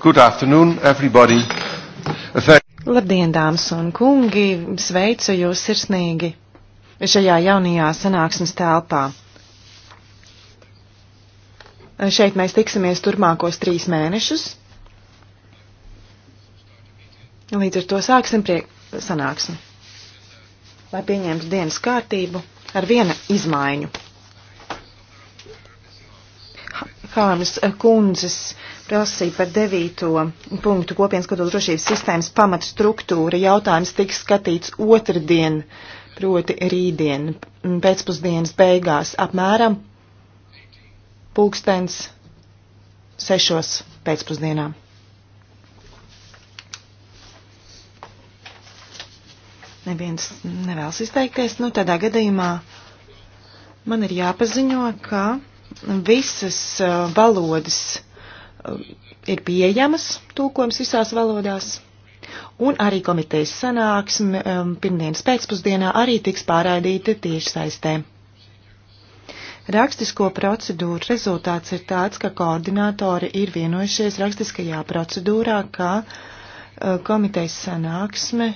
Good afternoon, everybody. Thank Labdien, dāmas un kungi! Sveicu jūs sirsnīgi šajā jaunajā sanāksmes telpā. Šeit mēs tiksimies turpmākos trīs mēnešus. Līdz ar to sāksim priek sanāksmi, lai pieņemtu dienas kārtību ar viena izmaiņu. Hāmas kundzes prasīja par devīto punktu kopienas kodola drošības sistēmas pamatstruktūra. Jautājums tiks skatīts otrdien, proti rītdien, pēcpusdienas beigās, apmēram pulkstens sešos pēcpusdienā. Neviens nevēlas izteikties, nu tādā gadījumā man ir jāpaziņo, ka visas valodas ir pieejamas, tulkojums visās valodās. Un arī komitejas sanāksme pirmdienas pēcpusdienā arī tiks pārraidīta tieši saistē. Rakstisko procedūru rezultāts ir tāds, ka koordinātori ir vienojušies rakstiskajā procedūrā, ka komitejas sanāksme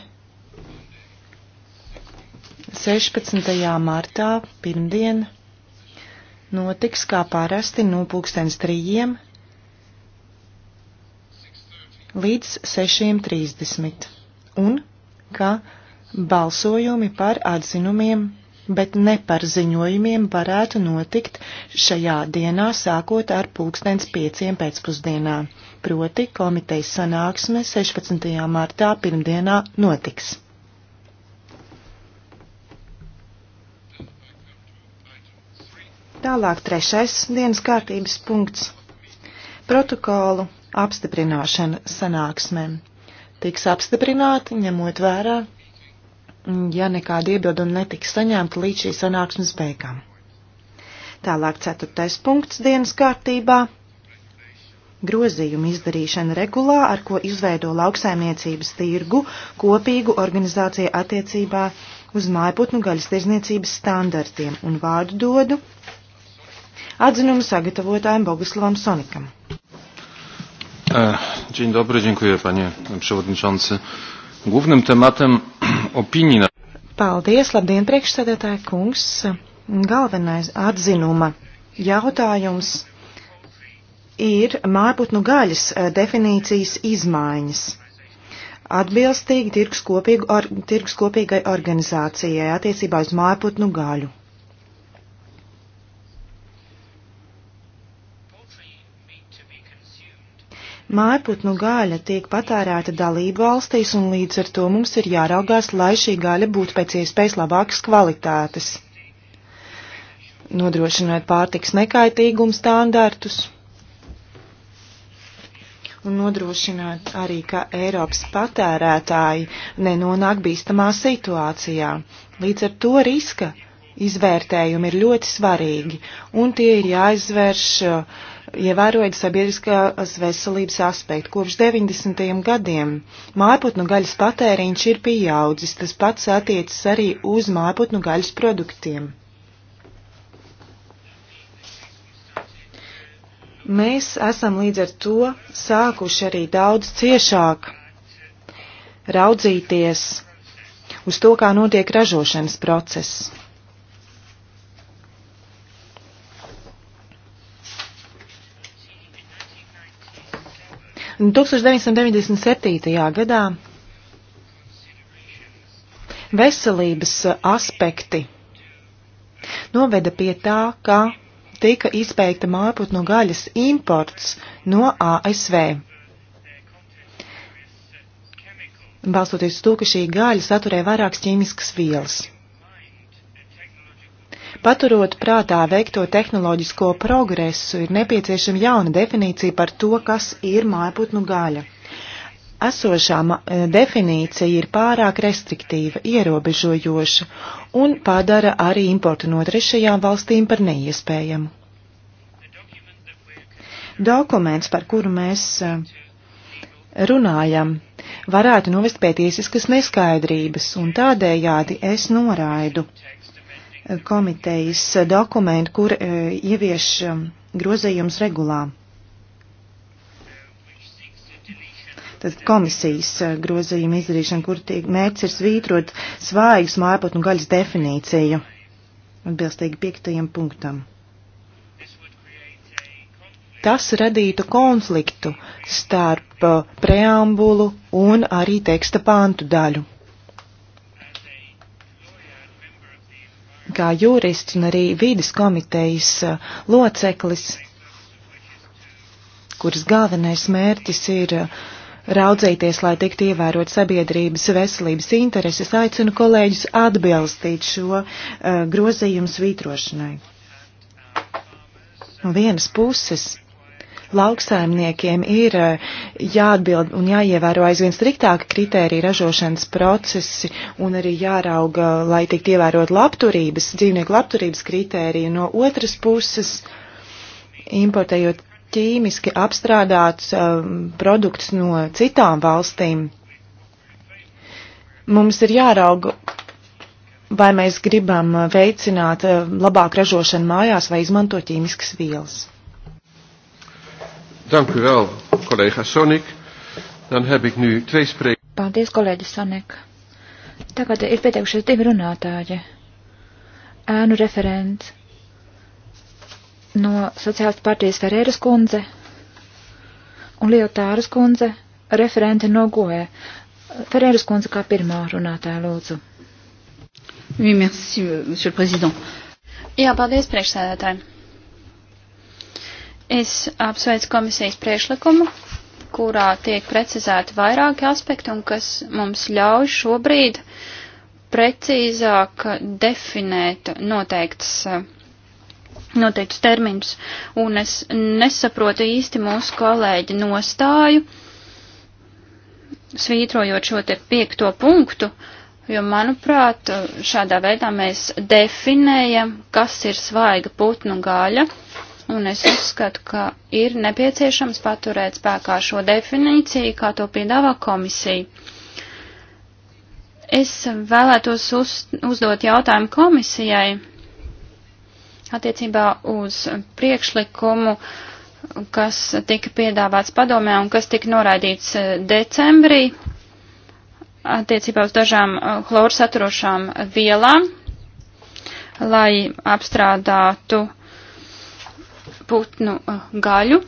16. martā pirmdien notiks kā parasti no pulkstens trījiem līdz 6.30 un ka balsojumi par atzinumiem, bet ne par ziņojumiem varētu notikt šajā dienā sākot ar pulkstens 5. pēcpusdienā, proti komitejas sanāksme 16. martā pirmdienā notiks. Tālāk trešais dienas kārtības punkts - protokolu apstiprināšana sanāksmēm. Tiks apstiprināti, ņemot vērā, ja nekāda iebilduma netiks saņemta līdz šīs sanāksmes beigām. Tālāk ceturtais punkts dienas kārtībā - grozījuma izdarīšana regulā, ar ko izveido lauksaimniecības tirgu kopīgu organizāciju attiecībā uz mājputnu gaļas tirzniecības standartiem un vārdu dodu atzinumu sagatavotājiem Boguslavam Sonikam. E, dzień dobry, dziękuję panie przewodniczący. Głównym tematem opinii na... Paldies, labdien, priekšsēdētāja kungs. Galvenais atzinuma jautājums ir mājputnu gaļas e, definīcijas izmaiņas atbilstīgi tirgus, kopīgu, or, tirgus kopīgai organizācijai attiecībā uz mājputnu gaļu. Mājputnu gaļa tiek patērēta dalību valstīs, un līdz ar to mums ir jāraugās, lai šī gaļa būtu pēc iespējas labākas kvalitātes. Nodrošinot pārtiks nekaitīgumu standartus un nodrošināt arī, ka Eiropas patērētāji nenonāk bīstamā situācijā. Līdz ar to riska izvērtējumi ir ļoti svarīgi, un tie ir jāizvērš uh, ievērojot sabiedriskās veselības aspektu. Kopš 90. gadiem mājputnu gaļas patēriņš ir pieaudzis, tas pats attiecas arī uz mājputnu gaļas produktiem. Mēs esam līdz ar to sākuši arī daudz ciešāk raudzīties uz to, kā notiek ražošanas process. 1997. gadā veselības aspekti noveda pie tā, ka tika izbeigta mājputnu gaļas imports no ASV. Balstoties uz to, ka šī gaļa saturēja vairākas ķīmiskas vielas. Paturot prātā veikto tehnoloģisko progresu, ir nepieciešama jauna definīcija par to, kas ir mājputnu gaļa. Esošā e, definīcija ir pārāk restriktīva, ierobežojoša un padara arī importu no trešajām valstīm par neiespējamu. Dokuments, par kuru mēs e, runājam, varētu novest pie tiesiskas neskaidrības, un tādējādi es noraidu komitejas dokumentu, kur e, ievieš um, grozījums regulā. Tad komisijas e, grozījuma izdarīšana, kur tiek mērķis ir svītrot svājas mājputnu gaļas definīciju, atbilstīgi piektajam punktam. Tas radītu konfliktu starp e, preambulu un arī teksta pāntu daļu. kā jurists un arī vīdes komitejas eh, loceklis, kuras galvenais mērķis ir eh, raudzīties, lai tiktu ievērot sabiedrības veselības intereses, aicinu kolēģus atbilstīt šo uh, grozījumu svītrošanai. No vienas puses lauksaimniekiem ir eh, jāatbild un jāievēro aizvien striktāki kritēriji ražošanas procesi un arī jārauga, lai tikt ievērot labturības, dzīvnieku labturības kritēriju. No otras puses, importējot ķīmiski apstrādāts um, eh, produkts no citām valstīm, mums ir jārauga, vai mēs gribam eh, veicināt labāku ražošanu mājās vai izmantot ķīmiskas vielas. Dank u wel, collega Sonik. Dan heb ik nu twee sprekers. Paldies, kolēģi Sonik. Tagad ir pieteikušies divi runātāji. Ēnu referents no Sociālās partijas Ferēras kundze un Liotāras kundze, referente no Goē. Ferēras kundze kā pirmā runātāja lūdzu. Oui, merci, monsieur le président. Jā, paldies priekšsēdētājiem. Es apsveicu komisijas priešlikumu, kurā tiek precizēti vairāki aspekti un kas mums ļauj šobrīd precīzāk definēt noteikts, noteikts termins. Un es nesaprotu īsti mūsu kolēģi nostāju, svītrojot šo te piekto punktu, jo, manuprāt, šādā veidā mēs definējam, kas ir svaiga putnu gaļa un es uzskatu, ka ir nepieciešams paturēt spēkā šo definīciju, kā to piedāvā komisija. Es vēlētos uz, uzdot jautājumu komisijai attiecībā uz priekšlikumu, kas tika piedāvāts padomē un kas tika noraidīts eh, decembrī attiecībā uz dažām eh, chlorsaturošām vielām, lai apstrādātu uh, putnu uh, gaļu.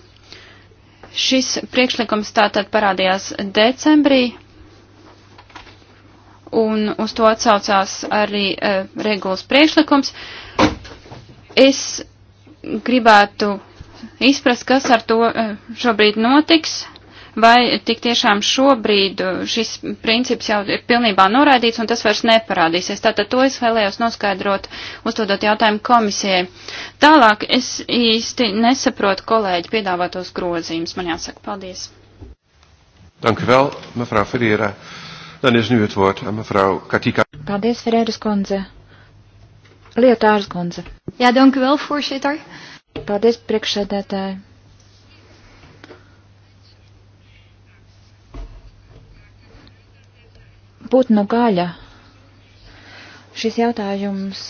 Šis priekšlikums tātad parādījās decembrī, un uz to atsaucās arī uh, regulas priekšlikums. Es gribētu izprast, kas ar to uh, šobrīd notiks, vai tik tiešām šobrīd šis princips jau ir pilnībā noraidīts un tas vairs neparādīsies. Tātad to es vēlējos noskaidrot, uzdodot jautājumu komisijai. Tālāk es īsti nesaprotu kolēģi piedāvātos grozījumus. Man jāsaka paldies. Dank u wel, mevrouw Ferreira. Dan is nu het woord aan mevrouw Katika. Paldies, Ferreiras kundze. Lietāras kundze. Jā, dank u wel, voorzitter. Paldies, priekšsēdētāji. putnu gaļa. Šis jautājums.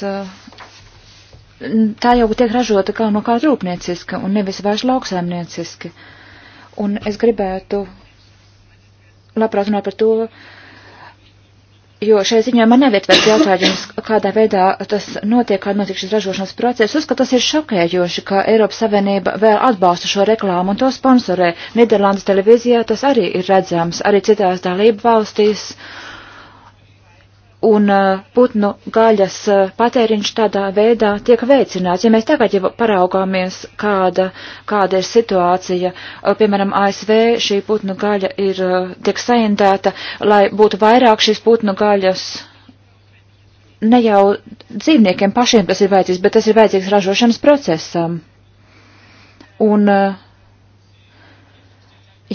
Tā jau tiek ražota kā no kā rūpnieciska un nevis vairs lauksaimnieciski. Un es gribētu labprāt runāt par to, jo šai ziņā man nevietvērt jautājums, kādā veidā tas notiek, kāda notiek šis ražošanas process. Uzskatu, tas ir šokējoši, ka Eiropas Savienība vēl atbalsta šo reklāmu un to sponsorē. Nīderlandes televīzijā tas arī ir redzams, arī citās dalību valstīs. Uh, un uh, putnu gaļas uh, patēriņš tādā veidā tiek veicināts. Ja mēs tagad jau paraugāmies, kāda, kāda ir situācija, uh, piemēram, ASV šī putnu gaļa ir, tiek saindēta, lai būtu vairāk šīs putnu gaļas. Ne jau dzīvniekiem pašiem tas ir vajadzīgs, bet tas ir vajadzīgs ražošanas procesam. Un,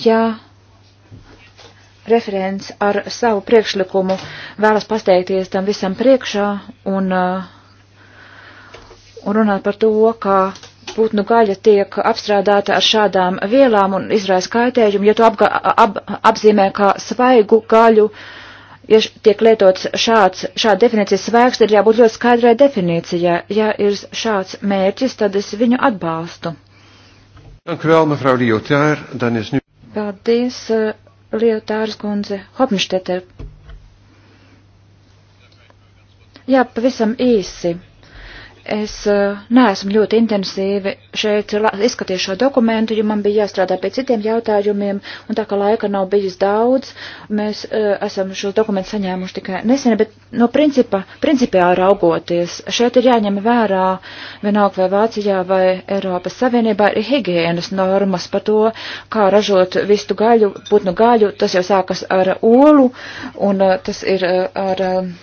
ja referents ar savu priekšlikumu vēlas pasteikties tam visam priekšā un, uh, un runāt par to, ka putnu gaļa tiek apstrādāta ar šādām vielām un izraisa kaitējumu, ja to apga, ap, apzīmē kā svaigu gaļu. Ja tiek lietots šāds, šāda definīcijas svēgs, tad jābūt ļoti skaidrai definīcijai. Ja ir šāds mērķis, tad es viņu atbalstu. Nu- Paldies, eh, Lietāras kundze Hopmštete. Jā, pavisam īsi. Es eh, neesmu ļoti intensīvi šeit izskatījis šo dokumentu, jo man bija jāstrādā pie citiem jautājumiem, un tā kā laika nav bijis daudz, mēs eh, esam šo dokumentu saņēmuši tikai nesen, bet no principa, principiāli raugoties, šeit ir jāņem vērā, vienalga vai Vācijā vai Eiropas Savienībā, ir higienas normas par to, kā ražot vistu gaļu, putnu gaļu, tas jau sākas ar olu, un eh, tas ir ar. ar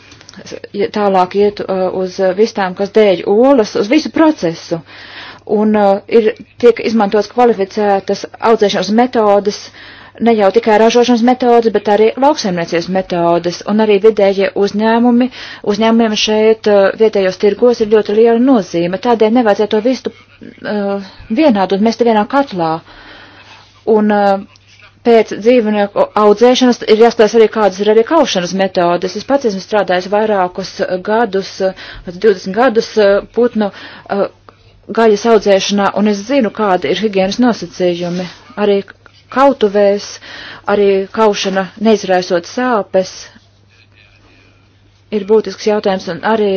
tālāk iet uh, uz vistām, kas dēļ olas, uz visu procesu. Un uh, ir, tiek izmantotas kvalificētas audzēšanas metodas, ne jau tikai ražošanas metodas, bet arī lauksaimniecības metodas. Un arī vidējie uzņēmumi, uzņēmumiem šeit uh, vietējos tirgos ir ļoti liela nozīme. Tādēļ nevajadzētu to visu uh, vienādot, mēs te vienā katlā. Un uh, pēc dzīvnieku audzēšanas ir jāskatās arī kādas ir arī kaušanas metodes. Es pats esmu strādājis vairākus eh, gadus, 20 eh, gadus eh, putnu gaļas audzēšanā, un es zinu, kāda ir higienas nosacījumi. Arī kautuvēs, arī kaušana neizraisot sāpes ir būtisks jautājums, un arī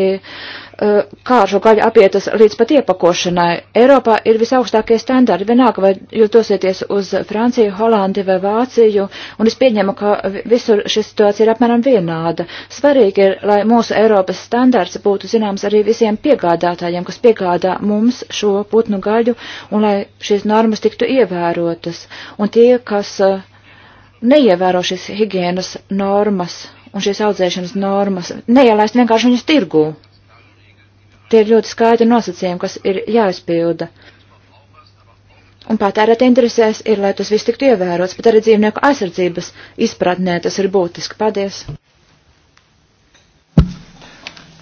E, kāržu gaļa apietas līdz pat iepakošanai. Eiropā ir visaugstākie standarti, vienalga, vai jūs dosieties uz Franciju, Holandi vai Vāciju, un es pieņemu, ka visur šī situācija ir apmēram vienāda. Svarīgi ir, lai mūsu Eiropas standarts būtu zināms arī visiem piegādātājiem, kas piegādā mums šo putnu gaļu, un lai šīs normas tiktu ievērotas. Un tie, kas e, neievēro šīs higienas normas un šīs audzēšanas normas, neielaist vienkārši viņus tirgū. Tie ir ļoti skaidri nosacījumi, kas ir jāizpilda. Un patērēt interesēs ir, lai tas viss tiktu ievērots, bet arī dzīvnieku aizsardzības izpratnē tas ir būtiski. Paldies!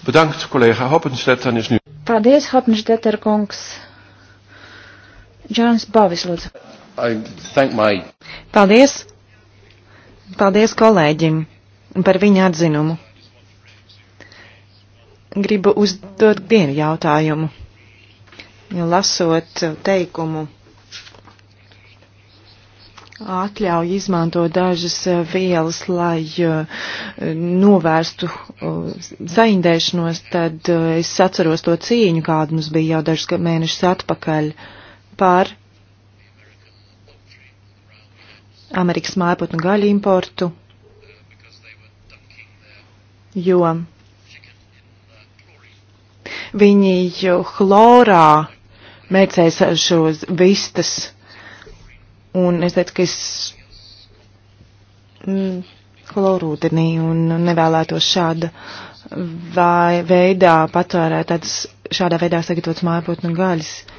Bedankt, kolēģa Hoppenstetter. Nu... Paldies, Hoppenstetter kungs. Džons Bavis, lūdzu. My... Paldies! Paldies kolēģim par viņa atzinumu gribu uzdot vienu jautājumu. Lasot teikumu, atļauj izmantot dažas vielas, lai eh, novērstu eh, zaindēšanos, tad eh, es atceros to cīņu, kāda mums bija jau dažas mēnešas atpakaļ par Amerikas mājputnu gaļu importu, jo Viņi chlorā mērcēs šos vistas. Un es teicu, ka es mm, chlorūdenī un nevēlētos šāda vai veidā patvērēt tādas šādā veidā sagatavotas mājputnu gaļas. Uh,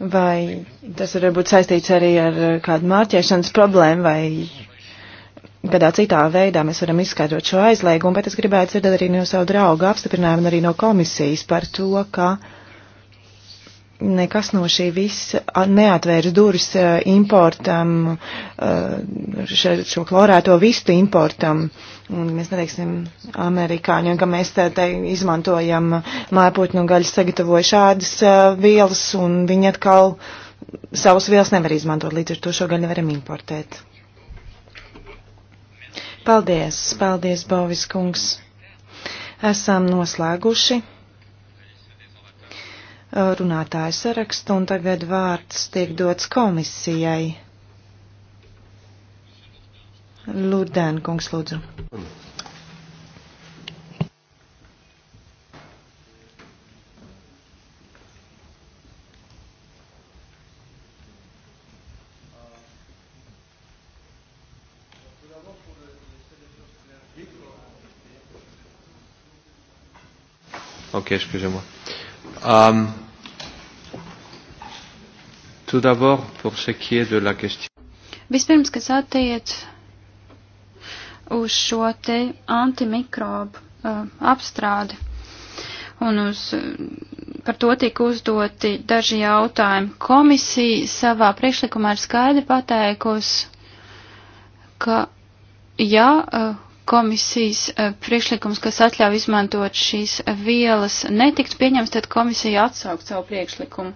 Vai tas var būt saistīts arī ar eh, kādu mārķēšanas problēmu vai kādā citā veidā mēs varam izskaidrot šo aizliegumu, bet es gribētu dzirdēt arī no savu draugu apstiprinājumu un arī no komisijas par to, ka uh, nekas no šī visa neatvērs durvis importam, šo klorēto vistu importam. Un mēs neteiksim amerikāņiem, ka mēs te, te izmantojam mājputnu gaļas sagatavoju šādas vielas, un viņi atkal savus vielas nevar izmantot, līdz ar to šo gaļu nevaram importēt. Paldies, paldies, Bovis kungs. Esam noslēguši runātāju sarakstu, un tagad vārds tiek dots komisijai. Lūdēn, kungs, lūdzu. Ok, excusez-moi. Euh, tout d'abord, pour ce qui est de la question. Vispirms, kas attiec uz šo te antimikrobu uh, apstrādi, un uz, uh, par to tika uzdoti daži jautājumi. Komisija savā priekšlikumā ir skaidri pateikusi, ka, ja uh, komisijas eh, priekšlikums, kas atļauj izmantot šīs eh, vielas, netiks pieņemts, tad komisija atsaukt savu priekšlikumu.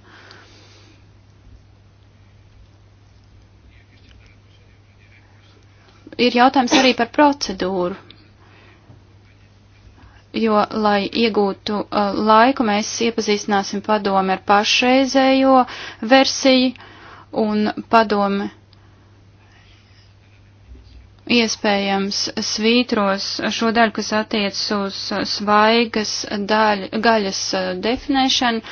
Ir jautājums arī par procedūru, jo, lai iegūtu uh, laiku, mēs iepazīstināsim padomi ar pašreizējo versiju un padomi iespējams svītros šo daļu, kas attiec uz svaigas daļ, gaļas eh, definēšanu.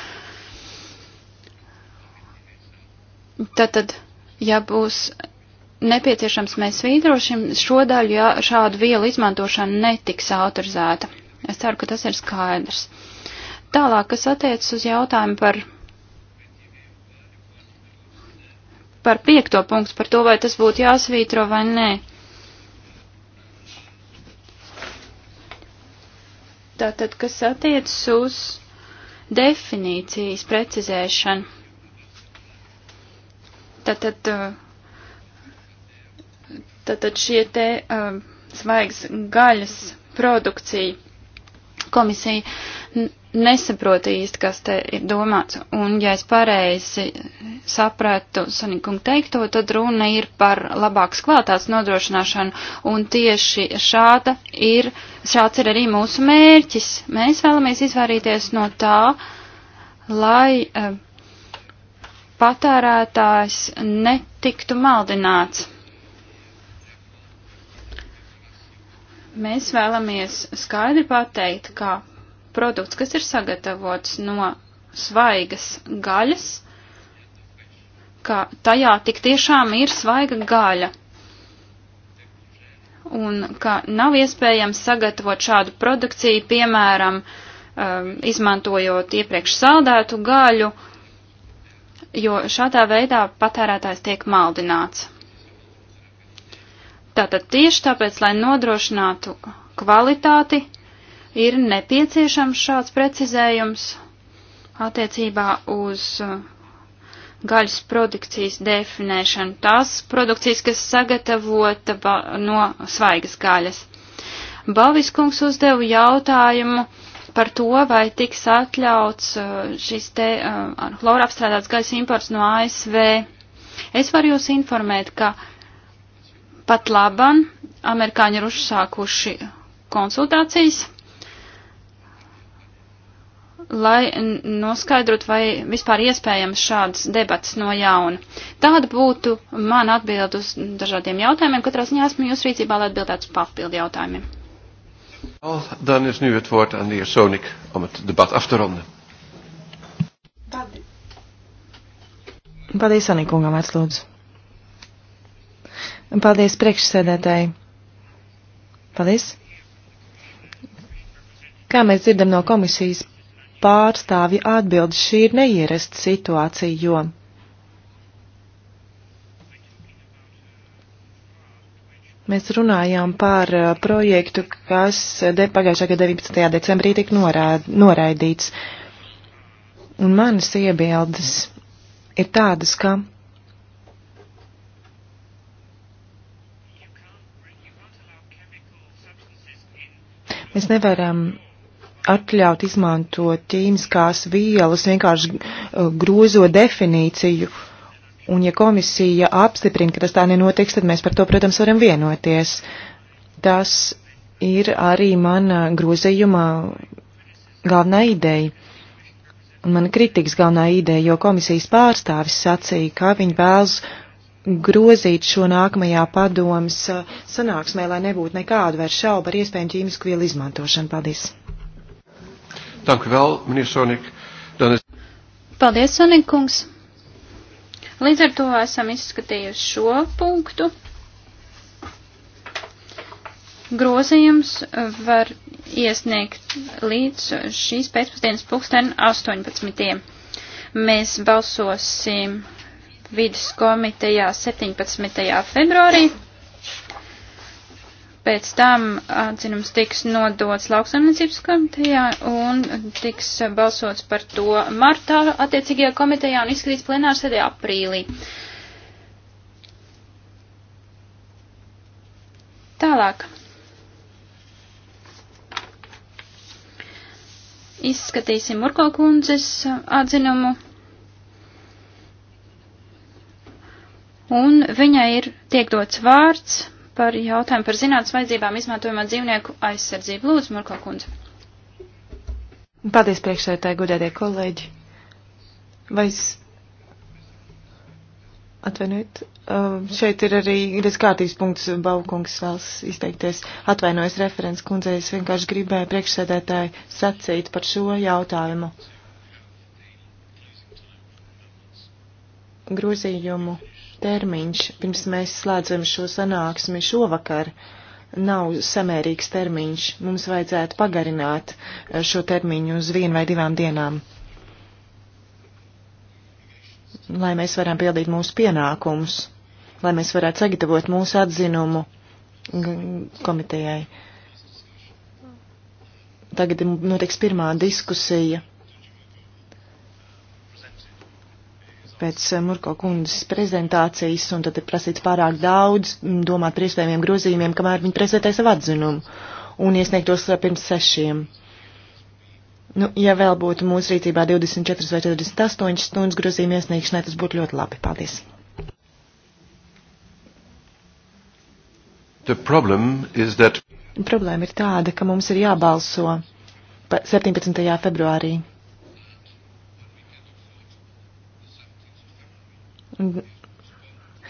Tātad, ja būs nepieciešams, mēs svītrošam šo daļu, ja šādu vielu izmantošana netiks autorizēta. Es ceru, ka tas ir skaidrs. Tālāk, kas attiec uz jautājumu par par piekto punktu, par to, vai tas būtu jāsvītro vai nē. Tātad, kas attiecas uz definīcijas precizēšanu. Tātad, eh, tātad šie te eh, svaigs gaļas produkcija komisija nesaprotu īsti, kas te ir domāts. Un, ja es pareizi sapratu Sonikungu teikto, tad runa ir par labākas kvalitātes nodrošināšanu. Un tieši šāda ir, šāds ir arī mūsu mērķis. Mēs vēlamies izvairīties no tā, lai eh, patērētājs netiktu maldināts. Mēs vēlamies skaidri pateikt, ka produkts, kas ir sagatavots no svaigas gaļas, ka tajā tik tiešām ir svaiga gaļa. Un ka nav iespējams sagatavot šādu produkciju, piemēram, um, izmantojot iepriekš saldētu gaļu, jo šādā veidā patērētājs tiek maldināts. Tātad tieši tāpēc, lai nodrošinātu kvalitāti, ir nepieciešams šāds precizējums attiecībā uz uh, gaļas produkcijas definēšanu. Tās produkcijas, kas sagatavota no svaigas gaļas. Balviskungs uzdeva jautājumu par to, vai tiks atļauts uh, šis te uh, ar chloru apstrādāts gaļas imports no ASV. Es varu jūs informēt, ka pat laban amerikāņi ir uzsākuši konsultācijas lai noskaidrot, vai vispār iespējams šādas debats no jauna. Tāda būtu man atbild uz dažādiem jautājumiem. Katrā ziņā esmu jūs rīcībā, lai atbildētu uz papildu jautājumiem. Dan is nu het woord aan de heer Sonik om het debat af te ronden. Paldies, Anikungam, atslūdzu. Paldies, priekšsēdētāji. Paldies. Kā mēs dzirdam no komisijas pārstāvi atbild. Šī ir neierasta situācija, jo. Mēs runājām par uh, projektu, kas pagājušā gada 19. decembrī tika norād, noraidīts. Un manas iebildes ir tādas, ka mēs nevaram atļaut izmantot ķīmiskās vielas, vienkārši uh, grozo definīciju. Un ja komisija apstiprina, ka tas tā nenotiks, tad mēs par to, protams, varam vienoties. Tas ir arī mana grozījuma galvenā ideja. Un mana kritikas galvenā ideja, jo komisijas pārstāvis sacīja, ka viņi vēlas grozīt šo nākamajā padomas uh, sanāksmē, lai nebūtu nekādu vairs šaubu par iespējumu ķīmisku vielu izmantošanu. Paldies! Dank u vēl, meneer Sonik. Dan es... Paldies, Sonik kungs. Līdz ar to esam izskatījuši šo punktu. Grozījums var iesniegt līdz šīs pēcpusdienas pulksten 18. Mēs balsosim vidus komitejā 17. februārī. Pēc tam atzinums tiks nodots lauksaimniecības komitejā un tiks balsots par to martā attiecīgajā komitejā un izskatīts plenārsēdē aprīlī. Tālāk. Izskatīsim Urko kundzes atzinumu. Un viņai ir tiek dots vārds par jautājumu par zinātnes vajadzībām izmantojumā dzīvnieku aizsardzību. Lūdzu, Murko kundze. Paldies priekšsētāji, godētie kolēģi. Vai es atvainojiet? Uh, šeit ir arī redz kārtības punkts, Baukungs vēlas izteikties. Atvainojas referents kundzei, es vienkārši gribēju priekšsēdētāji sacīt par šo jautājumu. Grozījumu termiņš, pirms mēs slēdzam šo sanāksmi šovakar, nav samērīgs termiņš. Mums vajadzētu pagarināt eh, šo termiņu uz vienu vai divām dienām, lai mēs varam pildīt mūsu pienākumus, lai mēs varētu sagatavot mūsu atzinumu komitejai. Tagad notiks pirmā diskusija pēc eh, Murko kundzes prezentācijas, un tad ir prasīts pārāk daudz mm, domāt par iespējamiem grozījumiem, kamēr viņi prezentē savu atzinumu un iesniegtos eh, pirms sešiem. Nu, ja vēl būtu mūsu rīcībā 24 vai 48 stundas grozījuma iesniegšanai, tas būtu ļoti labi. Paldies! That... Problēma ir tāda, ka mums ir jābalso 17. februārī.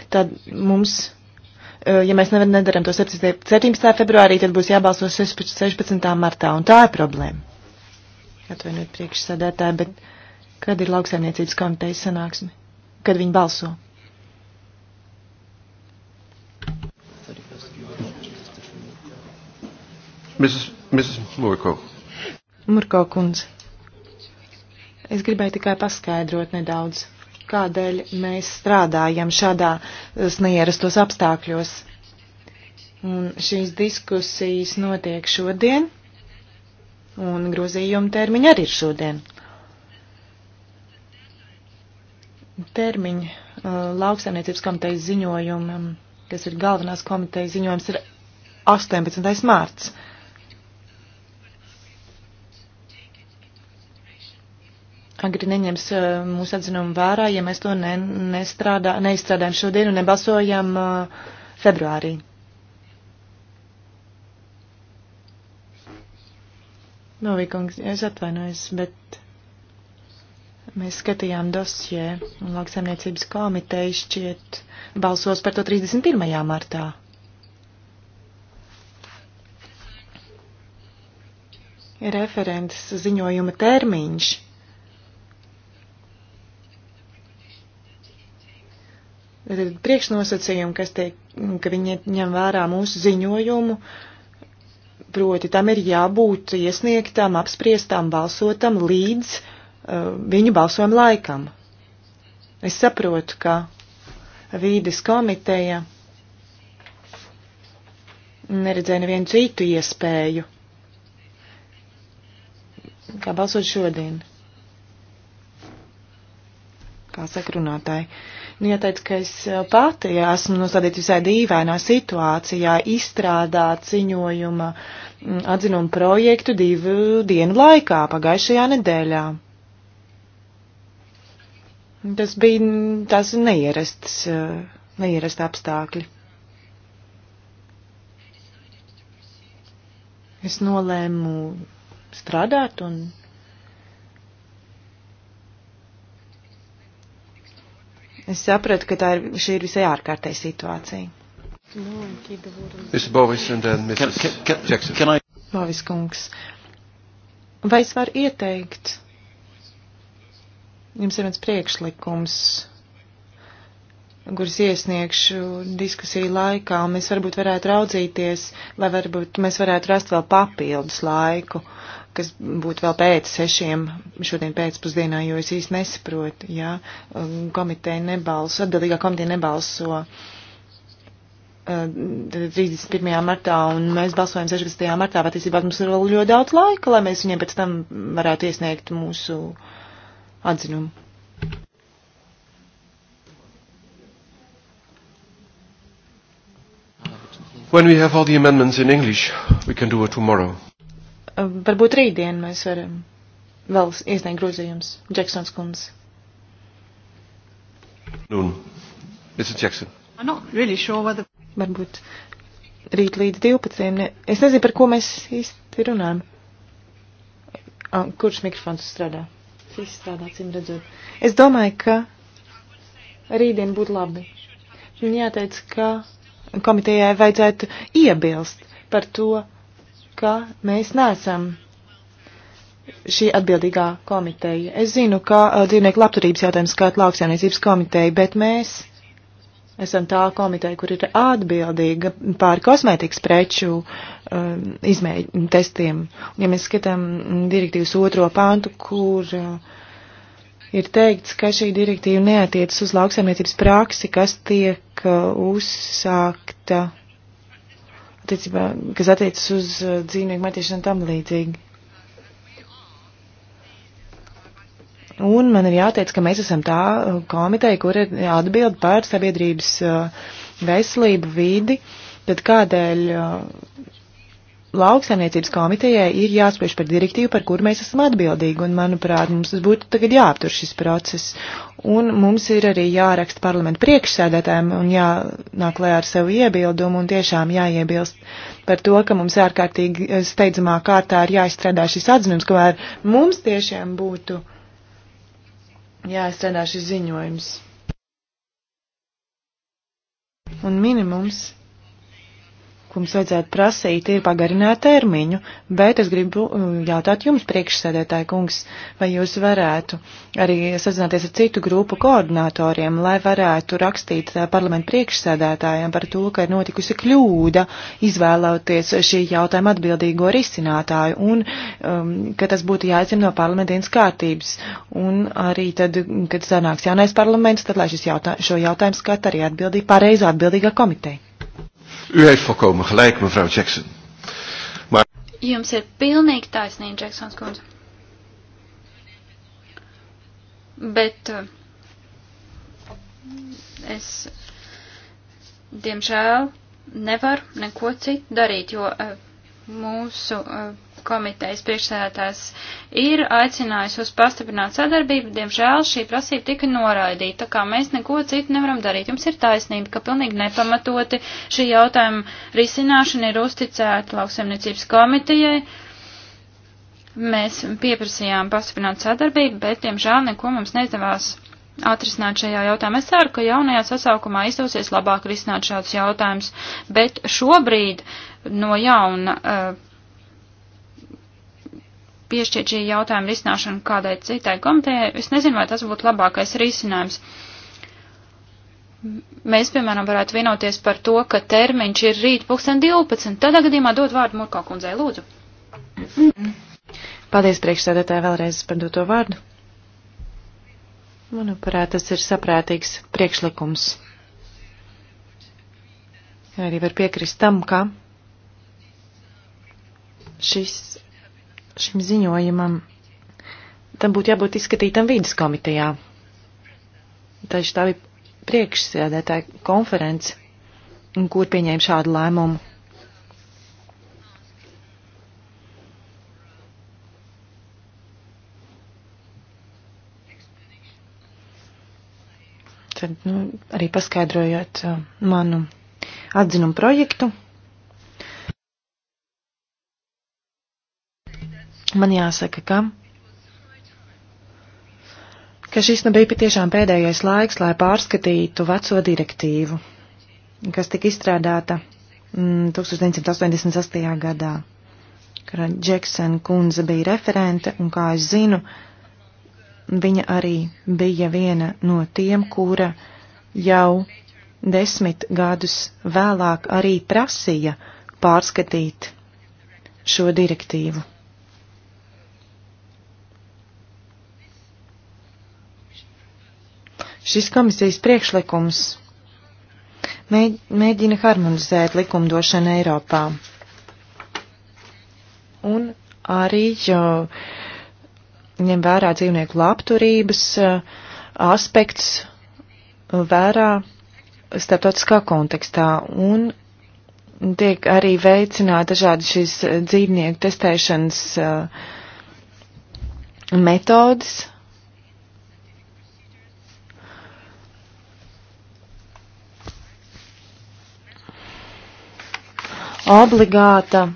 tad mums, eh, ja mēs nedaram to 17. februārī, tad būs jābalso 16. martā, un tā ir problēma. Atvainojiet priekšsādētāji, bet kad ir lauksaimniecības komitejas sanāksme? Kad viņi balso? Mrs. Mrs. Murko. Murko kundze. Es gribēju tikai paskaidrot nedaudz kādēļ mēs strādājam šādā eh, neierastos apstākļos. Un šīs diskusijas notiek šodien, un grozījuma termiņi arī ir šodien. Termiņi uh, lauksaimniecības komitejas ziņojumam, kas ir galvenās komitejas ziņojums, ir 18. mārts. Uh, agri neņems eh, mūsu atzinumu vērā, ja mēs to ne, nestrādā, neizstrādājam šodien un nebalsojam eh, februārī. Novīkungs, es atvainojos, bet mēs skatījām dosjē un lauksaimniecības komiteja šķiet balsos par to 31. martā. Referents ziņojuma termiņš priekšnosacījumi, kas tiek, ka viņi ņem vērā mūsu ziņojumu, proti tam ir jābūt iesniegtām, apspriestām, balsotam līdz uh, viņu balsojuma laikam. Es saprotu, ka vīdes komiteja neredzēja nevienu citu iespēju, kā balsot šodien. Kā saka runātāji. Uh, Nu, ja teicu, ka es eh, pati esmu nostādīta visai dīvainā situācijā, izstrādāt ziņojuma mm, atzinumu projektu divu dienu laikā pagājušajā nedēļā. Tas bija tas neierasts, eh, neierasta apstākļi. Es nolēmu strādāt un Es sapratu, ka tā ir, šī ir visai ārkārtēja situācija. Bovis kungs, vai es varu ieteikt? Jums ir viens priekšlikums, kurus iesniegšu diskusiju laikā, un mēs varbūt varētu raudzīties, lai varbūt mēs varētu rast vēl papildus laiku. Uh, kas būtu vēl pēc sešiem šodien pēcpusdienā, jo es īsti nesaprotu, ja komiteja nebalso, atbildīgā komiteja nebalso. 31. Eh, martā, un mēs balsojam 16. martā, patiesībā mums ir vēl ļoti daudz laika, lai mēs viņiem pēc tam varētu iesniegt mūsu atzinumu. When we have all the amendments in English, we can do it tomorrow. Varbūt rītdien mēs varam vēl iesniegt grozījums. Džeksons kundze. Nu, Mr. Jackson. I'm not really sure whether... Varbūt rīt līdz 12. Ne, es nezinu, par ko mēs īsti runājam. A, kurš mikrofons strādā? Viss strādā, cim redzot. Es domāju, ka rītdien būtu labi. Viņa jāteica, ka komitejai vajadzētu iebilst par to, ka mēs neesam šī atbildīgā komiteja. Es zinu, ka uh, dzīvnieku labturības jautājums skait lauksjauniecības komiteja, bet mēs esam tā komiteja, kur ir atbildīga pār kosmētikas preču um, izmēģinājumu testiem. Un, ja mēs skatām direktīvas otro pantu, kur uh, ir teikts, ka šī direktīva neatiecas uz lauksaimniecības praksi, kas tiek uh, uzsākta attiecībā, kas attiecas uz uh, dzīvnieku metīšanu un tam līdzīgi. Un man ir jāteic, ka mēs esam tā uh, komiteja, kur ir atbild par sabiedrības uh, veselību vidi, tad kādēļ lauksaimniecības komitejai ir jāspriež par direktīvu, par kuru mēs esam atbildīgi, un, manuprāt, mums tas būtu tagad jāaptur šis process. Un mums ir arī jāraksta parlamentu priekšsēdētājiem un jānāk lē ar sevu iebildumu un tiešām jāiebilst par to, ka mums ārkārtīgi eh, steidzamā kārtā ir jāizstrādā šis atzinums, kamēr mums tiešām būtu jāizstrādā šis ziņojums. Un minimums ko mums vajadzētu prasīt, ir pagarināt termiņu, bet es gribu uh, jautāt jums, priekšsēdētāji kungs, vai jūs varētu arī sazināties ar citu grupu koordinatoriem, lai varētu rakstīt uh, parlamentu priekšsēdētājiem par to, ka ir notikusi kļūda izvēlēties šī jautājuma atbildīgo risinātāju un um, ka tas būtu jāizņem no parlamentīnas kārtības. Un arī tad, kad sanāks jaunais parlaments, tad lai šis jautā, šo jautājumu skata arī atbildīgi pareizi atbildīgā komiteja. U heeft volkomen gelijk, mevrouw Jackson. Maar... Jums ir pilnīgi taisnība, Džeksons kundze. Bet eh, es, diemžēl, nevaru neko citu darīt, jo eh, mūsu eh, komitejas priekšsēdētājs ir aicinājis uz pastiprināt sadarbību, diemžēl šī prasība tika noraidīta, tā kā mēs neko citu nevaram darīt. Jums ir taisnība, ka pilnīgi nepamatoti šī jautājuma risināšana ir uzticēta lauksaimniecības komitejai. Mēs pieprasījām pastiprināt sadarbību, bet, diemžēl, neko mums neizdevās atrisināt šajā jautājumā. Es ceru, ka jaunajā sasaukumā izdosies labāk risināt šādus jautājumus, bet šobrīd no jauna uh, piešķirt šī jautājuma risināšanu kādai citai komitejai, es nezinu, vai tas būtu labākais risinājums. Mēs, piemēram, varētu vienoties par to, ka termiņš ir rīt 2012. Tādā gadījumā dod vārdu Murkā kundzei, lūdzu. Paldies priekšsēdētāji vēlreiz par doto vārdu. Manuprāt, tas ir saprātīgs priekšlikums. Arī var piekrist tam, ka šis šim ziņojumam, tam būtu jābūt izskatītam vīdas komitejā. Taču tā bija priekšsēdētāja konference, kur pieņēma šādu lēmumu. Tad, nu, arī paskaidrojot uh, manu atzinumu projektu. Man jāsaka, ka ka šis nu bija patiešām pēdējais laiks, lai pārskatītu veco direktīvu, kas tika izstrādāta mm, 1988. gadā, kad Džeksona kundze bija referente, un kā es zinu, viņa arī bija viena no tiem, kura jau desmit gadus vēlāk arī prasīja pārskatīt šo direktīvu. Šis komisijas priekšlikums mēģina harmonizēt likumdošanu Eiropā. Un arī ņem vērā dzīvnieku labturības aspekts vērā starptautiskā kontekstā un tiek arī veicināta dažādi šīs dzīvnieku testēšanas metodas obligāta,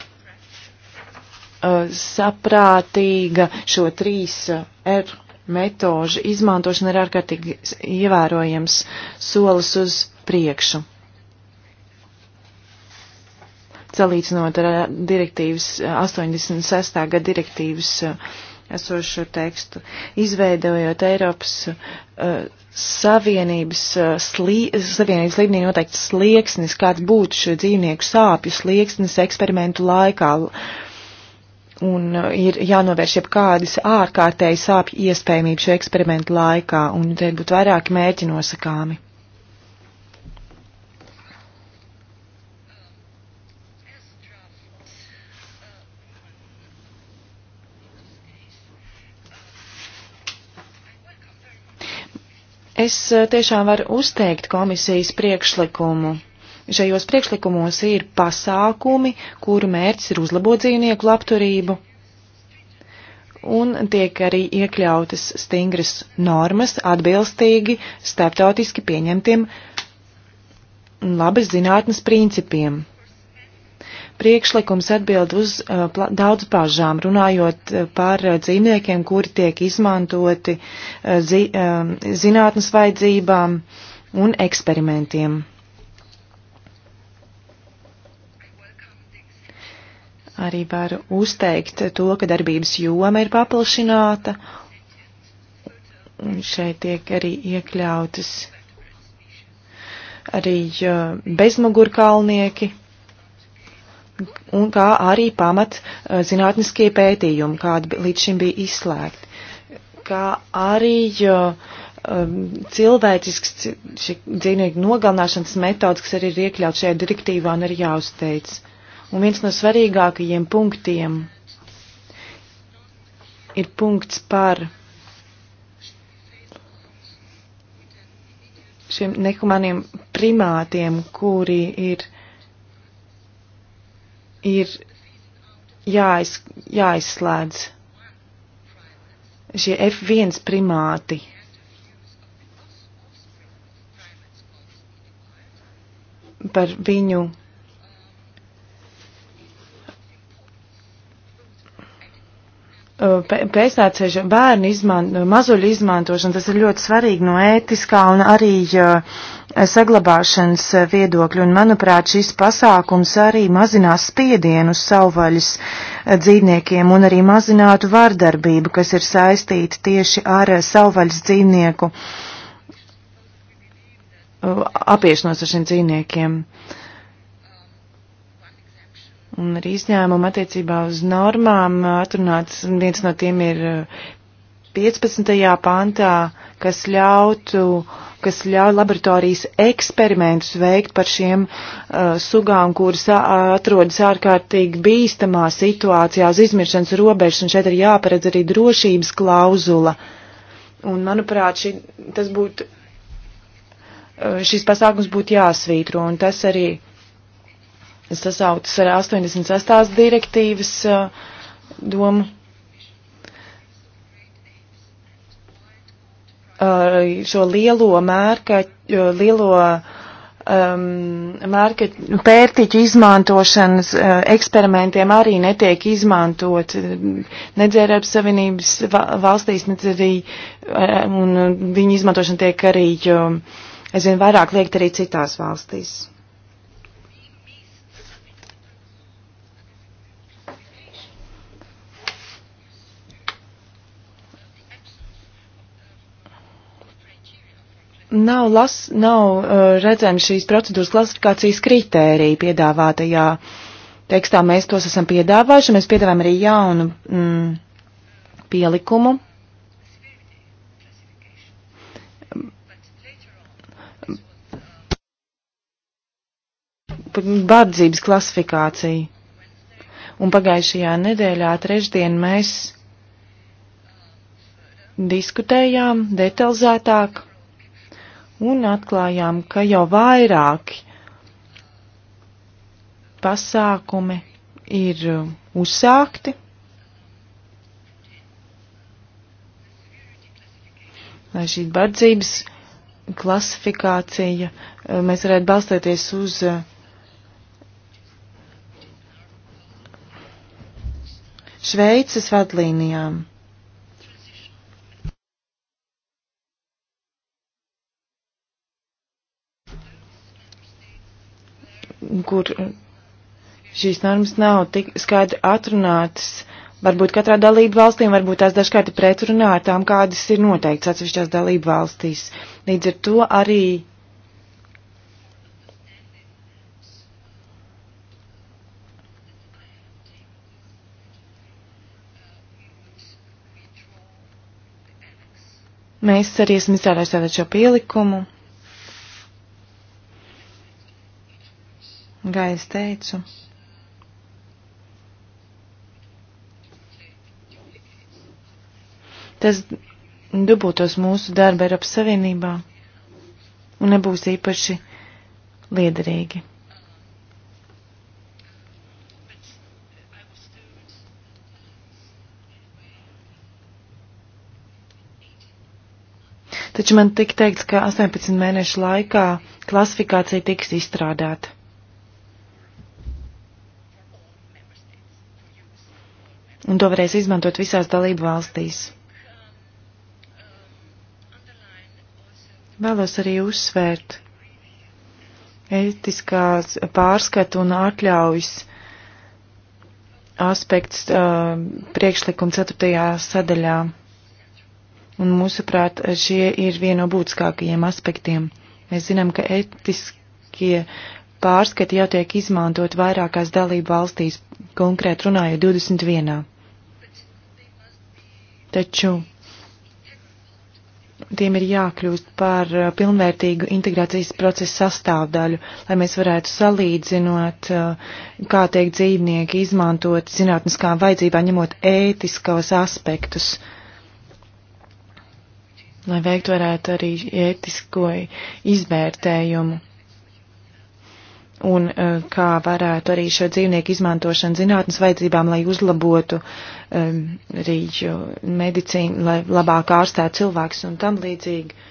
uh, saprātīga šo trīs uh, R metožu izmantošana ir ārkārtīgi ievērojams solis uz priekšu. Salīdzinot ar uh, direktīvas 86. gada direktīvas uh, esošo tekstu, izveidojot Eiropas uh, Savienības, uh, slī, Savienības līmenī noteikti slieksnis, kāds būtu šo dzīvnieku sāpju slieksnis eksperimentu laikā. Un uh, ir jānovērš jeb kādas ārkārtēji sāpju iespējamību šo eksperimentu laikā, un te būtu vairāki mērķi nosakāmi. Es eh, tiešām varu uzteikt komisijas priekšlikumu. Šajos priekšlikumos ir pasākumi, kuru mērķis ir uzlabot dzīvnieku labturību, un tiek arī iekļautas stingras normas atbilstīgi starptautiski pieņemtiem labas zinātnes principiem priekšlikums atbild uz uh, daudz pažām, runājot uh, par uh, dzīvniekiem, kuri tiek izmantoti uh, zi, uh, zinātnes vajadzībām un eksperimentiem. Arī var uzteikt to, ka darbības joma ir paplašināta, un šeit tiek arī iekļautas arī uh, bezmugurkalnieki. kalnieki un kā arī pamat eh, zinātniskie pētījumi, kādi līdz šim bija izslēgti, kā arī um, cilvēcisks dzīvnieku nogalināšanas metodas, kas arī ir iekļauts šajā direktīvā un arī jāuzteic. Un viens no svarīgākajiem punktiem ir punkts par šiem nekumaniem primātiem, kuri ir ir jāiz, jāizslēdz šie F1 primāti. Par viņu pēcnācēju bērnu izmanto, mazuļu izmantošanu, tas ir ļoti svarīgi no ētiskā un arī uh, saglabāšanas viedokļa, un manuprāt, šis pasākums arī mazinās spiedienu uz savvaļas eh, dzīvniekiem un arī mazinātu vardarbību, kas ir saistīta tieši ar eh, savvaļas dzīvnieku eh, apiešanos ar šiem dzīvniekiem. Uh, Un arī izņēmuma attiecībā uz normām atrunāts, viens no tiem ir 15. Eh, pantā, kas ļautu, kas ļauj laboratorijas eksperimentus veikt par šiem uh, sugām, kuras atrodas ārkārtīgi bīstamā situācijā uz izmiršanas robežas, un šeit ir jāparedz arī drošības klauzula. Un, manuprāt, šī, tas būtu, eh, šis pasākums būtu jāsvītro, un tas arī sasautas ar 86. direktīvas domu. Šo lielo mērka, lielo um, mērka pērtiķu izmantošanas uh, eksperimentiem arī netiek izmantot nedz Eiropas Savienības valstīs, nedz arī, um, un viņu izmantošana tiek arī, jo, es zinu, vairāk liekt arī citās valstīs. Nav, las, nav uh, redzami šīs procedūras klasifikācijas kritērija piedāvātajā tekstā. Mēs tos esam piedāvājuši, mēs piedāvājam arī jaunu mm, pielikumu. Bardzības klasifikācija. Un pagājušajā nedēļā trešdien mēs diskutējām detalizētāk un atklājām, ka jau vairāki pasākumi ir uh, uzsākti. Lai šī bardzības klasifikācija, uh, mēs varētu balstīties uz uh, Šveices vadlīnijām. kur šīs normas nav tik skaidri atrunātas. Varbūt katrā dalību valstīm, varbūt tās dažkārt ir pretrunā ar tām, kādas ir noteikts atsevišķās dalību valstīs. Līdz ar to arī Mēs arī esam izstrādājuši tādu šo pielikumu. Kā es teicu, tas dubūtos mūsu darba Eiropas Savienībā un nebūs īpaši liederīgi. Taču man tika teikts, ka 18 mēnešu laikā klasifikācija tiks izstrādāta. un to varēs izmantot visās dalību valstīs. Vēlos arī uzsvērt ētiskās pārskatu un atļaujas aspekts uh, priekšlikuma ceturtajā sadaļā. Un mūsuprāt, šie ir vieno no būtiskākajiem aspektiem. Mēs zinām, ka etiskie pārskati jau tiek izmantot vairākās dalību valstīs, konkrēt runājot 21 taču tiem ir jākļūst par uh, pilnvērtīgu integrācijas procesu sastāvdaļu, lai mēs varētu salīdzinot, uh, kā tiek dzīvnieki izmantot zinātniskām vajadzībām, ņemot ētiskos aspektus, lai veikt varētu arī ētisko izvērtējumu un uh, kā varētu arī šo dzīvnieku izmantošanu zinātnes vajadzībām, lai uzlabotu um, arī medicīnu, lai labāk ārstētu cilvēks un tam līdzīgi.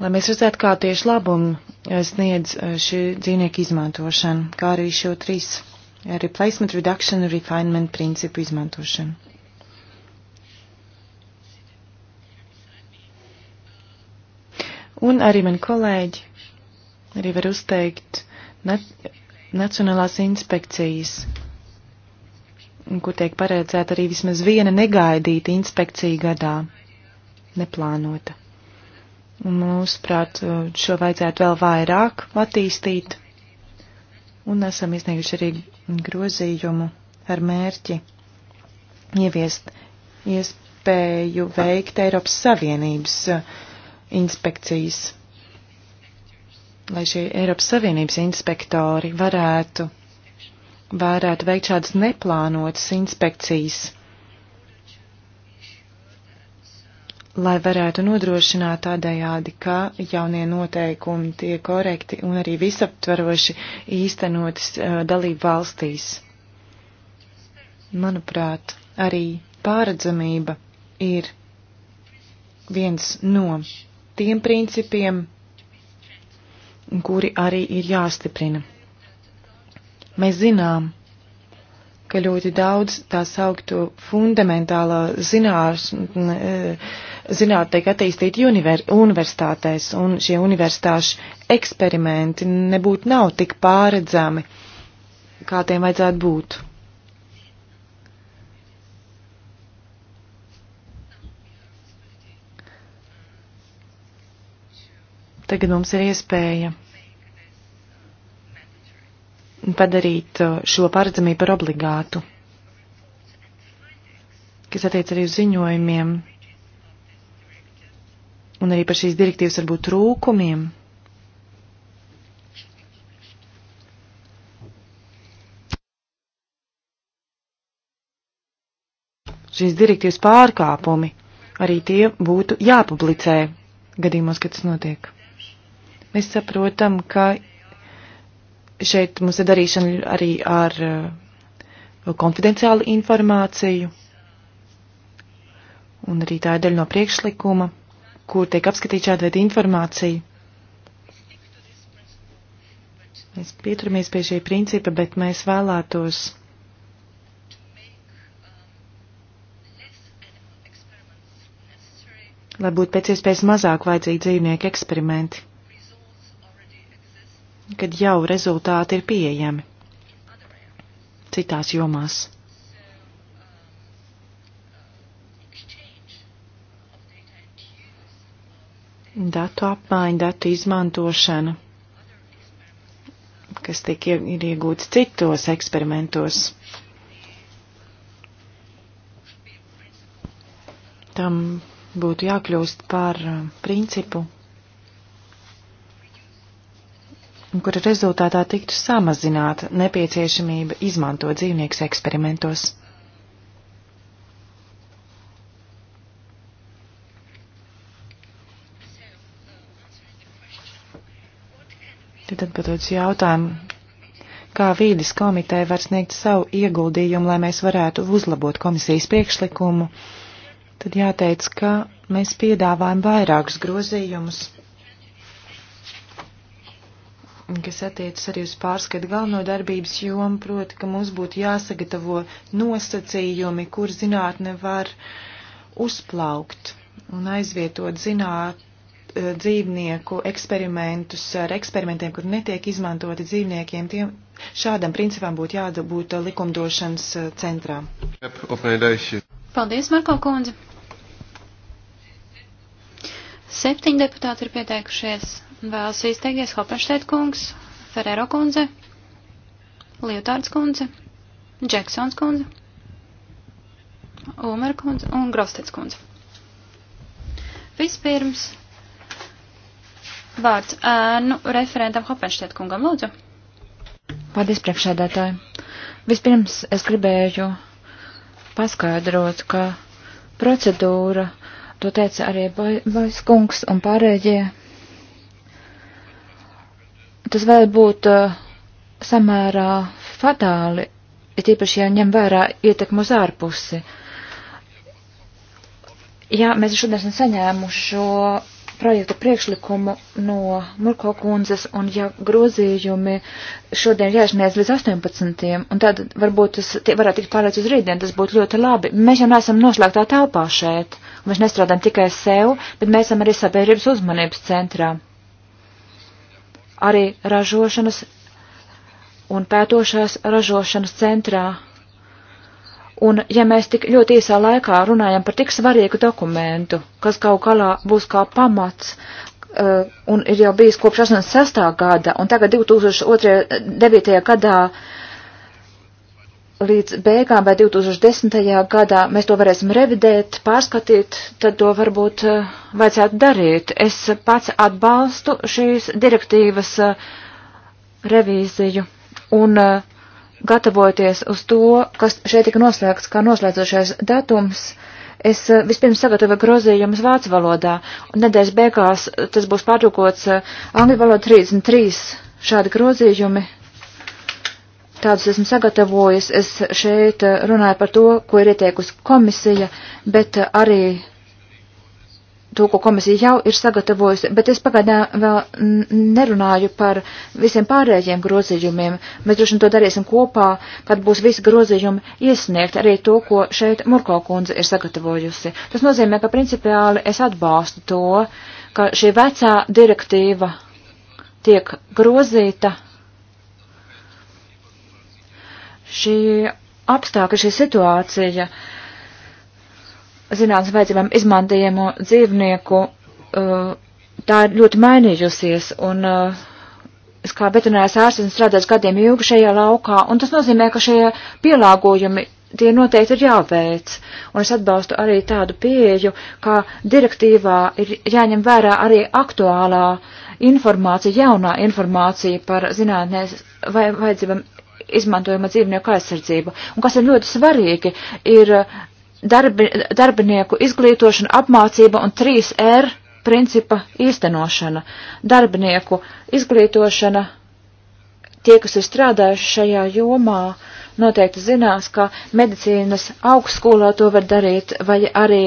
Lai mēs redzētu, kā tieši labumu uh, sniedz uh, šī dzīvnieku izmantošana, kā arī šo trīs replacement, reduction, refinement principu izmantošanu. Un arī man kolēģi Arī var uzteikt na Nacionālās inspekcijas, kur tiek paredzēta arī vismaz viena negaidīta inspekcija gadā, neplānota. Un mūsuprāt, šo vajadzētu vēl vairāk attīstīt, un esam iznieguši arī grozījumu ar mērķi ieviest iespēju veikt Eiropas Savienības inspekcijas lai šie Eiropas Savienības inspektori varētu, varētu veikt šādas neplānotas inspekcijas, lai varētu nodrošināt tādējādi, ka jaunie noteikumi tiek korekti un arī visaptveroši īstenotas uh, dalību valstīs. Manuprāt, arī pāredzamība ir viens no tiem principiem, kuri arī ir jāstiprina. Mēs zinām, ka ļoti daudz tā sauktu fundamentālā zināšana, e, zinātne tiek attīstīta univer, universitātēs, un šie universitāšu eksperimenti nebūtu nav tik pāredzami, kā tiem vajadzētu būt. Tagad mums ir iespēja padarīt uh, šo paredzamību par obligātu, kas attiec arī uz ziņojumiem un arī par šīs direktīvas varbūt trūkumiem. šīs direktīvas pārkāpumi, arī tie būtu jāpublicē gadījumos, kad tas notiek. Mēs saprotam, ka šeit mums ir darīšana arī ar uh, konfidenciālu informāciju, un arī tā ir daļa no priekšlikuma, kur tiek apskatīta šāda veida informācija. Mēs pieturamies pie šī principa, bet mēs vēlētos. lai būtu pēc iespējas mazāk vajadzīgi dzīvnieku eksperimenti kad jau rezultāti ir pieejami citās jomās. Datu apmaiņa, datu izmantošana, kas tiek ir iegūts citos eksperimentos. Tam būtu jākļūst par uh, principu, kura rezultātā tiktu samazināta nepieciešamība izmantot dzīvniekus eksperimentos. Tad atbildot uz jautājumu, kā vīdes komiteja var sniegt savu ieguldījumu, lai mēs varētu uzlabot komisijas priekšlikumu, tad jāteic, ka mēs piedāvājam vairākus grozījumus kas attiecas arī uz pārskatu galveno darbības jomu, proti, ka mums būtu jāsagatavo nosacījumi, kur zinātne var uzplaukt un aizvietot zināt e, dzīvnieku eksperimentus ar eksperimentiem, kur netiek izmantoti dzīvniekiem, tiem šādam principam būtu jābūt likumdošanas e, centrā. Paldies, Marko Kundze! Septiņi deputāti ir pieteikušies. Vēlas izteikties Hopenštēt kungs, Ferēro kundze, Lietārds kundze, Džeksons kundze, Umer kundze un Grostets kundze. Vispirms vārds ēnu referentam Hopenštēt kungam, lūdzu. Paldies, priekšēdētāji. Vispirms es gribēju paskaidrot, ka procedūra, to teica arī Baiskungs un pārējie tas var būt uh, samērā fatāli, ir īpaši, ja ņem vērā ietekmu uz ārpusi. Jā, mēs šodien esam saņēmuši šo projektu priekšlikumu no Murko kundzes, un ja grozījumi šodien jāiesniedz līdz 18, un tad varbūt tas varētu tikt pārēc uz rītdien, tas būtu ļoti labi. Mēs jau neesam noslēgtā telpā šeit, un mēs nestrādājam tikai sev, bet mēs esam arī sabiedrības uzmanības centrā arī ražošanas un pētošās ražošanas centrā. Un ja mēs tik ļoti īsā laikā runājam par tik svarīgu dokumentu, kas kaut galā būs kā pamats, uh, un ir jau bijis kopš 86. gada, un tagad 2009. gadā uh, līdz beigām vai 2010. gadā mēs to varēsim revidēt, pārskatīt, tad to varbūt eh, vajadzētu darīt. Es pats atbalstu šīs direktīvas eh, revīziju un eh, gatavoties uz to, kas šeit tika noslēgts kā noslēdzošais datums. Es vispirms sagatavoju grozījumus vācu valodā, un nedēļas beigās tas būs pārdrukots angļu valodā 33 šādi grozījumi kādus esmu sagatavojis, es šeit eh, runāju par to, ko ir ieteikusi komisija, bet eh, arī to, ko komisija jau ir sagatavojusi, bet es pagaidām vēl nerunāju par visiem pārējiem grozījumiem. Mēs droši vien to darīsim kopā, kad būs visi grozījumi iesniegt, arī to, ko šeit Murko kundze ir sagatavojusi. Tas nozīmē, ka principiāli es atbalstu to, ka šī vecā direktīva tiek grozīta šī apstākļa, šī situācija zinātnes vajadzībām izmantījumu dzīvnieku, uh, tā ir ļoti mainījusies, un uh, es kā veterinājās ārsts esmu strādājis gadiem ilgi šajā laukā, un tas nozīmē, ka šie pielāgojumi tie noteikti ir jāveic, un es atbalstu arī tādu pieeju, ka direktīvā ir jāņem vērā arī aktuālā informācija, jaunā informācija par zinātnēs vai vajadzībām izmantojuma dzīvnieku aizsardzību. Un kas ir ļoti svarīgi, ir uh, darbi, darbinieku izglītošana, apmācība un 3R principa īstenošana. Darbinieku izglītošana, tie, kas ir strādājuši šajā jomā, noteikti zinās, ka medicīnas augstskolā to var darīt, vai arī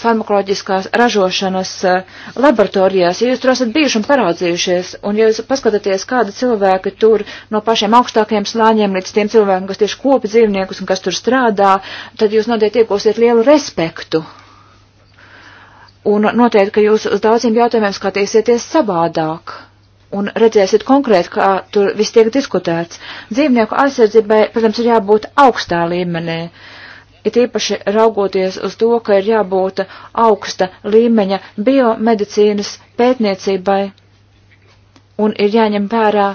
farmakoloģiskās ražošanas eh, laboratorijās, ja jūs tur esat bijuši un paraudzījušies, un ja jūs paskatāties, kāda cilvēka tur no pašiem augstākajiem slāņiem līdz tiem cilvēkiem, kas tieši kopi dzīvniekus un kas tur strādā, tad jūs noteikti iegūsiet lielu respektu. Un noteikti, ka jūs uz daudziem jautājumiem skatīsieties savādāk un redzēsiet konkrēti, kā tur viss tiek diskutēts. Dzīvnieku aizsardzībai, protams, ir jābūt augstā līmenī. Uh, it īpaši raugoties uz to, ka ir jābūt augsta līmeņa biomedicīnas pētniecībai un ir jāņem vērā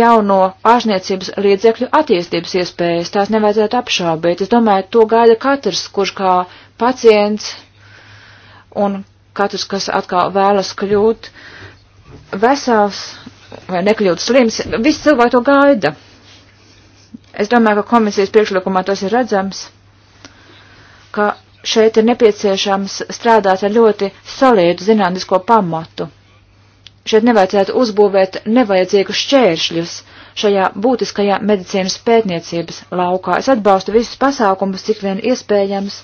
jauno ārzniecības līdzekļu attīstības iespējas. Tās nevajadzētu apšaubīt. Es domāju, to gaida katrs, kurš kā pacients un katrs, kas atkal vēlas kļūt vesels vai nekļūt slims, visi cilvēki to gaida. Es domāju, ka komisijas priekšlikumā tas ir redzams ka šeit ir nepieciešams strādāt ar ļoti salīdu zinātnisko pamatu. Šeit nevajadzētu uzbūvēt nevajadzīgus šķēršļus šajā būtiskajā medicīnas pētniecības laukā. Es atbalstu visus pasākumus, cik vien iespējams,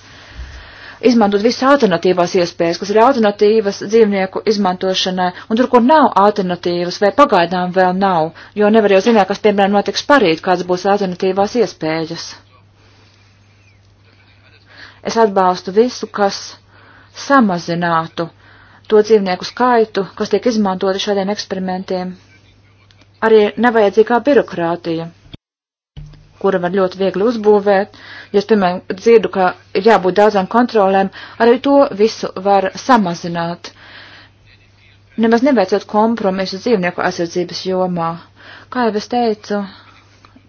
izmantot visas alternatīvās iespējas, kas ir alternatīvas dzīvnieku izmantošanai, un tur, kur nav alternatīvas, vai pagaidām vēl nav, jo nevar jau zināt, kas, piemēram, notiks parīt, kāds būs alternatīvās iespējas. Es atbalstu visu, kas samazinātu to dzīvnieku skaitu, kas tiek izmantoti šādiem eksperimentiem. Arī nevajadzīgā birokrātija, kura var ļoti viegli uzbūvēt. Ja es, piemēram, dzirdu, ka ir jābūt daudzām kontrolēm, arī to visu var samazināt. Nemaz nevajadzot kompromisu dzīvnieku aizsardzības jomā. Kā jau es teicu,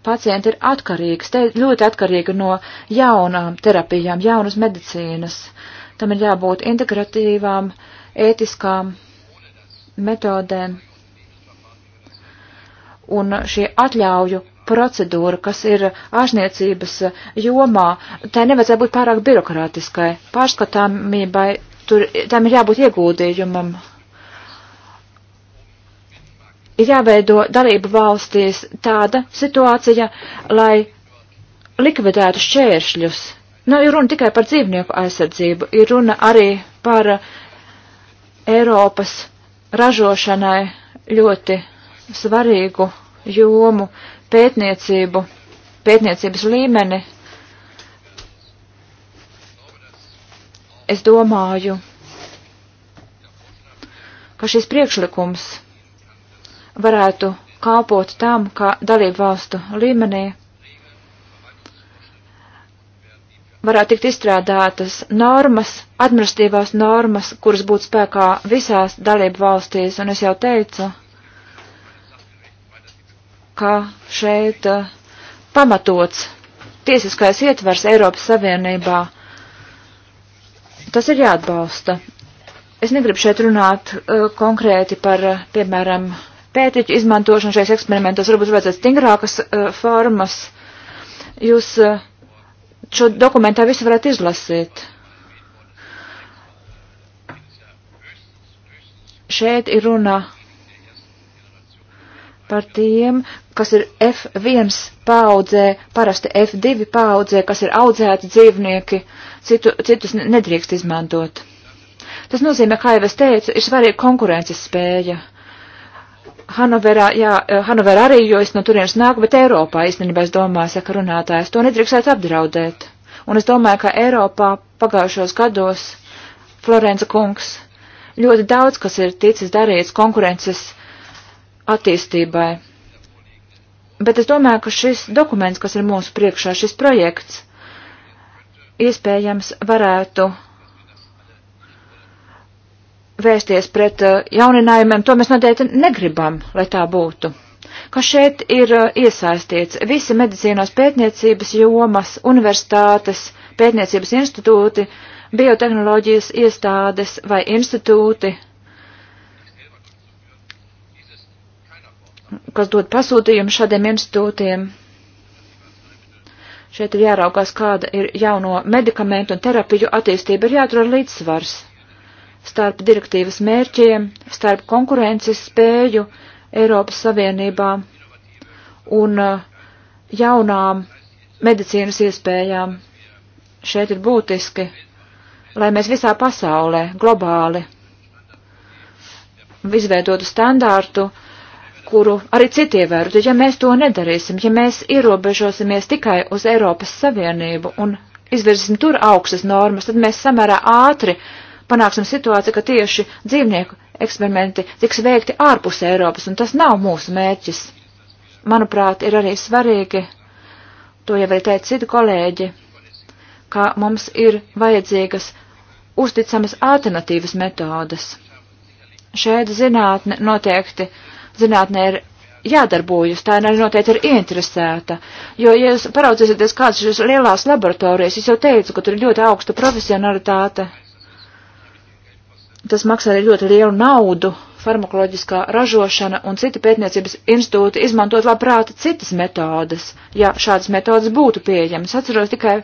pacienti ir atkarīgs, te ļoti atkarīgi no jaunām terapijām, jaunas medicīnas. Tam ir jābūt integratīvām, ētiskām metodēm. Un šī atļauju procedūra, kas ir ārzniecības jomā, tai nevajadzētu būt pārāk birokrātiskai, pārskatāmībai, tur, tam ir jābūt ieguldījumam ir jāveido dalību valstīs tāda situācija, lai likvidētu šķēršļus. Nav nu, runa tikai par dzīvnieku aizsardzību, ir runa arī par Eiropas ražošanai ļoti svarīgu jomu, pētniecību, pētniecības līmeni. Es domāju, ka šis priekšlikums varētu kalpot tam, ka dalību valstu līmenī varētu tikt izstrādātas normas, administratīvās normas, kuras būtu spēkā visās dalību valstīs, un es jau teicu, ka šeit uh, pamatots tiesiskais ietvers Eiropas Savienībā. Tas ir jāatbalsta. Es negribu šeit runāt uh, konkrēti par, uh, piemēram, pētiķu izmantošanu šajos eksperimentos, varbūt vajadzētu stingrākas uh, formas. Jūs uh, šo dokumentā visu varat izlasīt. Šeit ir runa par tiem, kas ir F1 paudzē, parasti F2 paudzē, kas ir audzēti dzīvnieki, citu, citus nedrīkst izmantot. Tas nozīmē, kā jau es teicu, ir svarīga konkurences spēja. Uh, Hanoverā, jā, eh, Hanoverā arī, jo es no turienes nāku, bet Eiropā īstenībā es domāju, saka runātājs, to nedrīkstētu apdraudēt. Un es domāju, ka Eiropā pagājušos gados Florence kungs ļoti daudz, kas ir ticis darīts konkurences attīstībai. Bet es domāju, ka šis dokuments, kas ir mūsu priekšā, šis projekts, iespējams varētu vērsties pret eh, jauninājumiem, to mēs noteikti negribam, lai tā būtu. Kas šeit ir eh, iesaistīts? Visi medicīnos pētniecības jomas, universitātes, pētniecības institūti, biotehnoloģijas iestādes vai institūti, kas dod pasūtījumu šādiem institūtiem. Šeit ir jāraukās, kāda ir jauno medikamentu un terapiju attīstība, ir jāatrod līdzsvars starp direktīvas mērķiem, starp konkurences spēju Eiropas Savienībā un eh, jaunām medicīnas iespējām. Šeit ir būtiski, lai mēs visā pasaulē, globāli, izveidotu standārtu, kuru arī citi ievērotu. Ja mēs to nedarīsim, ja mēs ierobežosimies tikai uz Eiropas Savienību un izvirzīsim tur augstas normas, tad mēs samērā ātri uh, panāksim situāciju, ka tieši dzīvnieku eksperimenti tiks veikti ārpus Eiropas, un tas nav mūsu mērķis. Manuprāt, ir arī svarīgi, to jau arī teica citi kolēģi, ka mums ir vajadzīgas uzticamas alternatīvas metodas. Šeit zinātne noteikti, zinātne ir jādarbojas, tā arī noteikti ir interesēta, jo, ja jūs paraudzēsieties kāds šīs lielās laboratorijas, es jau teicu, ka tur ir ļoti augsta profesionalitāte, tas maksā arī ļoti lielu naudu, farmakoloģiskā ražošana un citi pētniecības institūti izmantot labprāt citas metodas, ja šādas metodas būtu pieejamas. Atceros tikai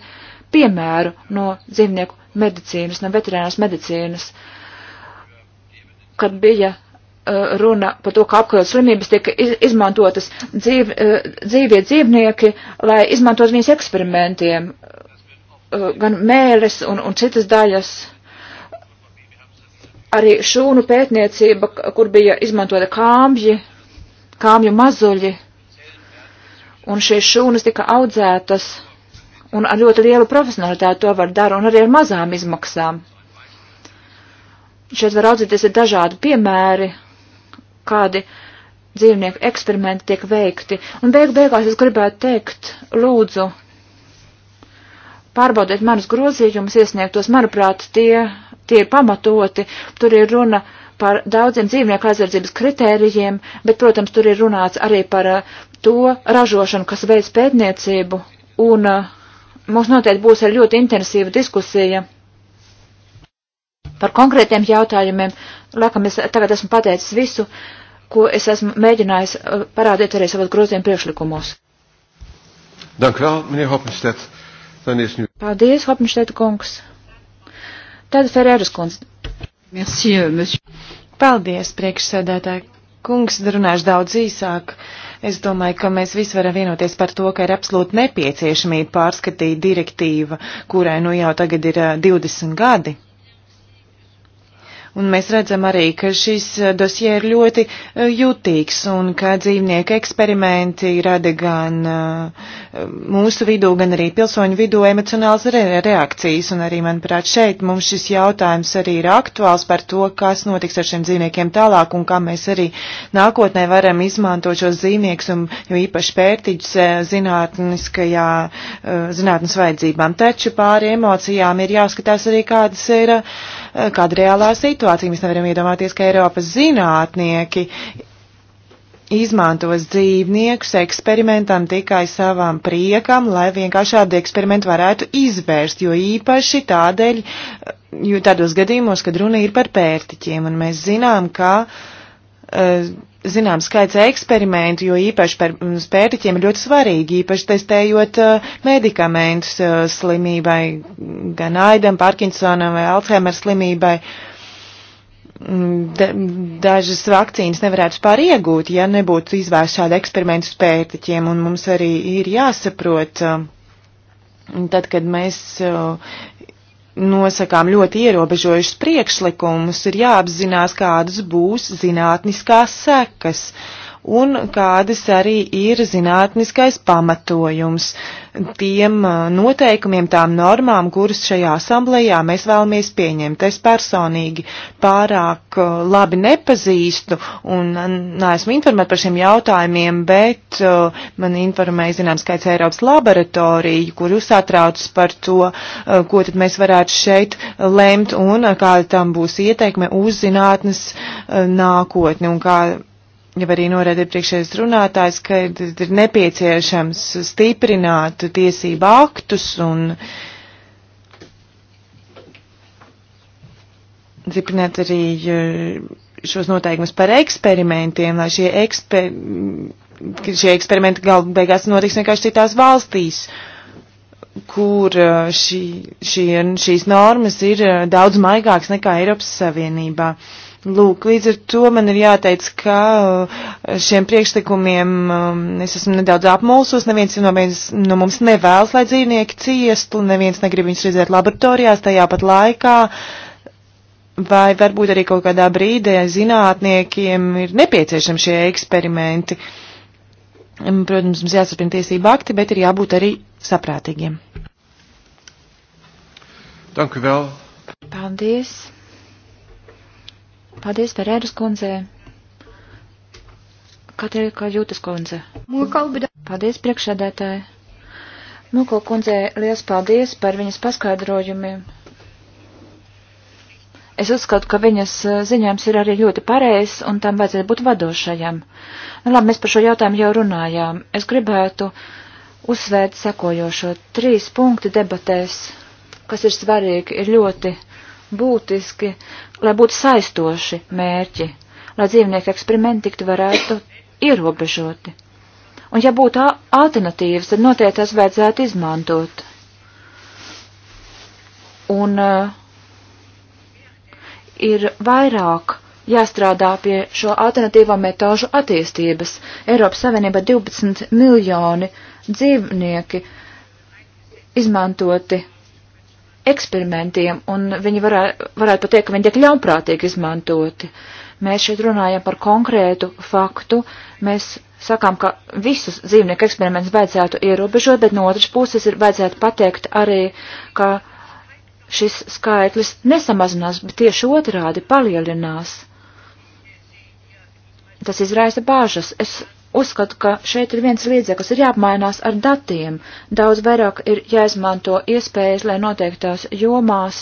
piemēru no dzīvnieku medicīnas, no veterinārās medicīnas, kad bija uh, runa par to, ka apkarot slimības tika izmantotas dzīv, uh, dzīvie dzīvnieki, lai izmantot viņas eksperimentiem, uh, gan mēles un, un citas daļas arī šūnu pētniecība, kur bija izmantota kāmji, kāmju mazuļi, un šīs šūnas tika audzētas, un ar ļoti lielu profesionalitāti to var dara, un arī ar mazām izmaksām. Šeit var audzīties ir dažādi piemēri, kādi dzīvnieku eksperimenti tiek veikti, un beigu beigās es gribētu teikt, lūdzu, pārbaudiet manus grozījumus, iesniegtos, manuprāt, tie tie ir pamatoti, tur ir runa par daudziem dzīvnieku aizsardzības kritērijiem, bet, protams, tur ir runāts arī par eh, to ražošanu, kas veids pētniecību, un eh, mums noteikti būs arī ļoti intensīva diskusija par konkrētiem jautājumiem. Lekam, es tagad esmu pateicis visu, ko es esmu mēģinājis eh, parādīt arī savos groziem priekšlikumos. Dank vēl, meneer Hoppenstedt. Nu- Paldies, Hoppenstedt kungs. Tad Ferēras kundze. Merci, euh, monsieur. Paldies, priekšsēdētāji. Kungs, runāšu daudz īsāk. Es domāju, ka mēs visi varam vienoties par to, ka ir absolūti nepieciešamība pārskatīt direktīva, kurai nu jau tagad ir 20 eh, gadi. Un mēs redzam arī, ka šis eh, dosie ir ļoti eh, jutīgs un ka dzīvnieku eksperimenti rada gan eh, mūsu vidū, gan arī pilsoņu vidū emocionāls re reakcijas. Un arī, manuprāt, šeit mums šis jautājums arī ir aktuāls par to, kas notiks ar šiem dzīvniekiem tālāk un kā mēs arī nākotnē varam izmantot šos dzīvniekus un jo īpaši pērtiķus zinātniskajā, zinātnes vajadzībām. Taču pāri emocijām ir jāskatās arī, kādas ir, kāda reālā situācija situāciju. Mēs nevaram iedomāties, ka Eiropas zinātnieki izmantos dzīvniekus eksperimentam tikai savam priekam, lai vienkārši šādi eksperimenti varētu izvērst, jo īpaši tādēļ, jo tādos gadījumos, kad runa ir par pērtiķiem, un mēs zinām, ka uh, zinām skaits eksperimentu, jo īpaši par pērtiķiem ir ļoti svarīgi, īpaši testējot uh, medikamentus uh, slimībai, gan aidam, Parkinsonam vai Alzheimer slimībai. Uh, dažas vakcīnas nevarētu vispār iegūt, ja nebūtu izvērst šādu eksperimentu uz pērtiķiem, un mums arī ir jāsaprot, um, tad, kad mēs uh, nosakām ļoti ierobežojušus priekšlikumus, ir jāapzinās, kādas būs zinātniskās sekas. Uh, un kādas arī ir zinātniskais pamatojums tiem uh, noteikumiem, tām normām, kuras šajā asamblējā mēs vēlamies pieņemt. Es personīgi pārāk uh, labi nepazīstu un neesmu informēta par šiem jautājumiem, bet uh, man informēja zināms skaits Eiropas laboratoriju, kurus atrauc par to, ko tad mēs varētu šeit lemt un kāda tam būs ieteikme uz zinātnes nākotni un kā jau arī norēda iepriekšējais runātājs, ka ir nepieciešams stiprināt tiesību aktus un stiprināt arī e, šos noteikumus par eksperimentiem, lai šie, eksper, šie eksperimenti galu beigās notiks vienkārši citās valstīs kur e, šī, šī, šīs normas ir e, daudz maigākas nekā Eiropas Savienībā. Uh, Lūk, līdz ar to man ir jāteic, ka uh, šiem priekšlikumiem um, es esmu nedaudz apmulsos, neviens no, mēs, no mums nevēlas, lai dzīvnieki ciestu, neviens negrib viņus redzēt laboratorijās tajā pat laikā. Vai varbūt arī kaut kādā brīdē zinātniekiem ir nepieciešami šie eksperimenti. Um, protams, mums jāsaprina tiesība akti, bet ir jābūt arī saprātīgiem. Dank u wel. Paldies. Paldies, Ferēras kundzē. Katrīka Jūtas kundze. Paldies, priekšsēdētāji. Mūko kundzē, liels paldies par viņas paskaidrojumiem. Es uzskatu, ka viņas eh, ziņojums ir arī ļoti pareizs un tam vajadzētu būt vadošajam. Nu, labi, mēs par šo jautājumu jau runājām. Es gribētu uzsvērt sekojošo. Trīs punkti debatēs, kas ir svarīgi, ir ļoti būtiski lai būtu saistoši mērķi, lai dzīvnieku eksperimenti tiktu varētu ierobežoti. Un ja būtu alternatīvas, tad noteikti tas vajadzētu izmantot. Un uh, ir vairāk jāstrādā pie šo alternatīvo metožu attīstības. Eiropas Savienība 12 miljoni dzīvnieki izmantoti eksperimentiem, un viņi varētu, varētu pat teikt, ka viņi tiek ļaunprātīgi izmantoti. Mēs šeit runājam par konkrētu faktu, mēs sakām, ka visus dzīvnieku eksperimentus vajadzētu ierobežot, bet no otras puses ir vajadzētu pateikt arī, ka šis skaitlis nesamazinās, bet tieši otrādi palielinās. Tas izraisa bāžas. Es uzskatu, ka šeit ir viens līdzeklis, ir jāapmainās ar datiem. Daudz vairāk ir jāizmanto iespējas, lai noteiktās jomās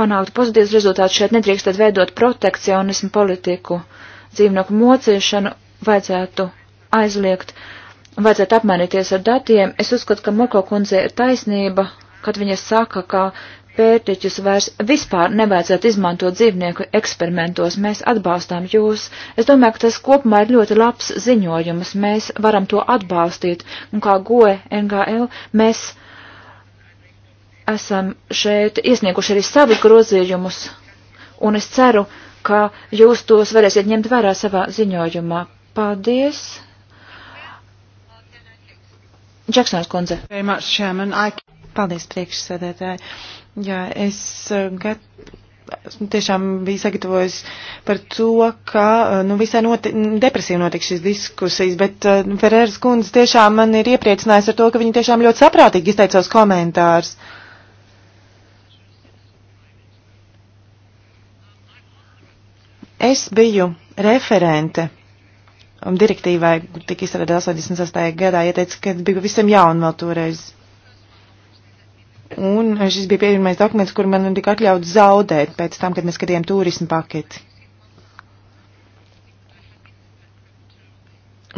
panāktu pozitīvus rezultātus. Šeit nedrīkstat veidot protekcionismu politiku. Dzīvnieku mocīšanu vajadzētu aizliegt, vajadzētu apmainīties ar datiem. Es uzskatu, ka Murko kundze ir taisnība, kad viņa saka, ka pērtiķus vairs vispār nevajadzētu izmantot dzīvnieku eksperimentos. Mēs atbalstām jūs. Es domāju, ka tas kopumā ir ļoti labs ziņojums. Mēs varam to atbalstīt. Un kā GOE NGL mēs esam šeit iesnieguši arī savus grozījumus. Un es ceru, ka jūs tos varēsiet ņemt vērā savā ziņojumā. Paldies! Džeksons kundze. Much, I... Paldies, priekšsēdētāji. Jā, es eh, gat, esmu tiešām biju sagatavojis par to, ka eh, nu, visai noti, depresīvi notiks šīs diskusijas, bet uh, Ferēras kundze tiešām man ir iepriecinājusi ar to, ka viņa tiešām ļoti saprātīgi izteica savus komentārus. Es biju referente direktīvai, tika izstrādāta 86. gadā, ieteica, ka biju visam jauna vēl toreiz. Un šis bija pirmais dokuments, kur man tika atļauts zaudēt pēc tam, kad mēs skatījām turismu paketi.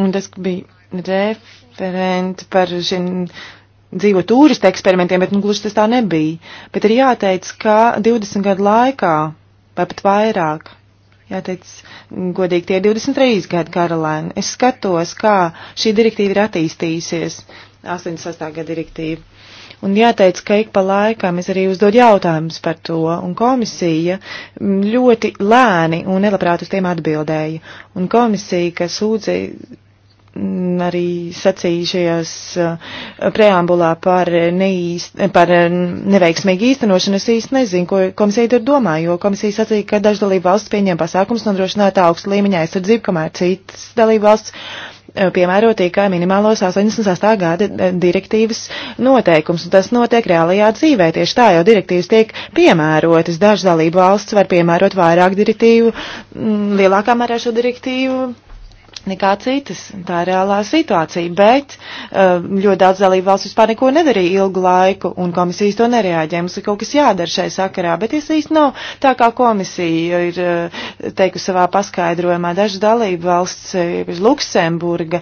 Un tas bija referenti par šiem dzīvo turista eksperimentiem, bet nu, gluži tas tā nebija. Bet ir jāteic, ka 20 gadu laikā, vai pat vairāk, jāteic, godīgi tie 23 gadi karalēni, es skatos, kā šī direktīva ir attīstījusies, 88. gada direktīva. Un jāteic, ka ik pa laikam es arī uzdod jautājumus par to, un komisija mm, ļoti lēni un nelabprāt uz tiem atbildēja. Un komisija, kas sūdzīja mm, arī sacījušajās eh, preambulā par, neīst, par mm, neveiksmīgu īstenošanu. Es īsti nezinu, ko komisija tur domā, jo komisija sacīja, ka daži dalību valsts pieņem pasākums nodrošināt augstu līmeņa aizsardzību, kamēr citas dalību valsts Eh, piemēroti tikai minimālos 88. gada eh, direktīvas noteikums, un tas notiek reālajā dzīvē. Tieši tā jau direktīvas tiek piemērotas. Dažas dalību valsts var piemērot vairāk direktīvu, mm, lielākā mērā šo direktīvu nekā citas. Tā ir reālā situācija, bet eh, ļoti daudz dalību valsts vispār neko nedarīja ilgu laiku, un komisijas to nereaģē. Mums ir kaut kas jādara šai sakarā, bet es īsti nav tā, kā komisija ir eh, teikusi savā paskaidrojumā. Dažas dalību valsts, eh, Luksemburga,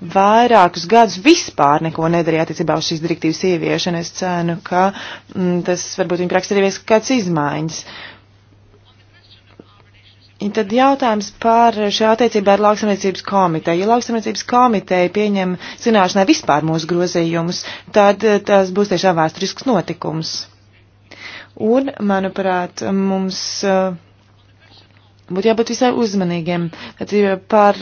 vairākus gadus vispār neko nedarīja attiecībā uz šīs direktīvas ieviešanu. Es cenu, ka m, mm, tas varbūt viņa praksa ir ievies kāds izmaiņas. Uh, Un tad jautājums par šo attiecībā ar lauksamniecības komiteju. Ja lauksamniecības komiteja pieņem zināšanai vispār mūsu grozījumus, tad eh, tas būs tiešām vēsturisks notikums. Un, manuprāt, mums eh, būtu jābūt visai uzmanīgiem tad eh, par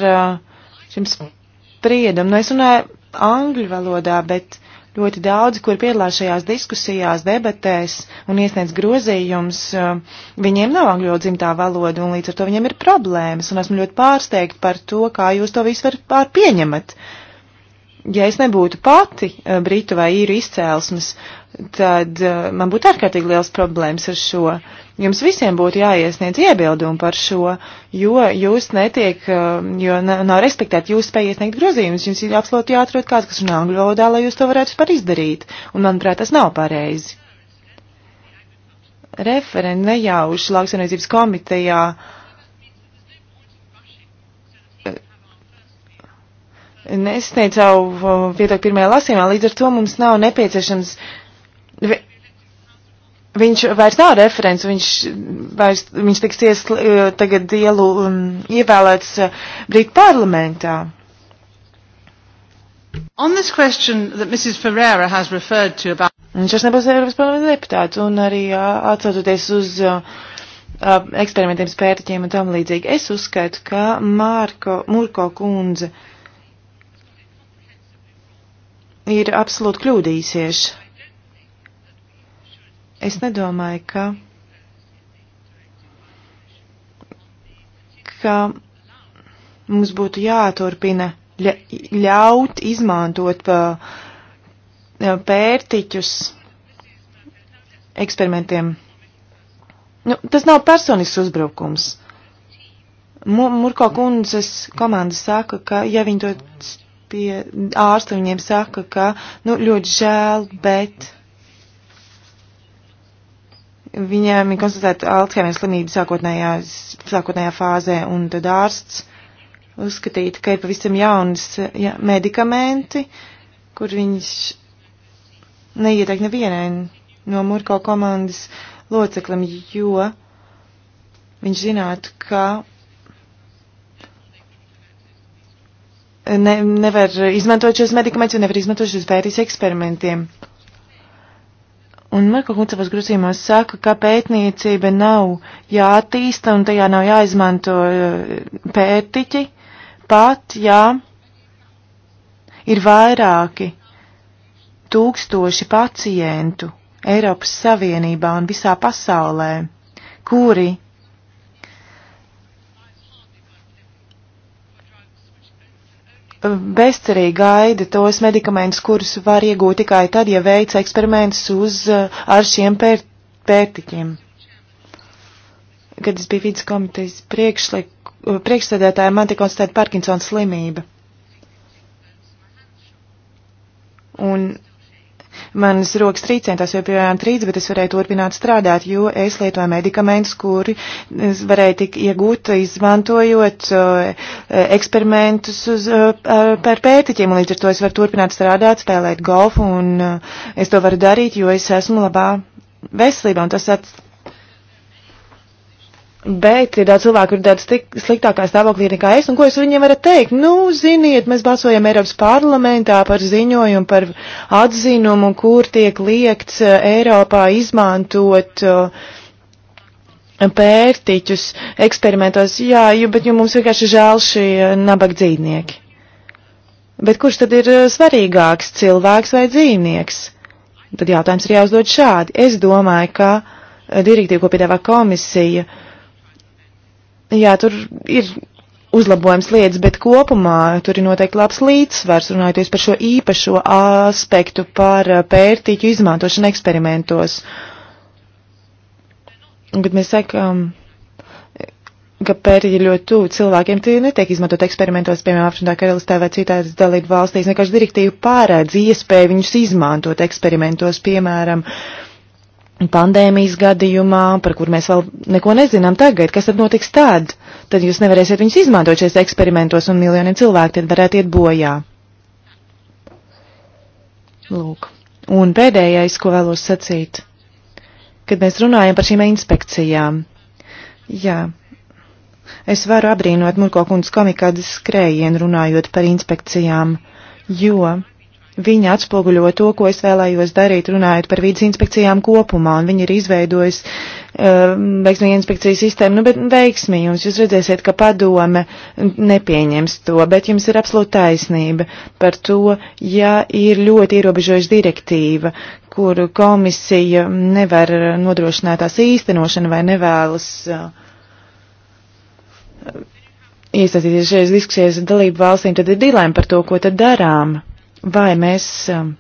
šim spriedumu. Nu, es runāju angļu valodā, bet ļoti daudzi, kur piedalās šajās diskusijās, debatēs un iesniedz grozījums, viņiem nav angļu dzimtā valoda un līdz ar to viņiem ir problēmas. Un esmu ļoti pārsteigta par to, kā jūs to vispār pieņemat. Uh, ja es nebūtu pati eh, britu vai īru izcēlesmes, tad eh, man būtu ārkārtīgi liels problēmas ar šo. Jums visiem būtu jāiesniedz iebildumi par šo, jo jūs netiek, eh, jo nav respektēt jūs spēj iesniegt grozījumus, jums ir absolūti jāatrod kāds, kas runā angļu valodā, lai jūs to varētu par izdarīt. Un manuprāt, tas nav pareizi. Referenti nejauši lauksaimniecības komitejā uh, nesniedz savu uh, viedokli pirmajā lasījumā, līdz ar to mums nav nepieciešams. Vi, viņš vairs nav referents, viņš, vairs, viņš tiks ies, uh, tagad ielu um, ievēlēts uh, Brīt parlamentā. On this question that Mrs. Ferreira has referred to about. Viņš vairs nebūs Eiropas parlamenta deputāts un arī uh, atsaucoties uz. Uh, uh eksperimentiem, spērtiķiem un tam līdzīgi. Es uzskaitu, ka Mārko, Murko kundze uh, ir absolūti kļūdījusies. Es nedomāju, ka, ka mums būtu jāturpina ļaut izmantot pērtiķus eksperimentiem. Nu, tas nav personisks uzbrukums. Murko kundzes komanda saka, ka ja viņi to pie ārsta, viņiem saka, ka, nu, ļoti žēl, bet viņiem ir konstatēta Alzheimer slimība sākotnējā, sākotnējā fāzē, un tad ārsts uzskatīt, ka ir pavisam jaunas ja, medikamenti, kur viņš neieteikt nevienai no Murko komandas loceklim, jo viņš zinātu, ka ne, nevar izmantot šos medikamentus un nevar izmantot šos pētīs eksperimentiem. Un Marko Kuncevas grūzījumos saka, ka pētniecība nav jātīsta un tajā nav jāizmanto eh, pētiķi pat, jā, ir vairāki tūkstoši pacientu Eiropas Savienībā un visā pasaulē, kuri bezcerīgi gaida tos medikamentus, kurus var iegūt tikai tad, ja veic eksperimentus uz, eh, ar šiem pēr, pērtiķiem. Kad es biju vidas komitejas priekšsēdētāja, man tika konstatēta Parkinsons slimība. Un Manas rokas trīcēja, tās joprojām trīc, bet es varēju turpināt strādāt, jo es lietoju medikamentus, kuri eh, varēja tik iegūt, izmantojot eh, eksperimentus uz, eh, par pētiķiem, un līdz ar to es varu turpināt strādāt, spēlēt golfu, un es to varu darīt, jo es esmu labā veselībā, un tas Bet ir daudz cilvēku, kur ir daudz sliktākā stāvoklī nekā es, un ko es viņiem varu teikt? Nu, ziniet, mēs balsojam Eiropas parlamentā par ziņojumu, par atzinumu, kur tiek liekts eh, Eiropā izmantot eh, pērtiķus eksperimentos. Jā, jo, bet jo mums vienkārši žēl šie nabag dzīvnieki. Bet kurš tad ir eh, svarīgāks, cilvēks vai dzīvnieks? Tad jautājums ir jāuzdod šādi. Es domāju, ka direktīva, ko piedāvā komisija, uh, jā, tur ir uzlabojums lietas, bet kopumā tur ir noteikti labs līdzsvars, runājoties par šo īpašo aspektu, par eh, pērtīķu izmantošanu eksperimentos. Un, kad mēs sakām, ka pērtiķi ļoti tuvu cilvēkiem, tie netiek izmantot eksperimentos, piemēram, Afrikā, Karalistē vai citās dalību valstīs, vienkārši direktīva pārēdz iespēju viņus izmantot eksperimentos, piemēram. Uh, pandēmijas gadījumā, par kur mēs vēl neko nezinām tagad, kas tad notiks tad? Tad jūs nevarēsiet viņus izmantot šajos eksperimentos un miljoniem cilvēku tad varētu iet bojā. Lūk. Un pēdējais, ko vēlos sacīt, kad mēs runājam par šīm inspekcijām. Jā. Es varu abrīnot Murko kundas komikādas skrējienu runājot par inspekcijām, jo Viņa atspoguļo to, ko es vēlējos darīt, runājot par vidas inspekcijām kopumā, un viņa ir izveidojusi uh, ehm, veiksmīgu inspekciju sistēmu, nu, bet veiksmīgi jums, jūs redzēsiet, ka padome nepieņems to, bet jums ir absolūta taisnība par to, ja ir ļoti ierobežojuši direktīva, kur komisija nevar nodrošināt tās īstenošanu vai nevēlas eh, iesaistīties šajās diskusijās ar dalību valstīm, tad ir dilēma par to, ko tad darām vai mēs um,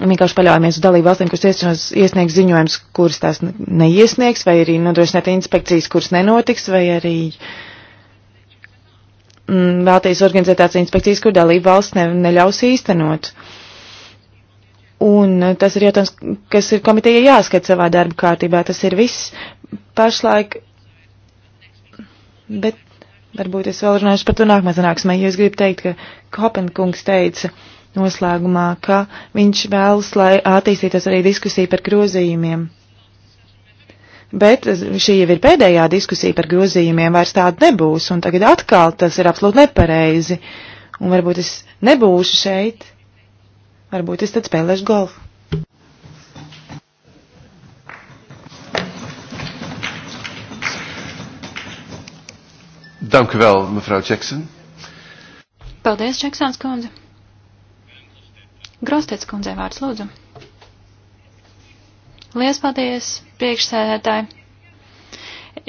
vienkārši paļaujamies uz dalību valstīm, kuras iesniegs ziņojums, kuras tās neiesniegs, vai arī nodrošināt inspekcijas, kuras nenotiks, vai arī mm, vēlties organizēt tādas inspekcijas, kur dalību valsts ne, neļaus īstenot. Un uh, tas ir jautājums, kas ir komitejai jāskat savā darba kārtībā. Tas ir viss pašlaik. Bet varbūt es vēl runāšu par to nākamā sanāksmē, jo es gribu teikt, ka Kopenkungs teica, uh, noslēgumā, ka viņš vēlas, lai attīstītos arī diskusija par grozījumiem. Bet šī jau ir pēdējā diskusija par grozījumiem, vairs tāda nebūs, un tagad atkal tas ir absolūti nepareizi. Un varbūt es nebūšu šeit, varbūt es tad spēlēšu golfu. Dank u wel, mevrouw Jackson. Paldies, Jacksons kundze. Grostec kundzei vārds lūdzu. Lies paldies, priekšsēdētāji.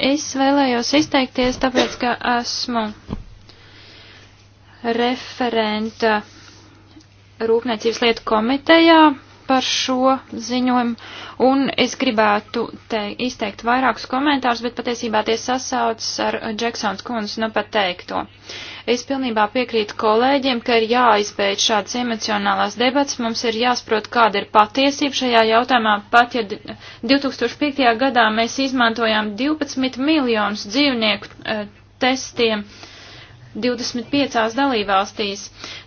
Es vēlējos izteikties, tāpēc, ka esmu referenta Rūpniecības lietu komitejā par šo ziņojumu, un es gribētu te izteikt vairākus komentārus, bet patiesībā tie sasaucas ar Džeksons kundzes nu pat teikto. Es pilnībā piekrītu kolēģiem, ka ir jāizpēj šādas emocionālās debats, mums ir jāsprot, kāda ir patiesība šajā jautājumā, pat ja 2005. gadā mēs izmantojām 12 miljonus dzīvnieku e, testiem. Uh, 25 dalībvalstīs.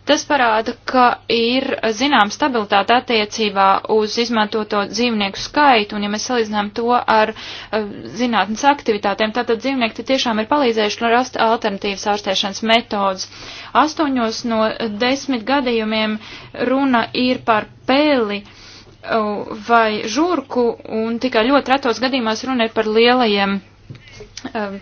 Tas parāda, ka ir zinām stabilitāte attiecībā uz izmantoto dzīvnieku skaitu, un ja mēs salīdzinām to ar uh, zinātnes aktivitātēm, tātad dzīvnieki tiešām ir palīdzējuši rast alternatīvas ārstēšanas metodas. Astoņos no desmit gadījumiem runa ir par pēli uh, vai žurku, un tikai ļoti retos gadījumās runa ir par lielajiem. Uh,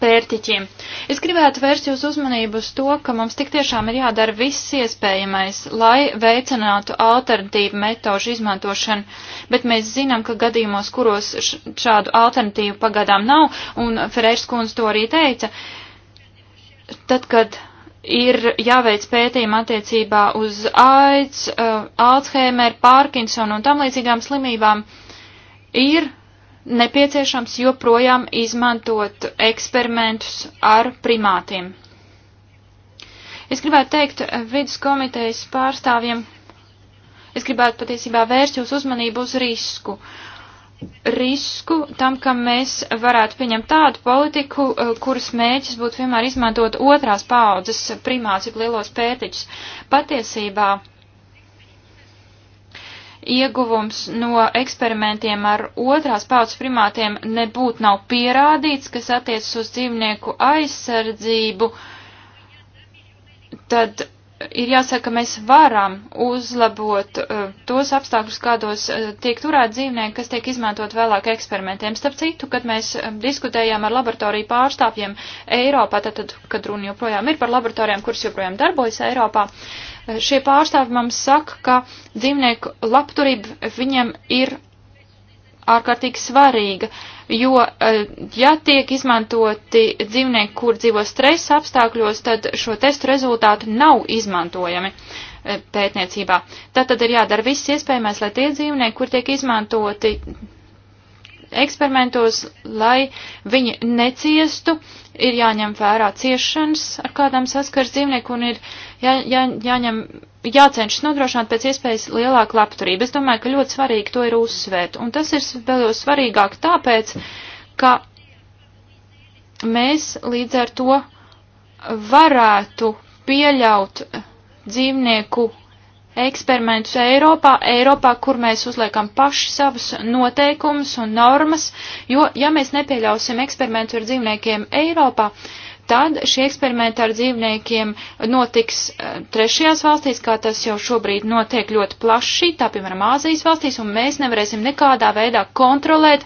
pērtiķiem. Es gribētu vērst jūsu uzmanību uz to, ka mums tik tiešām ir jādara viss iespējamais, lai veicinātu alternatīvu metožu izmantošanu, bet mēs zinām, ka gadījumos, kuros šādu alternatīvu pagadām nav, un Ferērs kundze to arī teica, tad, kad ir jāveic pētījumi attiecībā uz AIDS, uh, Alzheimer, Parkinson un tam līdzīgām slimībām, ir nepieciešams joprojām izmantot eksperimentus ar primātiem. Es gribētu teikt vidus komitejas pārstāvjiem, es gribētu patiesībā vērst jūs uzmanību uz risku. Risku tam, ka mēs varētu pieņemt tādu politiku, eh, kuras mēģis būtu vienmēr izmantot otrās paaudzes primāts, jeb lielos pērtiķus. Patiesībā ieguvums no eksperimentiem ar otrās paudzes primātiem nebūtu nav pierādīts, kas attiecas uz dzīvnieku aizsardzību, tad ir jāsaka, ka mēs varam uzlabot uh, tos apstākļus, kādos uh, tiek turēt dzīvnieki, kas tiek izmantot vēlāk eksperimentiem. Starp citu, kad mēs um, diskutējām ar laboratoriju pārstāvjiem Eiropā, tad, tad kad runa joprojām ir par laboratorijām, kuras joprojām darbojas Eiropā, uh, Šie pārstāvi mums saka, ka dzīvnieku labturība viņiem ir ārkārtīgi svarīga, jo, eh, ja tiek izmantoti dzīvnieki, kur dzīvo stresa apstākļos, tad šo testu rezultāti nav izmantojami eh, pētniecībā. Tātad ir jādara viss iespējamais, lai tie dzīvnieki, kur tiek izmantoti eksperimentos, lai viņi neciestu, ir jāņem vērā ciešanas, ar kādām saskars dzīvnieku, un ir jā, jā, jāņem, jācenšas nodrošināt pēc iespējas lielāku labturību. Es domāju, ka ļoti svarīgi to ir uzsvērt. Un tas ir vēl svarīgāk tāpēc, ka mēs līdz ar to varētu pieļaut dzīvnieku eksperimentus Eiropā, Eiropā, kur mēs uzliekam paši savus noteikumus un normas, jo, ja mēs nepieļausim eksperimentu ar dzīvniekiem Eiropā, uh, tad šie eksperimenti ar dzīvniekiem notiks eh, trešajās valstīs, kā tas jau šobrīd notiek ļoti plaši, tā piemēram Āzijas valstīs, un mēs nevarēsim nekādā veidā kontrolēt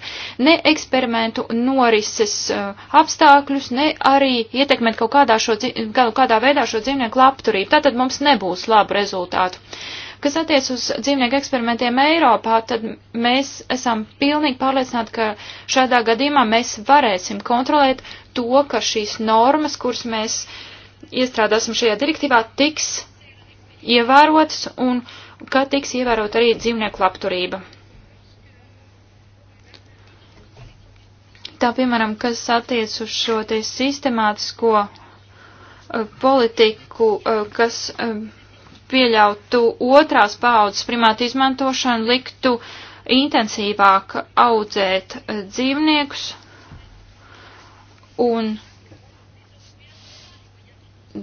ne eksperimentu norises eh, apstākļus, ne arī ietekmēt kaut kādā, šo, kaut kādā veidā šo dzīvnieku labturību. Tātad mums nebūs labu rezultātu. Kas attiec uz dzīvnieku eksperimentiem Eiropā, tad mēs esam pilnīgi pārliecināti, ka šādā gadījumā mēs varēsim kontrolēt to, ka šīs normas, kuras mēs iestrādāsim šajā direktīvā, tiks ievērotas un ka tiks ievērot arī dzīvnieku labturība. Tā piemēram, kas attiec uz šo te sistemātisko uh, politiku, uh, kas uh, pieļautu otrās paaudzes primātu izmantošanu, liktu intensīvāk audzēt dzīvniekus Un,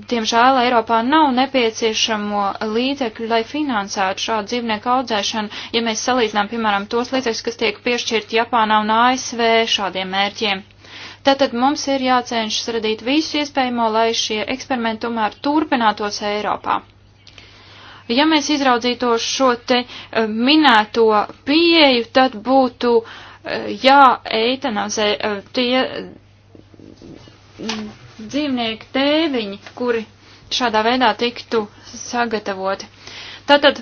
diemžēl, Eiropā nav nepieciešamo līdzekļu, lai finansētu šādu dzīvnieku audzēšanu, ja mēs salīdzinām, piemēram, tos līdzekļus, kas tiek piešķirti Japānā un ASV šādiem mērķiem. Tātad mums ir jācenšas radīt visu iespējamo, lai šie eksperimenti tomēr turpinātos Eiropā. Ja mēs izraudzītos šo te eh, minēto pieeju, tad būtu eh, jāeitanazē eh, tie Mm, dzīvnieku tēviņi, kuri šādā veidā tiktu sagatavoti. Tātad,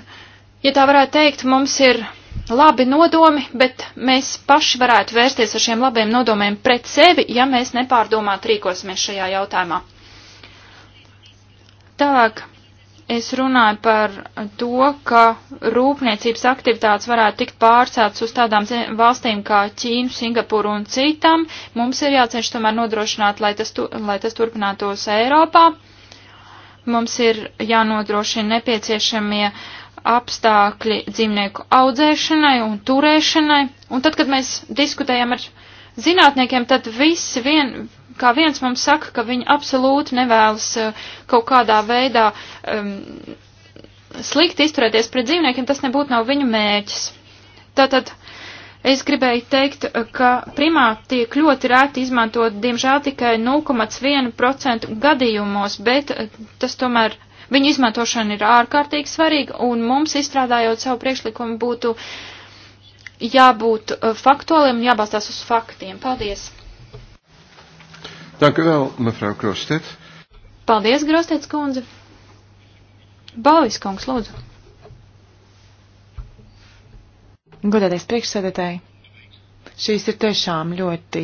ja tā varētu teikt, mums ir labi nodomi, bet mēs paši varētu vērsties ar šiem labiem nodomiem pret sevi, ja mēs nepārdomāt rīkosimies šajā jautājumā. Tālāk, es runāju par to, ka rūpniecības aktivitātes varētu tikt pārcētas uz tādām valstīm kā Ķīnu, Singapuru un citām. Mums ir jācenš tomēr nodrošināt, lai tas, tu, lai tas turpinātos Eiropā. Mums ir jānodrošina nepieciešamie apstākļi dzīvnieku audzēšanai un turēšanai. Un tad, kad mēs diskutējam ar zinātniekiem tad viss vien, kā viens mums saka, ka viņi absolūti nevēlas eh, kaut kādā veidā um, ehm, slikti izturēties pret dzīvniekiem, tas nebūtu nav viņu mērķis. Tātad es gribēju teikt, eh, ka primāti tiek ļoti rēti izmantot, diemžēl tikai 0,1% gadījumos, bet eh, tas tomēr viņu izmantošana ir ārkārtīgi svarīga, un mums izstrādājot savu priekšlikumu būtu uh, jābūt uh, faktuāliem un jābalstās uz faktiem. Paldies! Dank u wel, mevrouw Krostet. Paldies, Grostets kundze. Bauvis kungs, lūdzu. Godātais priekšsēdētāji, šīs ir tiešām ļoti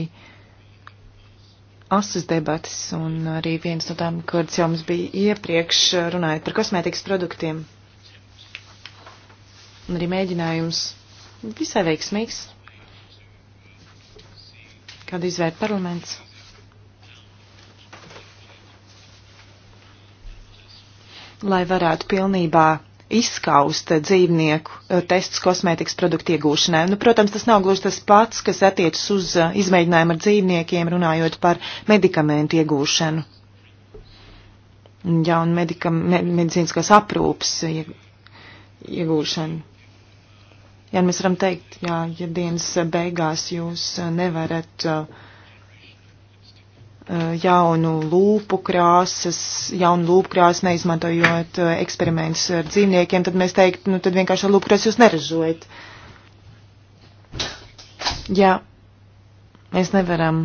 asas debatas un arī viens no tām, kuras jau mums bija iepriekš runājot par kosmētikas produktiem. Un arī mēģinājums visai veiksmīgs, kādu izvērt parlaments. Lai varētu pilnībā izskaust dzīvnieku eh, tests kosmētikas produktu iegūšanai. Nu, protams, tas nav gluži tas pats, kas attiecas uz eh, izmēģinājumu ar dzīvniekiem, runājot par medikamentu iegūšanu. Jā, un medikam, medicīniskās aprūpas iegūšanu. Jā, mēs varam teikt, jā, ja dienas beigās jūs eh, nevarat eh, eh, jaunu lūpu krāsas, jaunu lūpu krāsu neizmantojot eksperimentus ar dzīvniekiem, tad mēs teikt, nu tad vienkārši lūpu krāsu jūs neražojat. Jā, mēs nevaram